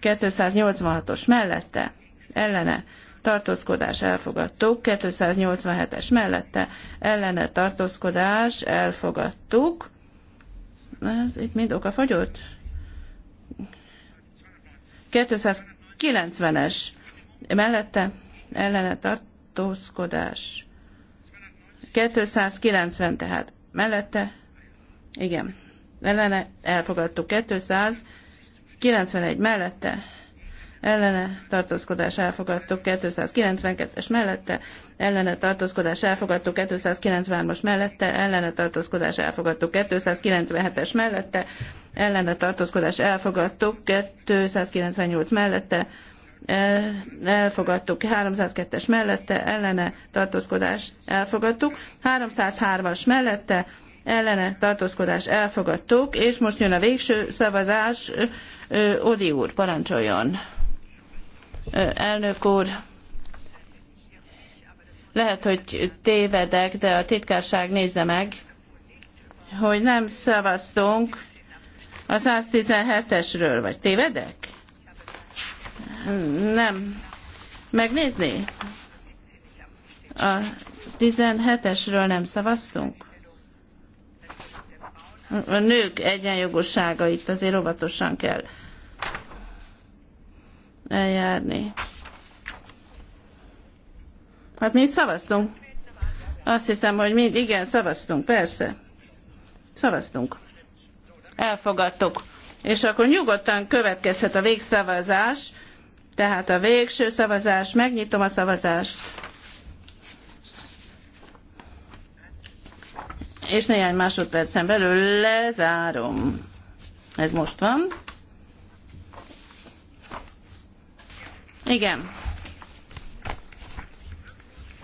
286-os mellette ellene tartózkodás elfogadtuk, 287-es mellette ellene tartózkodás elfogadtuk. Ez itt mind oka fagyott? 290-es mellette ellene tartózkodás. 290 tehát mellette, igen, ellene elfogadtuk. 291 mellette, ellene tartózkodás elfogadtuk 292-es mellette, ellene tartózkodás elfogadtuk 293-as mellette, ellene tartózkodás elfogadtuk 297-es mellette, ellene tartózkodás elfogadtuk 298 mellette, elfogadtuk, 302-es mellette, ellene tartózkodás elfogadtuk, 303-as mellette, ellene tartózkodás elfogadtuk, és most jön a végső szavazás, Odi úr, parancsoljon. Elnök úr, lehet, hogy tévedek, de a titkárság nézze meg, hogy nem szavaztunk a 117-esről, vagy tévedek? nem megnézni? A 17-esről nem szavaztunk? A nők egyenjogossága itt azért óvatosan kell eljárni. Hát mi szavaztunk. Azt hiszem, hogy mind, igen, szavaztunk, persze. Szavaztunk. Elfogadtuk. És akkor nyugodtan következhet a végszavazás. Tehát a végső szavazás, megnyitom a szavazást. És néhány másodpercen belül lezárom. Ez most van. Igen.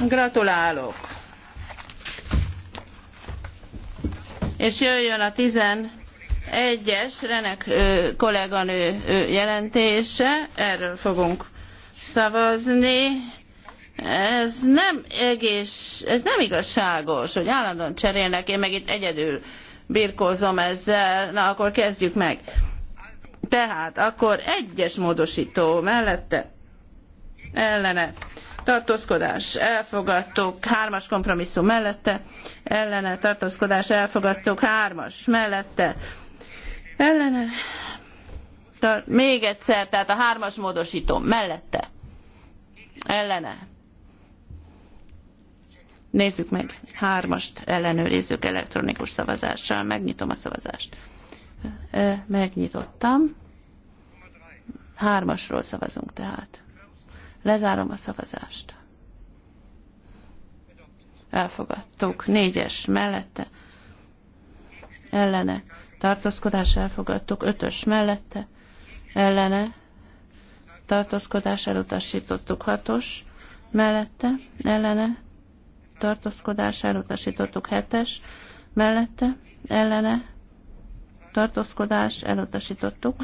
Gratulálok. És jöjjön a tizen egyes Renek kolléganő jelentése, erről fogunk szavazni. Ez nem egész, ez nem igazságos, hogy állandóan cserélnek, én meg itt egyedül birkózom ezzel, na akkor kezdjük meg. Tehát akkor egyes módosító mellette ellene tartózkodás elfogadtuk, hármas kompromisszum mellette, ellene tartózkodás elfogadtuk, hármas mellette, Ellene. Tehát még egyszer, tehát a hármas módosító mellette. Ellene. Nézzük meg. Hármast ellenőrizzük elektronikus szavazással. Megnyitom a szavazást. Megnyitottam. Hármasról szavazunk tehát. Lezárom a szavazást. Elfogadtuk. Négyes mellette. Ellene tartózkodás elfogadtuk, ötös mellette, ellene, tartózkodás elutasítottuk, hatos mellette, ellene, tartózkodás elutasítottuk, hetes mellette, ellene, tartózkodás elutasítottuk,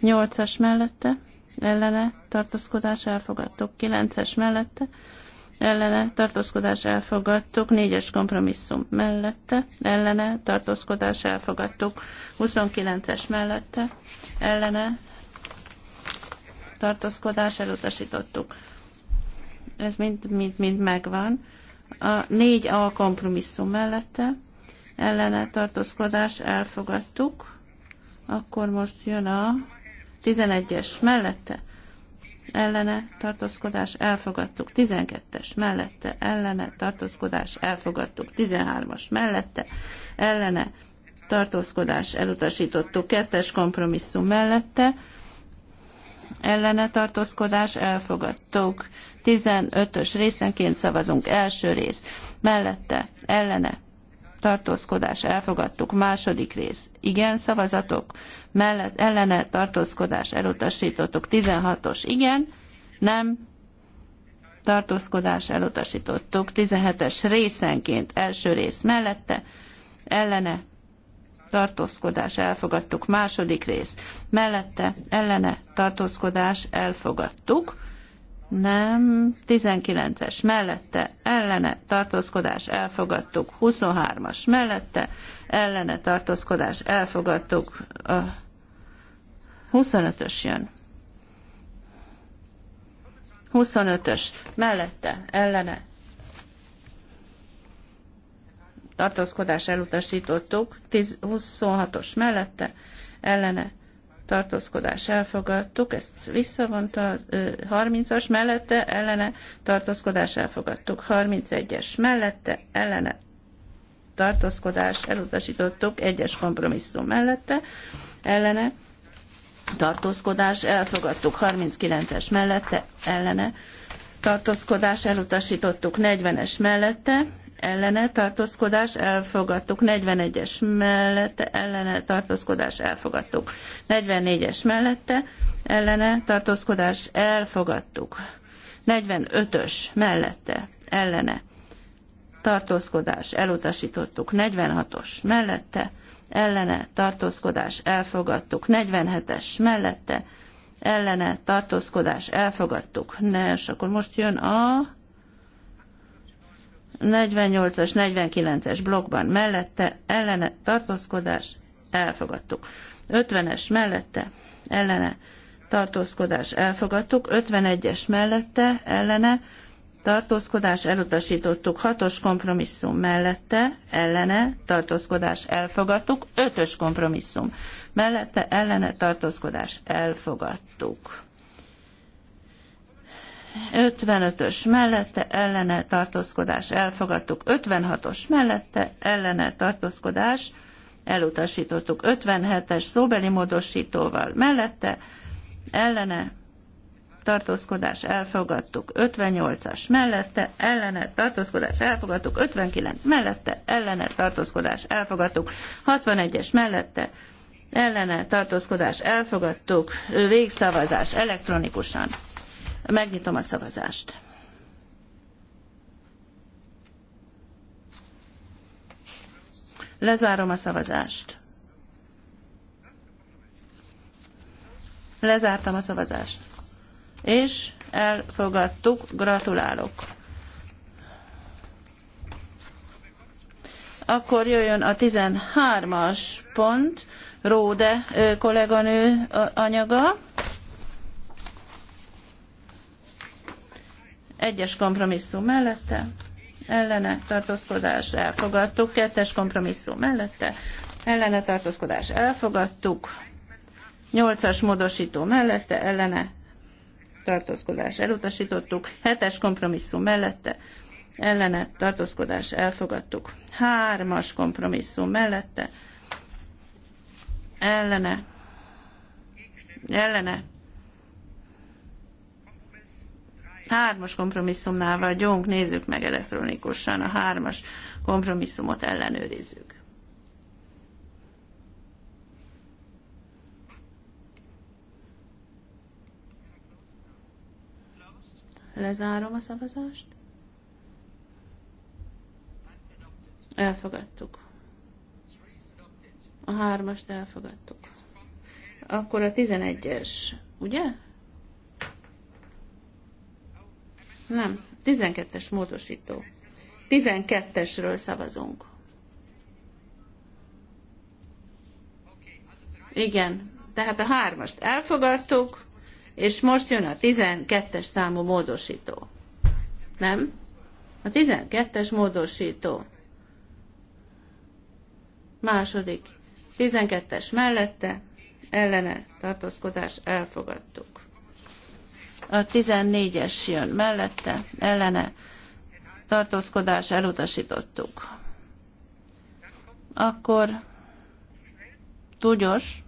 nyolcas mellette, ellene, tartózkodás elfogadtuk, kilences mellette, ellene tartózkodás elfogadtuk, négyes kompromisszum mellette, ellene tartózkodás elfogadtuk, 29-es mellette, ellene tartózkodás elutasítottuk. Ez mind, mind, mind megvan. A 4A kompromisszum mellette, ellene tartózkodás elfogadtuk, akkor most jön a 11-es mellette, ellene tartózkodás elfogadtuk, 12-es mellette ellene tartózkodás elfogadtuk, 13-as mellette ellene tartózkodás elutasítottuk, 2-es kompromisszum mellette ellene tartózkodás elfogadtuk, 15-ös részenként szavazunk első rész mellette ellene tartózkodás elfogadtuk. Második rész. Igen szavazatok mellett ellene tartózkodás elutasítottuk. 16-os igen, nem tartózkodás elutasítottuk. 17-es részenként első rész mellette ellene tartózkodás elfogadtuk. Második rész mellette ellene tartózkodás elfogadtuk nem, 19-es mellette, ellene, tartózkodás, elfogadtuk, 23-as mellette, ellene, tartózkodás, elfogadtuk, a 25-ös jön. 25-ös mellette, ellene, tartózkodás elutasítottuk, 26-os mellette, ellene, tartózkodás elfogadtuk, ezt visszavonta, 30-as mellette ellene tartózkodás elfogadtuk, 31-es mellette ellene tartózkodás elutasítottuk, egyes kompromisszum mellette ellene tartózkodás elfogadtuk, 39-es mellette ellene tartózkodás elutasítottuk, 40-es mellette ellene tartózkodás elfogadtuk, 41-es mellette ellene tartózkodás elfogadtuk, 44-es mellette ellene tartózkodás elfogadtuk, 45-ös mellette ellene tartózkodás elutasítottuk, 46-os mellette ellene tartózkodás elfogadtuk, 47-es mellette ellene tartózkodás elfogadtuk. Ne, és akkor most jön a 48-as, 49-es blokkban mellette, ellene tartózkodás, elfogadtuk. 50-es mellette, ellene tartózkodás, elfogadtuk. 51-es mellette, ellene tartózkodás, elutasítottuk. 6-os kompromisszum mellette, ellene tartózkodás, elfogadtuk. 5-ös kompromisszum mellette, ellene tartózkodás, elfogadtuk. 55-ös mellette ellene tartózkodás elfogadtuk, 56-os mellette ellene tartózkodás elutasítottuk, 57-es szóbeli módosítóval mellette ellene tartózkodás elfogadtuk, 58-as mellette ellene tartózkodás elfogadtuk, 59 mellette ellene tartózkodás elfogadtuk, 61-es mellette ellene tartózkodás elfogadtuk, végszavazás elektronikusan. Megnyitom a szavazást. Lezárom a szavazást. Lezártam a szavazást. És elfogadtuk, gratulálok. Akkor jöjjön a 13-as pont, Róde kolléganő anyaga. Egyes kompromisszum mellette, ellene tartózkodás elfogadtuk. Kettes kompromisszum mellette, ellene tartózkodás elfogadtuk. Nyolcas módosító mellette, ellene tartózkodás elutasítottuk. Hetes kompromisszum mellette, ellene tartózkodás elfogadtuk. Hármas kompromisszum mellette, ellene, ellene Hármas kompromisszumnál vagyunk, nézzük meg elektronikusan, a hármas kompromisszumot ellenőrizzük. Lezárom a szavazást. Elfogadtuk. A hármast elfogadtuk. Akkor a tizenegyes, ugye? Nem, 12-es módosító. 12-esről szavazunk. Igen, tehát a hármast elfogadtuk, és most jön a 12-es számú módosító. Nem? A 12-es módosító. Második. 12-es mellette, ellene tartózkodás elfogadtuk. A 14-es jön mellette, ellene tartózkodás elutasítottuk. Akkor túl gyors.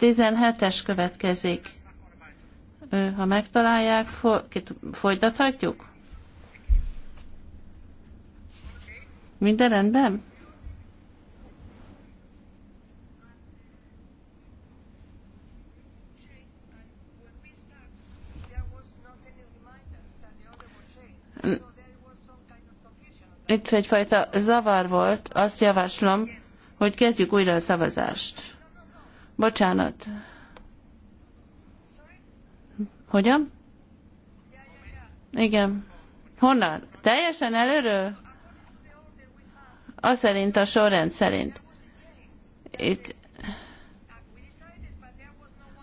17-es következik. Ha megtalálják, folytathatjuk? Minden rendben? itt egyfajta zavar volt, azt javaslom, hogy kezdjük újra a szavazást. Bocsánat. Hogyan? Igen. Honnan? Teljesen előről? A szerint, a sorrend szerint. Itt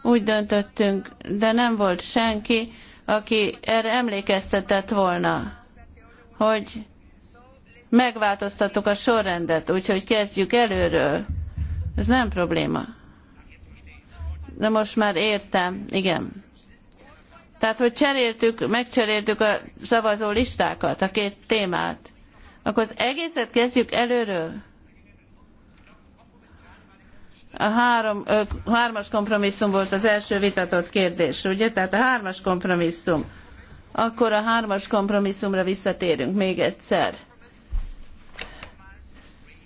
úgy döntöttünk, de nem volt senki, aki erre emlékeztetett volna, hogy megváltoztattuk a sorrendet, úgyhogy kezdjük előről. Ez nem probléma. De most már értem, igen. Tehát, hogy cseréltük, megcseréltük a szavazó listákat, a két témát, akkor az egészet kezdjük előről. A három, ö, hármas kompromisszum volt az első vitatott kérdés, ugye? Tehát a hármas kompromisszum. Akkor a hármas kompromisszumra visszatérünk még egyszer.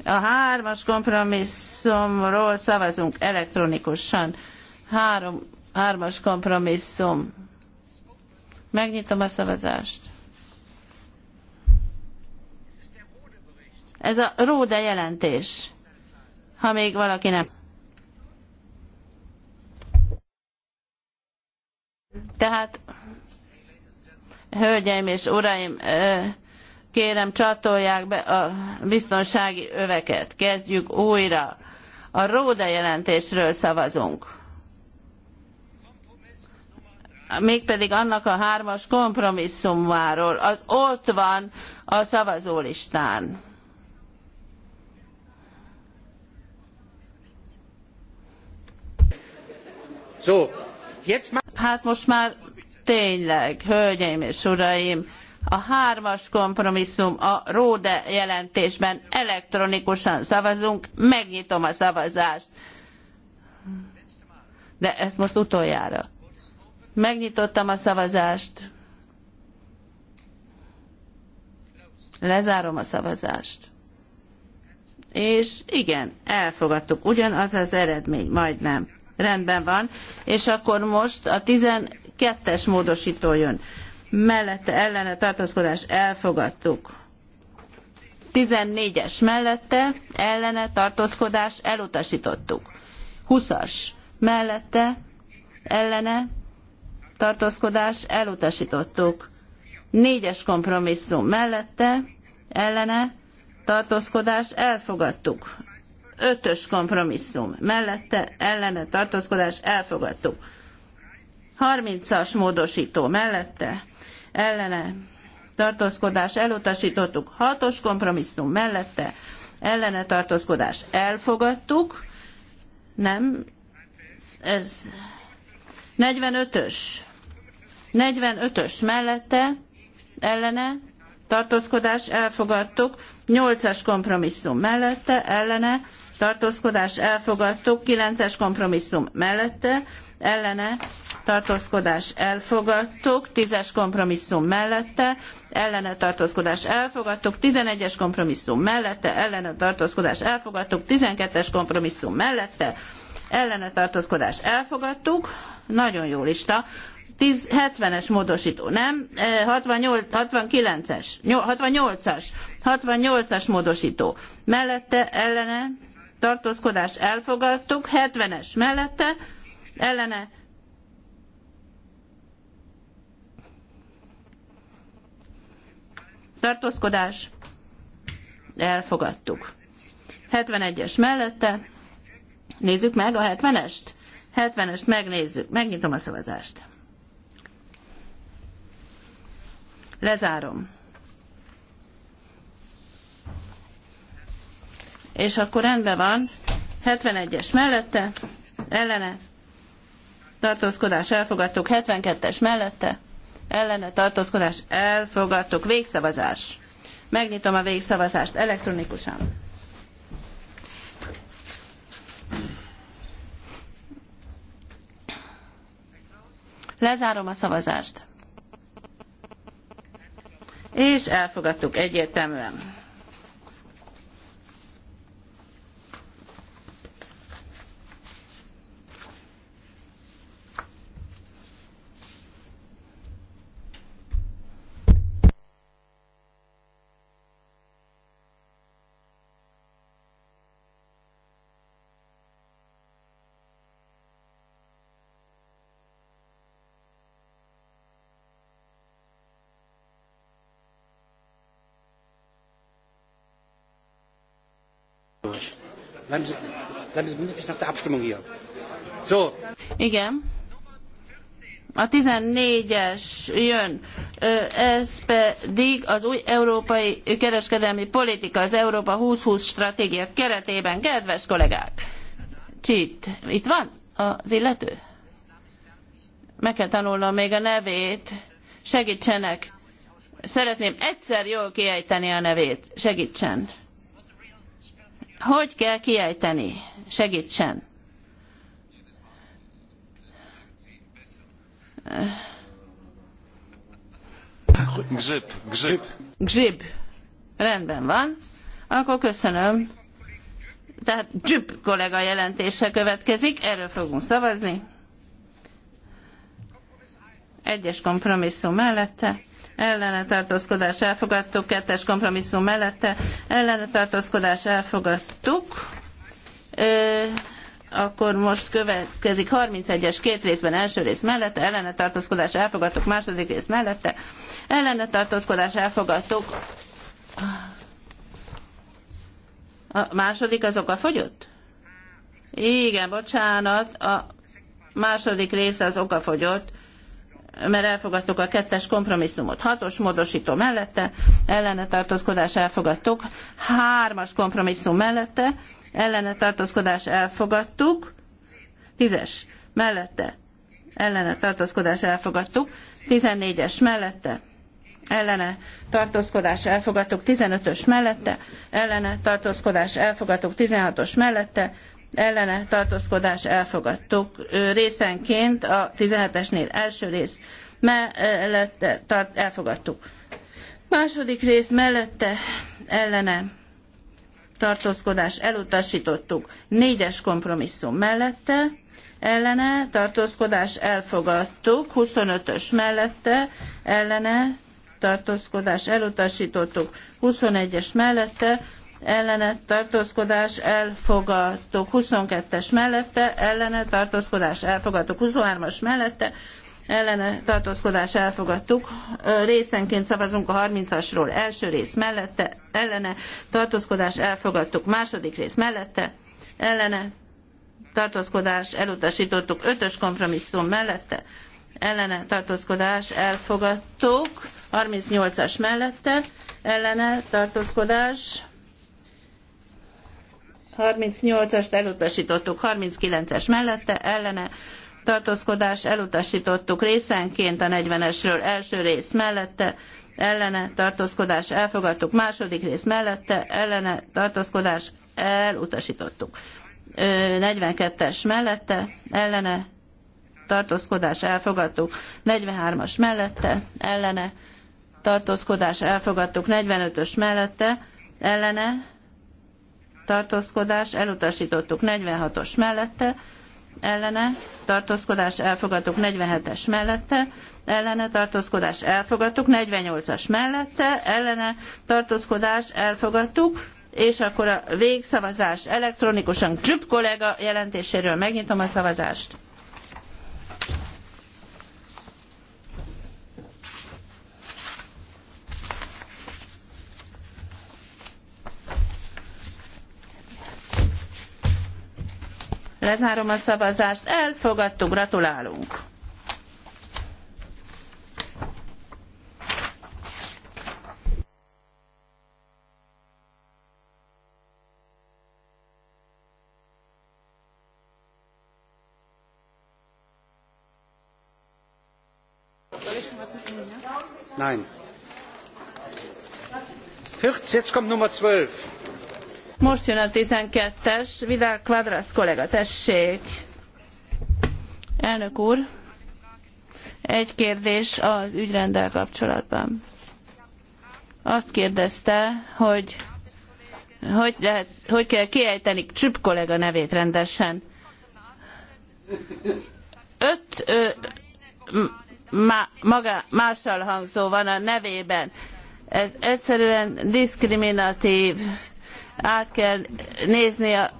A hármas kompromisszumról szavazunk elektronikusan. Három, hármas kompromisszum. Megnyitom a szavazást. Ez a Róda jelentés, ha még valaki nem. Tehát, hölgyeim és uraim, kérem csatolják be a biztonsági öveket. Kezdjük újra. A Róda jelentésről szavazunk. Mégpedig annak a hármas kompromisszumáról. Az ott van a szavazólistán. So, jetzt hát most már tényleg, hölgyeim és uraim, a hármas kompromisszum a Róde jelentésben elektronikusan szavazunk, megnyitom a szavazást. De ezt most utoljára. Megnyitottam a szavazást. Lezárom a szavazást. És igen, elfogadtuk. Ugyanaz az eredmény, majdnem. Rendben van. És akkor most a 12-es módosító jön. Mellette ellene tartózkodás elfogadtuk. 14-es mellette ellene tartózkodás elutasítottuk. 20-as mellette ellene tartózkodás elutasítottuk. 4-es kompromisszum mellette ellene tartózkodás elfogadtuk. Ötös kompromisszum. Mellette ellene tartózkodás elfogadtuk. 30-as módosító mellette ellene tartózkodás elutasítottuk. Hatos kompromisszum mellette ellene tartózkodás elfogadtuk. Nem, ez 45-ös. 45-ös mellette ellene tartózkodás elfogadtuk. 8-as kompromisszum mellette ellene tartózkodás elfogadtuk, 9-es kompromisszum mellette, ellene tartózkodás elfogadtuk, 10-es kompromisszum mellette, ellene tartózkodás elfogadtuk, 11-es kompromisszum mellette, ellene tartózkodás elfogadtuk, 12-es kompromisszum mellette, ellene tartózkodás elfogadtuk, nagyon jó lista, 10, 70-es módosító, nem? 68, 69-es, 68-as, 68-as módosító. Mellette ellene tartózkodás elfogadtuk, 70-es mellette, ellene tartózkodás elfogadtuk. 71-es mellette, nézzük meg a 70-est, 70-est megnézzük, megnyitom a szavazást. Lezárom. és akkor rendben van, 71-es mellette, ellene, tartózkodás elfogadtuk, 72-es mellette, ellene, tartózkodás elfogadtuk, végszavazás. Megnyitom a végszavazást elektronikusan. Lezárom a szavazást. És elfogadtuk egyértelműen. Bleiben Sie, bleiben nach der Abstimmung hier. So. Igen. A 14-es jön, ez pedig az új európai kereskedelmi politika, az Európa 2020 stratégia keretében. Kedves kollégák! Csit, itt van az illető? Meg kell tanulnom még a nevét. Segítsenek! Szeretném egyszer jól kiejteni a nevét. Segítsen! Hogy kell kiejteni? Segítsen! Gzsib, gzsib. Gzsib. Rendben van. Akkor köszönöm. Tehát Gzsib kollega jelentése következik. Erről fogunk szavazni. Egyes kompromisszum mellette ellene tartózkodás elfogadtuk, kettes kompromisszum mellette ellene tartózkodás elfogadtuk. akkor most következik 31-es két részben első rész mellette, ellene tartózkodás elfogadtuk, második rész mellette, ellene tartózkodás elfogadtuk. A második az oka fogyott? Igen, bocsánat, a második része az oka fogyott mert elfogadtuk a kettes kompromisszumot. Hatos módosító mellette, ellene tartózkodás elfogadtuk. Hármas kompromisszum mellette, ellene tartózkodás elfogadtuk. Tízes mellette, ellene tartózkodás elfogadtuk. Tizennégyes mellette, ellene tartózkodás elfogadtuk. Tizenötös mellette, ellene tartózkodás elfogadtuk. Tizenhatos mellette, ellene tartózkodás elfogadtuk. Részenként a 17-esnél első rész mellette tart, elfogadtuk. Második rész mellette ellene tartózkodás elutasítottuk. Négyes kompromisszum mellette ellene tartózkodás elfogadtuk. 25-ös mellette ellene tartózkodás elutasítottuk. 21-es mellette ellene tartózkodás elfogadtuk 22-es mellette, ellene tartózkodás elfogadtuk 23-as mellette, ellene tartózkodás elfogadtuk. Részenként szavazunk a 30-asról. Első rész mellette, ellene tartózkodás elfogadtuk. Második rész mellette, ellene tartózkodás elutasítottuk. Ötös kompromisszum mellette, ellene tartózkodás elfogadtuk. 38-as mellette, ellene tartózkodás 38-ast elutasítottuk, 39-es mellette ellene tartózkodás elutasítottuk részenként a 40-esről első rész mellette, ellene tartózkodás elfogadtuk, második rész mellette, ellene tartózkodás elutasítottuk. 42-es mellette, ellene tartózkodás elfogadtuk, 43-as mellette, ellene tartózkodás elfogadtuk, 45-ös mellette, ellene tartózkodás, elutasítottuk 46-os mellette, ellene tartózkodás, elfogadtuk 47-es mellette, ellene tartózkodás, elfogadtuk 48-as mellette, ellene tartózkodás, elfogadtuk, és akkor a végszavazás elektronikusan Csüpp kollega jelentéséről megnyitom a szavazást. Lezárom a szavazást. Elfogadtuk, gratulálunk. Nein. 14, jetzt kommt Nummer 12. Most jön a 12-es, Vidal Quadras kollega, tessék. Elnök úr, egy kérdés az ügyrendel kapcsolatban. Azt kérdezte, hogy hogy, lehet, hogy kell kiejteni Csüpp kollega nevét rendesen. Öt ö, ma, maga, mással hangzó van a nevében. Ez egyszerűen diszkriminatív át kell nézni a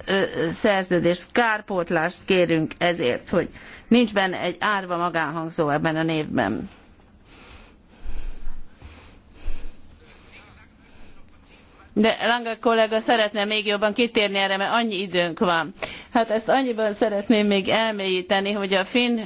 szerződést. Kárpótlást kérünk ezért, hogy nincs benne egy árva magánhangzó ebben a névben. De Lange kollega szeretne még jobban kitérni erre, mert annyi időnk van. Hát ezt annyiban szeretném még elmélyíteni, hogy a finn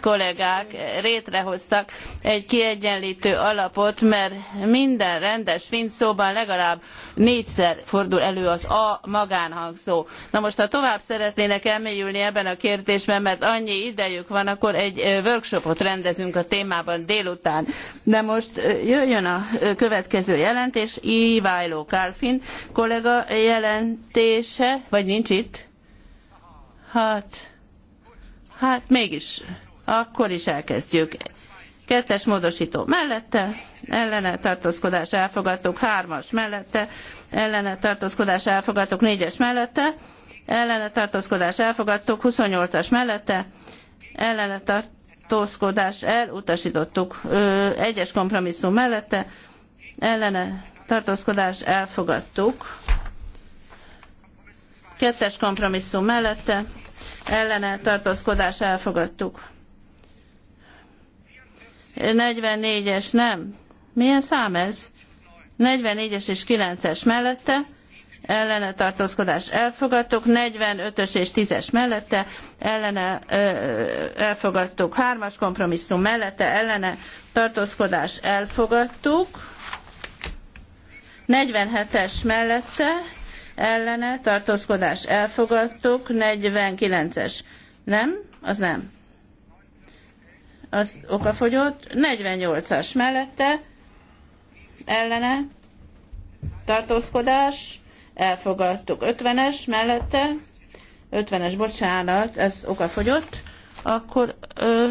kollégák rétrehoztak egy kiegyenlítő alapot, mert minden rendes finn szóban legalább négyszer fordul elő az a magánhangszó. Na most, ha tovább szeretnének elmélyülni ebben a kérdésben, mert annyi idejük van, akkor egy workshopot rendezünk a témában délután. De most jöjjön a következő jelentés, Iváló Kálfin kollega jelentése, vagy nincs itt? Hát, hát mégis, akkor is elkezdjük. Kettes módosító mellette, ellene tartózkodás elfogadtuk, hármas mellette, ellene tartózkodás elfogadtuk, négyes mellette, ellene tartózkodás elfogadtuk, 28-as mellette, ellene tartózkodás elutasítottuk, ö, egyes kompromisszum mellette, ellene tartózkodás elfogadtuk, kettes kompromisszum mellette, ellene tartózkodás elfogadtuk. 44-es nem. Milyen szám ez? 44-es és 9-es mellette ellene tartózkodás elfogadtuk, 45-ös és 10-es mellette ellene ö, elfogadtuk, 3-as kompromisszum mellette ellene tartózkodás elfogadtuk, 47-es mellette ellene, tartózkodás elfogadtuk, 49-es, nem, az nem, az okafogyott, 48-as mellette, ellene, tartózkodás, elfogadtuk, 50-es mellette, 50-es, bocsánat, ez okafogyott, akkor ö,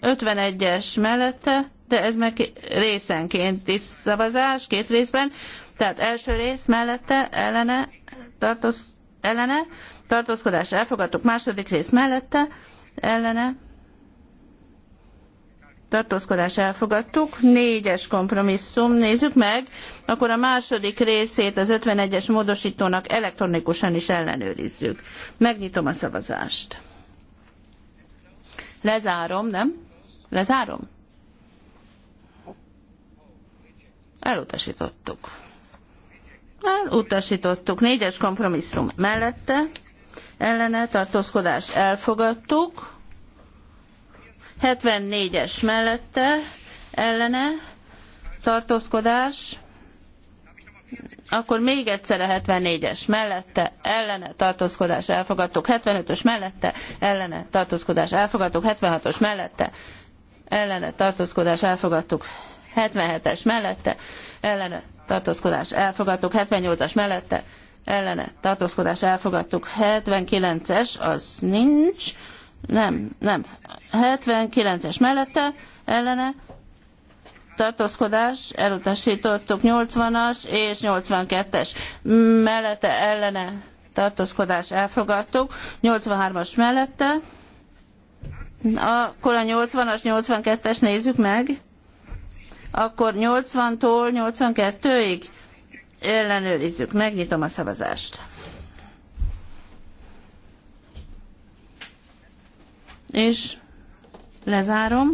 51-es mellette, de ez meg részenként is szavazás, két részben, tehát első rész mellette ellene, tartoz, ellene tartózkodás elfogadtuk. Második rész mellette ellene tartózkodás elfogadtuk. Négyes kompromisszum, nézzük meg, akkor a második részét az 51-es módosítónak elektronikusan is ellenőrizzük. Megnyitom a szavazást. Lezárom, nem? Lezárom? Elutasítottuk. Elutasítottuk. Négyes kompromisszum mellette. Ellene tartózkodás elfogadtuk. 74-es mellette ellene tartózkodás. Akkor még egyszer a 74-es mellette ellene tartózkodás elfogadtuk. 75-ös mellette ellene tartózkodás elfogadtuk. 76-os mellette ellene tartózkodás elfogadtuk. 77-es mellette ellene tartózkodás elfogadtuk, 78-as mellette ellene tartózkodás elfogadtuk, 79-es az nincs, nem, nem, 79-es mellette ellene tartózkodás, elutasítottuk 80-as és 82-es mellette ellene tartózkodás elfogadtuk, 83-as mellette, akkor a 80-as, 82-es nézzük meg akkor 80-tól 82-ig ellenőrizzük. Megnyitom a szavazást. És lezárom.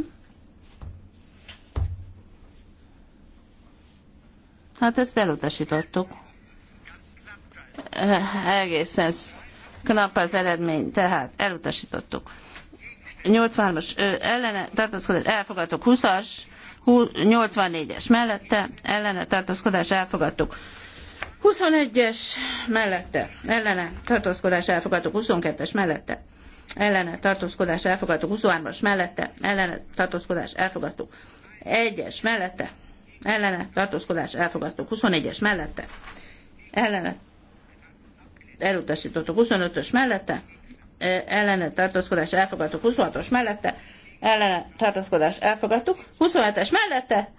Hát ezt elutasítottuk. Egészen knap az eredmény, tehát elutasítottuk. 83-as ellene tartózkodás elfogadtuk 20-as 84-es mellette, ellene tartózkodás elfogadtuk. 21-es mellette, ellene tartózkodás elfogadtuk, 22-es mellette, ellene tartózkodás elfogadtuk, 23-as mellette, ellene tartózkodás elfogadtuk, 1-es mellette, ellene tartózkodás elfogadtuk, 24-es mellette, ellene elutasítottuk, 25-ös mellette, e, ellene tartózkodás elfogadtuk, 26-os mellette, ellene tartaszkodás elfogadtuk, 27-es mellette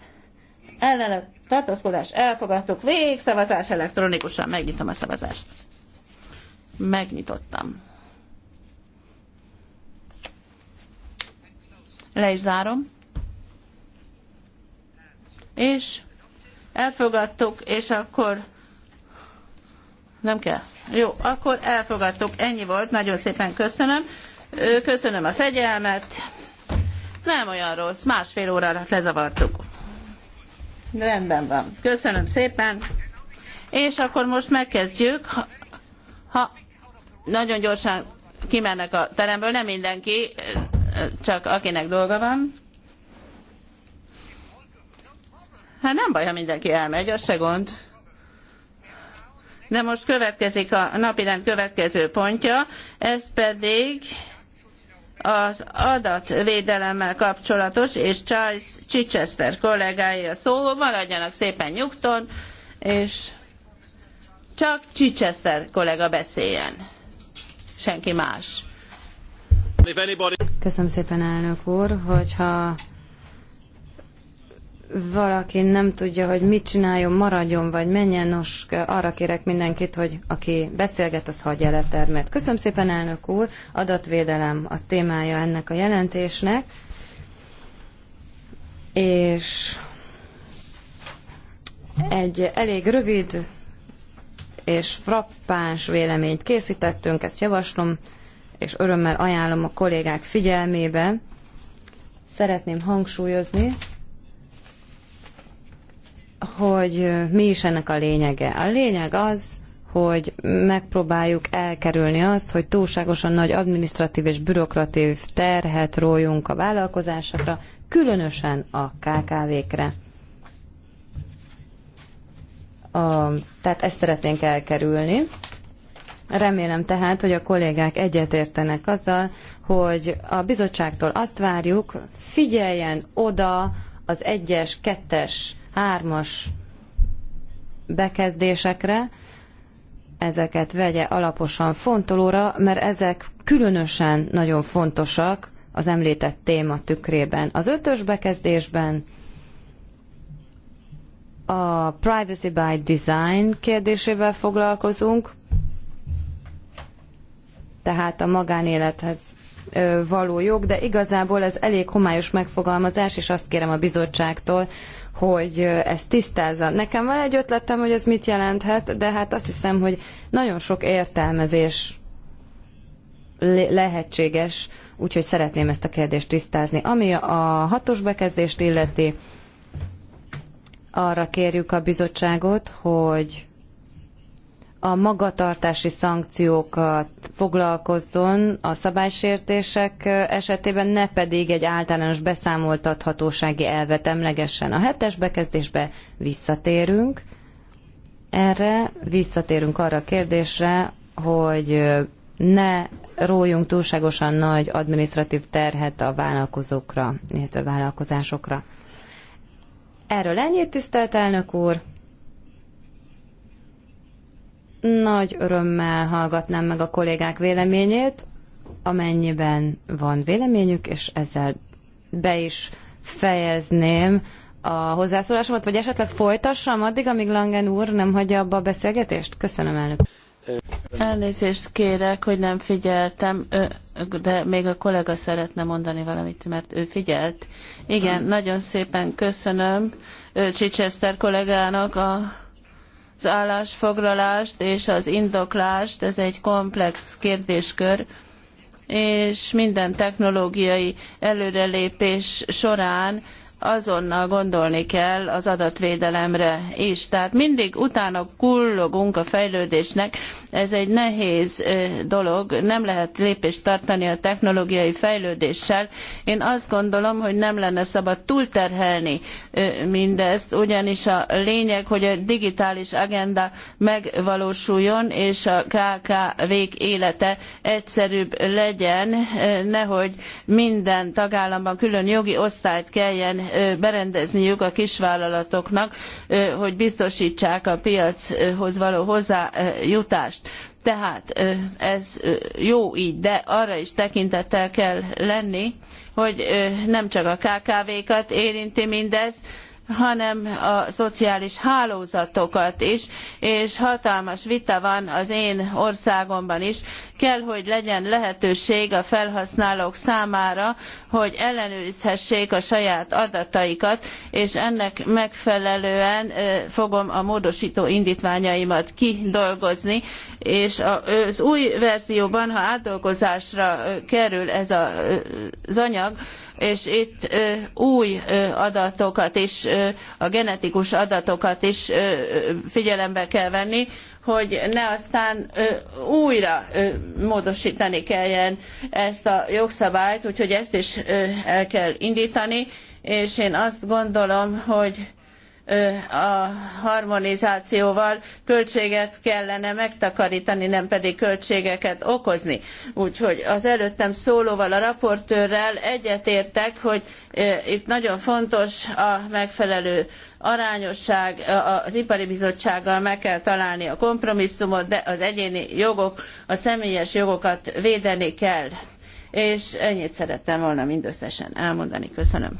ellene tartaszkodás elfogadtuk, végszavazás elektronikusan, megnyitom a szavazást. Megnyitottam. Le is zárom. És elfogadtuk, és akkor nem kell. Jó, akkor elfogadtuk. Ennyi volt. Nagyon szépen köszönöm. Köszönöm a fegyelmet. Nem olyan rossz, másfél órára lezavartuk. Rendben van. Köszönöm szépen. És akkor most megkezdjük. Ha, ha nagyon gyorsan kimennek a teremből, nem mindenki, csak akinek dolga van. Hát nem baj, ha mindenki elmegy, az se gond. De most következik a napirend következő pontja, ez pedig az adatvédelemmel kapcsolatos, és Charles Chichester kollégája szó, maradjanak szépen nyugton, és csak Chichester kollega beszéljen. Senki más. Köszönöm szépen, elnök úr, hogyha valaki nem tudja, hogy mit csináljon, maradjon, vagy menjen, nos, arra kérek mindenkit, hogy aki beszélget, az hagyja el a termet. Köszönöm szépen, elnök úr, adatvédelem a témája ennek a jelentésnek, és egy elég rövid és frappáns véleményt készítettünk, ezt javaslom, és örömmel ajánlom a kollégák figyelmébe. Szeretném hangsúlyozni, hogy mi is ennek a lényege. A lényeg az, hogy megpróbáljuk elkerülni azt, hogy túlságosan nagy administratív és bürokratív terhet rójunk a vállalkozásokra, különösen a KKV-kre. A, tehát ezt szeretnénk elkerülni. Remélem tehát, hogy a kollégák egyetértenek azzal, hogy a bizottságtól azt várjuk, figyeljen oda az egyes, kettes hármas bekezdésekre, ezeket vegye alaposan fontolóra, mert ezek különösen nagyon fontosak az említett téma tükrében. Az ötös bekezdésben a Privacy by Design kérdésével foglalkozunk, tehát a magánélethez való jog, de igazából ez elég homályos megfogalmazás, és azt kérem a bizottságtól, hogy ezt tisztázza. Nekem van egy ötletem, hogy ez mit jelenthet, de hát azt hiszem, hogy nagyon sok értelmezés lehetséges, úgyhogy szeretném ezt a kérdést tisztázni. Ami a hatos bekezdést illeti, arra kérjük a bizottságot, hogy a magatartási szankciókat foglalkozzon a szabálysértések esetében, ne pedig egy általános beszámoltathatósági elvet emlegessen. A hetes bekezdésbe visszatérünk. Erre visszatérünk arra a kérdésre, hogy ne rójunk túlságosan nagy administratív terhet a vállalkozókra, illetve vállalkozásokra. Erről ennyit, tisztelt elnök úr! Nagy örömmel hallgatnám meg a kollégák véleményét, amennyiben van véleményük, és ezzel be is fejezném a hozzászólásomat, vagy esetleg folytassam addig, amíg Langen úr nem hagyja abba a beszélgetést? Köszönöm, elnök. Elnézést kérek, hogy nem figyeltem, de még a kollega szeretne mondani valamit, mert ő figyelt. Igen, nagyon szépen köszönöm Csicseszter kollégának a az állásfoglalást és az indoklást, ez egy komplex kérdéskör, és minden technológiai előrelépés során azonnal gondolni kell az adatvédelemre is. Tehát mindig utána kullogunk a fejlődésnek, ez egy nehéz dolog, nem lehet lépést tartani a technológiai fejlődéssel. Én azt gondolom, hogy nem lenne szabad túlterhelni mindezt, ugyanis a lényeg, hogy a digitális agenda megvalósuljon, és a KKV-k élete egyszerűbb legyen, nehogy minden tagállamban külön jogi osztályt kelljen berendezniük a kisvállalatoknak, hogy biztosítsák a piachoz való hozzájutást. Tehát ez jó így, de arra is tekintettel kell lenni, hogy nem csak a KKV-kat érinti mindez, hanem a szociális hálózatokat is, és hatalmas vita van az én országomban is. Kell, hogy legyen lehetőség a felhasználók számára, hogy ellenőrizhessék a saját adataikat, és ennek megfelelően fogom a módosító indítványaimat kidolgozni, és az új verzióban, ha átdolgozásra kerül ez az anyag, és itt új adatokat is, a genetikus adatokat is figyelembe kell venni, hogy ne aztán újra módosítani kelljen ezt a jogszabályt, úgyhogy ezt is el kell indítani, és én azt gondolom, hogy a harmonizációval költséget kellene megtakarítani, nem pedig költségeket okozni. Úgyhogy az előttem szólóval, a raportőrrel egyetértek, hogy itt nagyon fontos a megfelelő arányosság, az ipari bizottsággal meg kell találni a kompromisszumot, de az egyéni jogok, a személyes jogokat védeni kell. És ennyit szerettem volna mindösszesen elmondani. Köszönöm.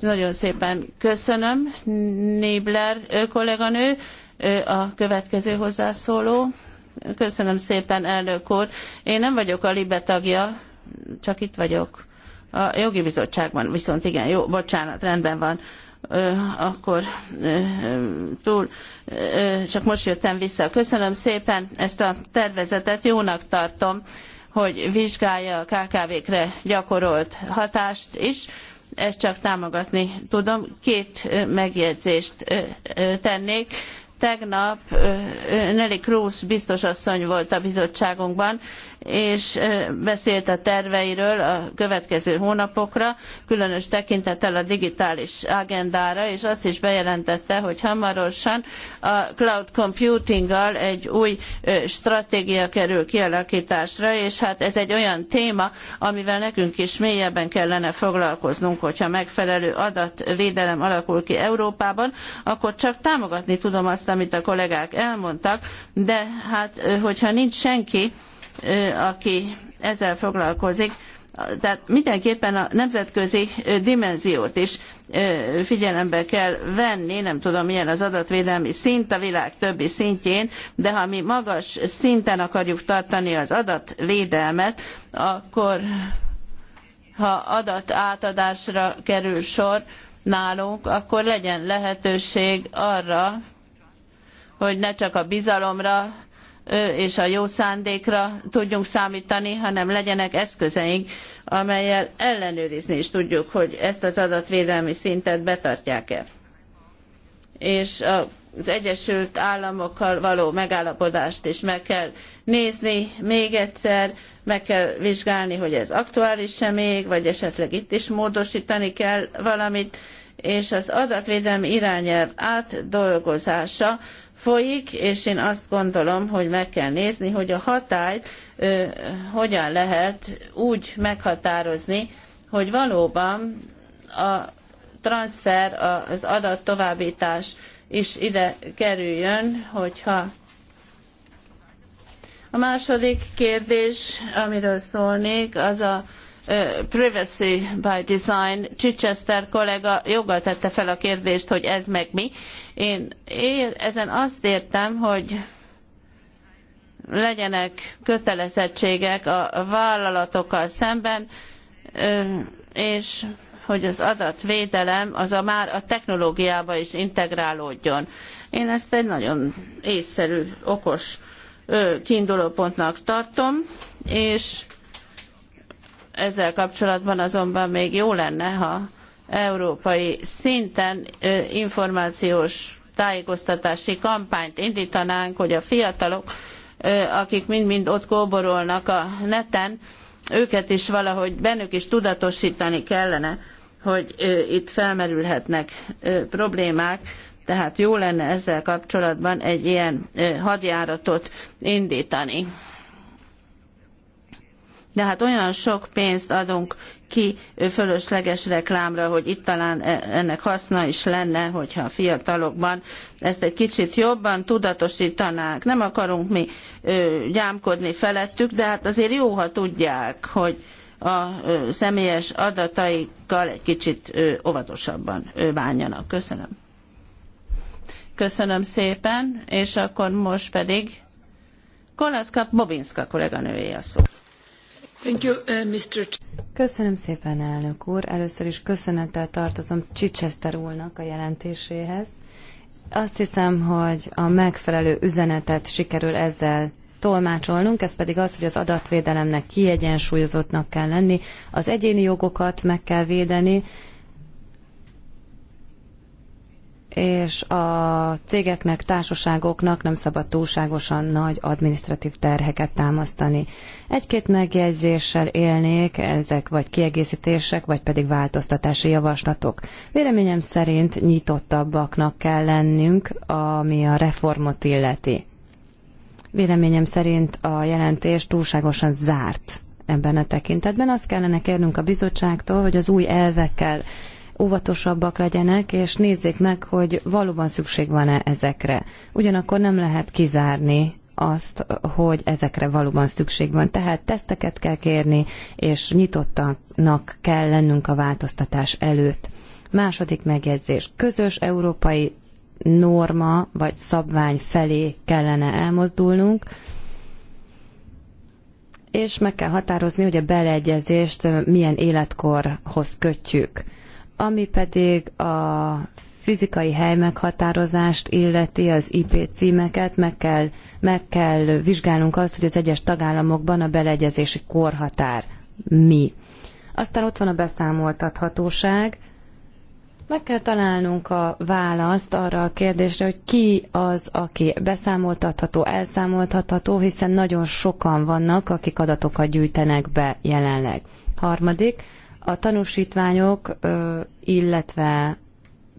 Nagyon szépen köszönöm. Nébler kolléganő, a következő hozzászóló. Köszönöm szépen, elnök úr. Én nem vagyok a LIBE tagja, csak itt vagyok. A jogi bizottságban viszont igen, jó, bocsánat, rendben van. Ö, akkor ö, túl, ö, csak most jöttem vissza. Köszönöm szépen ezt a tervezetet, jónak tartom, hogy vizsgálja a KKV-kre gyakorolt hatást is ezt csak támogatni tudom. Két megjegyzést tennék. Tegnap Nelly Cruz biztos asszony volt a bizottságunkban, és beszélt a terveiről a következő hónapokra, különös tekintettel a digitális agendára, és azt is bejelentette, hogy hamarosan a cloud computinggal egy új stratégia kerül kialakításra, és hát ez egy olyan téma, amivel nekünk is mélyebben kellene foglalkoznunk, hogyha megfelelő adatvédelem alakul ki Európában, akkor csak támogatni tudom azt, amit a kollégák elmondtak, de hát hogyha nincs senki, aki ezzel foglalkozik, tehát mindenképpen a nemzetközi dimenziót is figyelembe kell venni, nem tudom milyen az adatvédelmi szint a világ többi szintjén, de ha mi magas szinten akarjuk tartani az adatvédelmet, akkor ha adatátadásra kerül sor nálunk, akkor legyen lehetőség arra, hogy ne csak a bizalomra és a jó szándékra tudjunk számítani, hanem legyenek eszközeink, amelyel ellenőrizni is tudjuk, hogy ezt az adatvédelmi szintet betartják-e. És az Egyesült Államokkal való megállapodást is meg kell nézni még egyszer, meg kell vizsgálni, hogy ez aktuális-e még, vagy esetleg itt is módosítani kell valamit, és az adatvédelmi irányelv átdolgozása folyik, és én azt gondolom, hogy meg kell nézni, hogy a hatályt ö, hogyan lehet úgy meghatározni, hogy valóban a transfer, az adat továbbítás is ide kerüljön, hogyha a második kérdés, amiről szólnék, az a Privacy by Design. Chichester kollega joggal tette fel a kérdést, hogy ez meg mi. Én, ezen azt értem, hogy legyenek kötelezettségek a vállalatokkal szemben, és hogy az adatvédelem az a már a technológiába is integrálódjon. Én ezt egy nagyon észszerű, okos kiindulópontnak tartom, és ezzel kapcsolatban azonban még jó lenne, ha európai szinten információs tájékoztatási kampányt indítanánk, hogy a fiatalok, akik mind-mind ott kóborolnak a neten, őket is valahogy bennük is tudatosítani kellene, hogy itt felmerülhetnek problémák, tehát jó lenne ezzel kapcsolatban egy ilyen hadjáratot indítani de hát olyan sok pénzt adunk ki fölösleges reklámra, hogy itt talán e- ennek haszna is lenne, hogyha a fiatalokban ezt egy kicsit jobban tudatosítanák. Nem akarunk mi gyámkodni felettük, de hát azért jó, ha tudják, hogy a személyes adataikkal egy kicsit óvatosabban bánjanak. Köszönöm. Köszönöm szépen, és akkor most pedig Kolaszka Bobinska kolléganője a szó. Uh, Köszönöm szépen, elnök úr. Először is köszönettel tartozom Chichester úrnak a jelentéséhez. Azt hiszem, hogy a megfelelő üzenetet sikerül ezzel tolmácsolnunk, ez pedig az, hogy az adatvédelemnek kiegyensúlyozottnak kell lenni, az egyéni jogokat meg kell védeni, és a cégeknek, társaságoknak nem szabad túlságosan nagy administratív terheket támasztani. Egy-két megjegyzéssel élnék, ezek vagy kiegészítések, vagy pedig változtatási javaslatok. Véleményem szerint nyitottabbaknak kell lennünk, ami a reformot illeti. Véleményem szerint a jelentés túlságosan zárt ebben a tekintetben. Azt kellene kérnünk a bizottságtól, hogy az új elvekkel óvatosabbak legyenek, és nézzék meg, hogy valóban szükség van-e ezekre. Ugyanakkor nem lehet kizárni azt, hogy ezekre valóban szükség van. Tehát teszteket kell kérni, és nyitottaknak kell lennünk a változtatás előtt. Második megjegyzés. Közös európai norma vagy szabvány felé kellene elmozdulnunk, és meg kell határozni, hogy a beleegyezést milyen életkorhoz kötjük. Ami pedig a fizikai hely meghatározást illeti az IP címeket, meg kell, meg kell vizsgálnunk azt, hogy az egyes tagállamokban a beleegyezési korhatár mi. Aztán ott van a beszámoltathatóság. Meg kell találnunk a választ arra a kérdésre, hogy ki az, aki beszámoltatható, elszámoltatható, hiszen nagyon sokan vannak, akik adatokat gyűjtenek be jelenleg. Harmadik, a tanúsítványok, illetve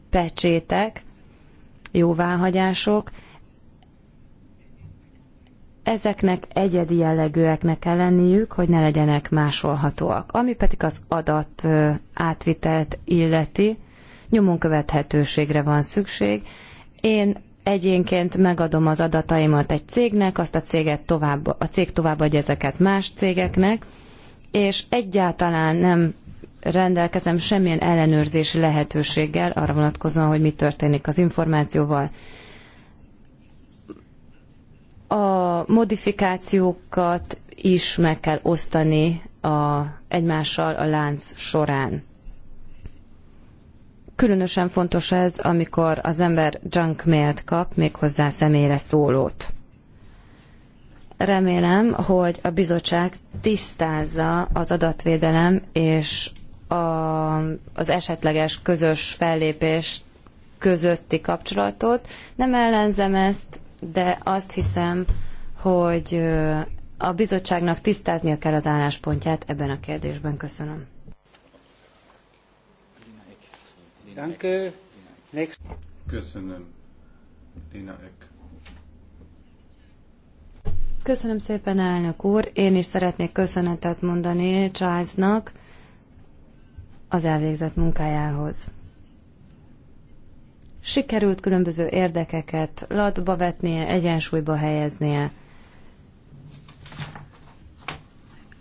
pecsétek, jóváhagyások, ezeknek egyedi jellegűeknek kell lenniük, hogy ne legyenek másolhatóak. Ami pedig az adat átvitelt illeti, nyomon követhetőségre van szükség. Én egyénként megadom az adataimat egy cégnek, azt a, céget tovább, a cég továbbadja ezeket más cégeknek, és egyáltalán nem rendelkezem semmilyen ellenőrzési lehetőséggel arra vonatkozóan, hogy mi történik az információval. A modifikációkat is meg kell osztani a, egymással a lánc során. Különösen fontos ez, amikor az ember junk mailt kap, méghozzá személyre szólót. Remélem, hogy a bizottság tisztázza az adatvédelem és a, az esetleges közös fellépés közötti kapcsolatot. Nem ellenzem ezt, de azt hiszem, hogy a bizottságnak tisztáznia kell az álláspontját ebben a kérdésben. Köszönöm. Köszönöm. Ek. Köszönöm szépen, elnök úr. Én is szeretnék köszönetet mondani Charlesnak az elvégzett munkájához. Sikerült különböző érdekeket latba vetnie, egyensúlyba helyeznie.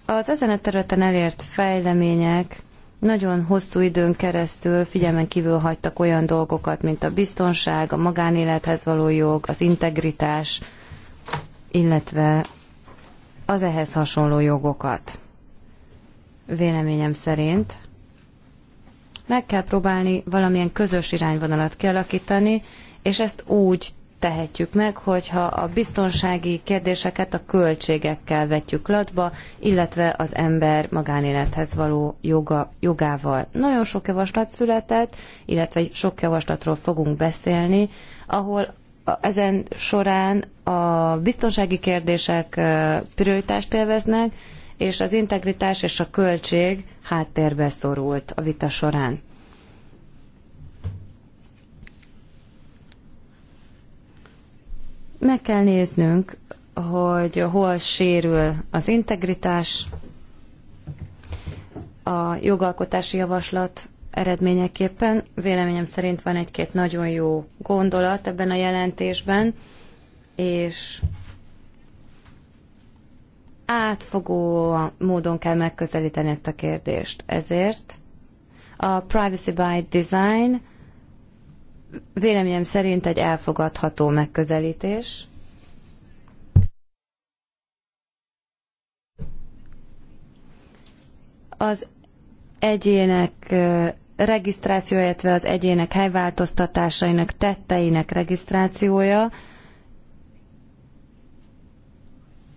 Az ezen a területen elért fejlemények nagyon hosszú időn keresztül figyelmen kívül hagytak olyan dolgokat, mint a biztonság, a magánélethez való jog, az integritás, illetve az ehhez hasonló jogokat. Véleményem szerint meg kell próbálni valamilyen közös irányvonalat kialakítani, és ezt úgy tehetjük meg, hogyha a biztonsági kérdéseket a költségekkel vetjük latba, illetve az ember magánélethez való joga, jogával. Nagyon sok javaslat született, illetve sok javaslatról fogunk beszélni, ahol ezen során a biztonsági kérdések prioritást élveznek, és az integritás és a költség háttérbe szorult a vita során. Meg kell néznünk, hogy hol sérül az integritás, a jogalkotási javaslat eredményeképpen. Véleményem szerint van egy-két nagyon jó gondolat ebben a jelentésben, és átfogó módon kell megközelíteni ezt a kérdést. Ezért a Privacy by Design véleményem szerint egy elfogadható megközelítés. Az egyének regisztrációja, illetve az egyének helyváltoztatásainak, tetteinek regisztrációja,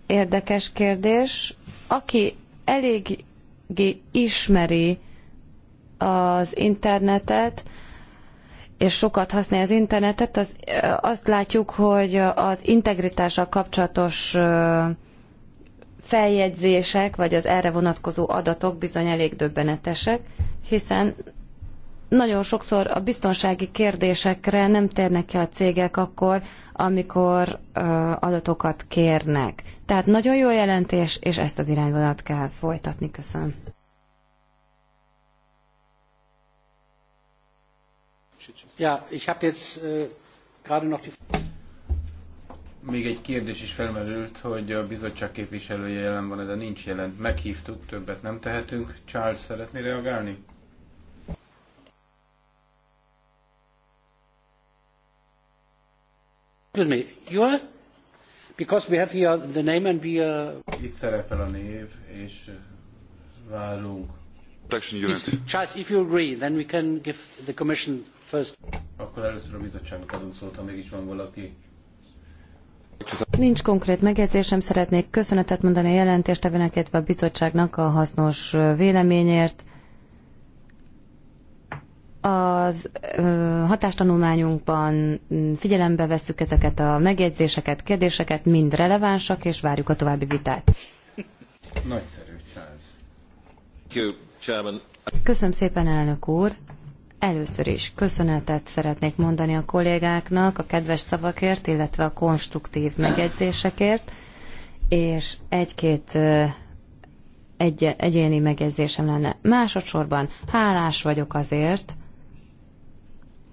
érdekes kérdés. Aki eléggé ismeri az internetet, és sokat használja az internetet, az, azt látjuk, hogy az integritással kapcsolatos feljegyzések, vagy az erre vonatkozó adatok bizony elég döbbenetesek, hiszen nagyon sokszor a biztonsági kérdésekre nem térnek ki a cégek akkor, amikor adatokat kérnek. Tehát nagyon jó jelentés, és ezt az irányvonalat kell folytatni. Köszönöm. Ja, ich habe jetzt äh, gerade noch die még egy kérdés is felmerült, hogy a bizottság képviselője jelen van, de nincs jelent. Meghívtuk, többet nem tehetünk. Charles, szeretné reagálni? Excuse me, you are? Because we have here the name and we... Uh... Itt szerepel a név, és uh, várunk. Protection Unit. Charles, if you agree, then we can give the Commission first. Akkor először a bizottságnak adunk szót, ha mégis van valaki. Nincs konkrét megjegyzésem, szeretnék köszönetet mondani a jelentéstevőnek, illetve a bizottságnak a hasznos véleményért. Az hatástanulmányunkban figyelembe vesszük ezeket a megjegyzéseket, kérdéseket, mind relevánsak, és várjuk a további vitát. Nagyszerű, Charles. Köszönöm szépen, elnök úr. Először is köszönetet szeretnék mondani a kollégáknak a kedves szavakért, illetve a konstruktív megjegyzésekért, és egy-két egy, egyéni megjegyzésem lenne. Másodszorban hálás vagyok azért,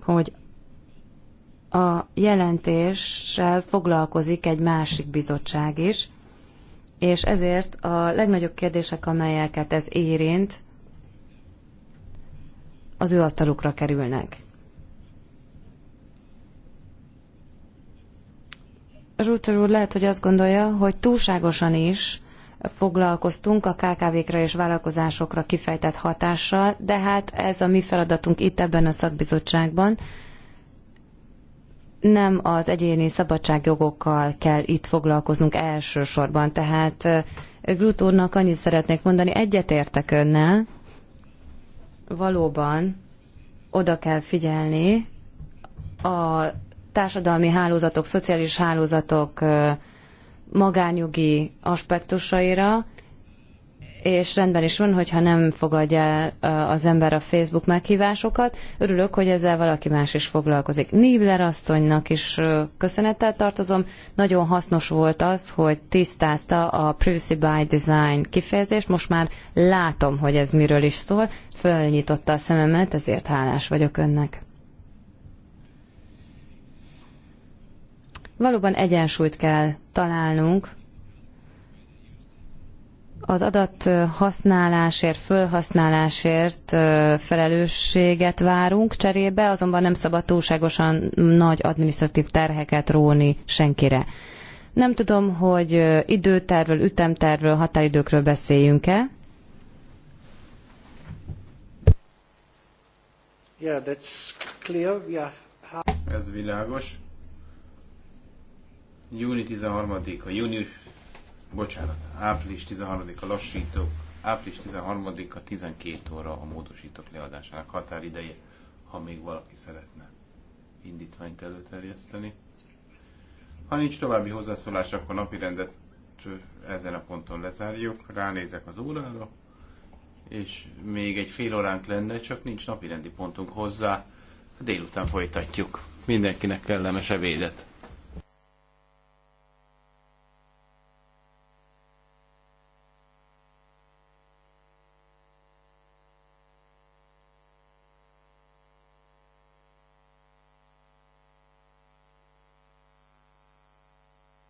hogy a jelentéssel foglalkozik egy másik bizottság is, és ezért a legnagyobb kérdések, amelyeket ez érint, az ő asztalukra kerülnek. Ruther úr lehet, hogy azt gondolja, hogy túlságosan is foglalkoztunk a KKV-kra és vállalkozásokra kifejtett hatással, de hát ez a mi feladatunk itt ebben a szakbizottságban. Nem az egyéni szabadságjogokkal kell itt foglalkoznunk elsősorban, tehát Glut úrnak annyit szeretnék mondani, egyetértek önnel, valóban oda kell figyelni a társadalmi hálózatok, szociális hálózatok magánjogi aspektusaira, és rendben is van, hogyha nem fogadja az ember a Facebook meghívásokat. Örülök, hogy ezzel valaki más is foglalkozik. Nibler asszonynak is köszönettel tartozom. Nagyon hasznos volt az, hogy tisztázta a Privacy by Design kifejezést. Most már látom, hogy ez miről is szól. Fölnyitotta a szememet, ezért hálás vagyok önnek. Valóban egyensúlyt kell találnunk az adat használásért, fölhasználásért felelősséget várunk cserébe, azonban nem szabad túlságosan nagy administratív terheket róni senkire. Nem tudom, hogy időtervről, ütemtervről, határidőkről beszéljünk-e. Yeah, that's clear. Yeah. Ez világos. Júni 13-a, június, bocsánat, április 13-a lassítok, április 13-a 12 óra a módosítok leadásának határideje, ha még valaki szeretne indítványt előterjeszteni. Ha nincs további hozzászólás, akkor napirendet ezen a ponton lezárjuk, ránézek az órára, és még egy fél óránk lenne, csak nincs napirendi pontunk hozzá. Délután folytatjuk. Mindenkinek kellemes ebédet!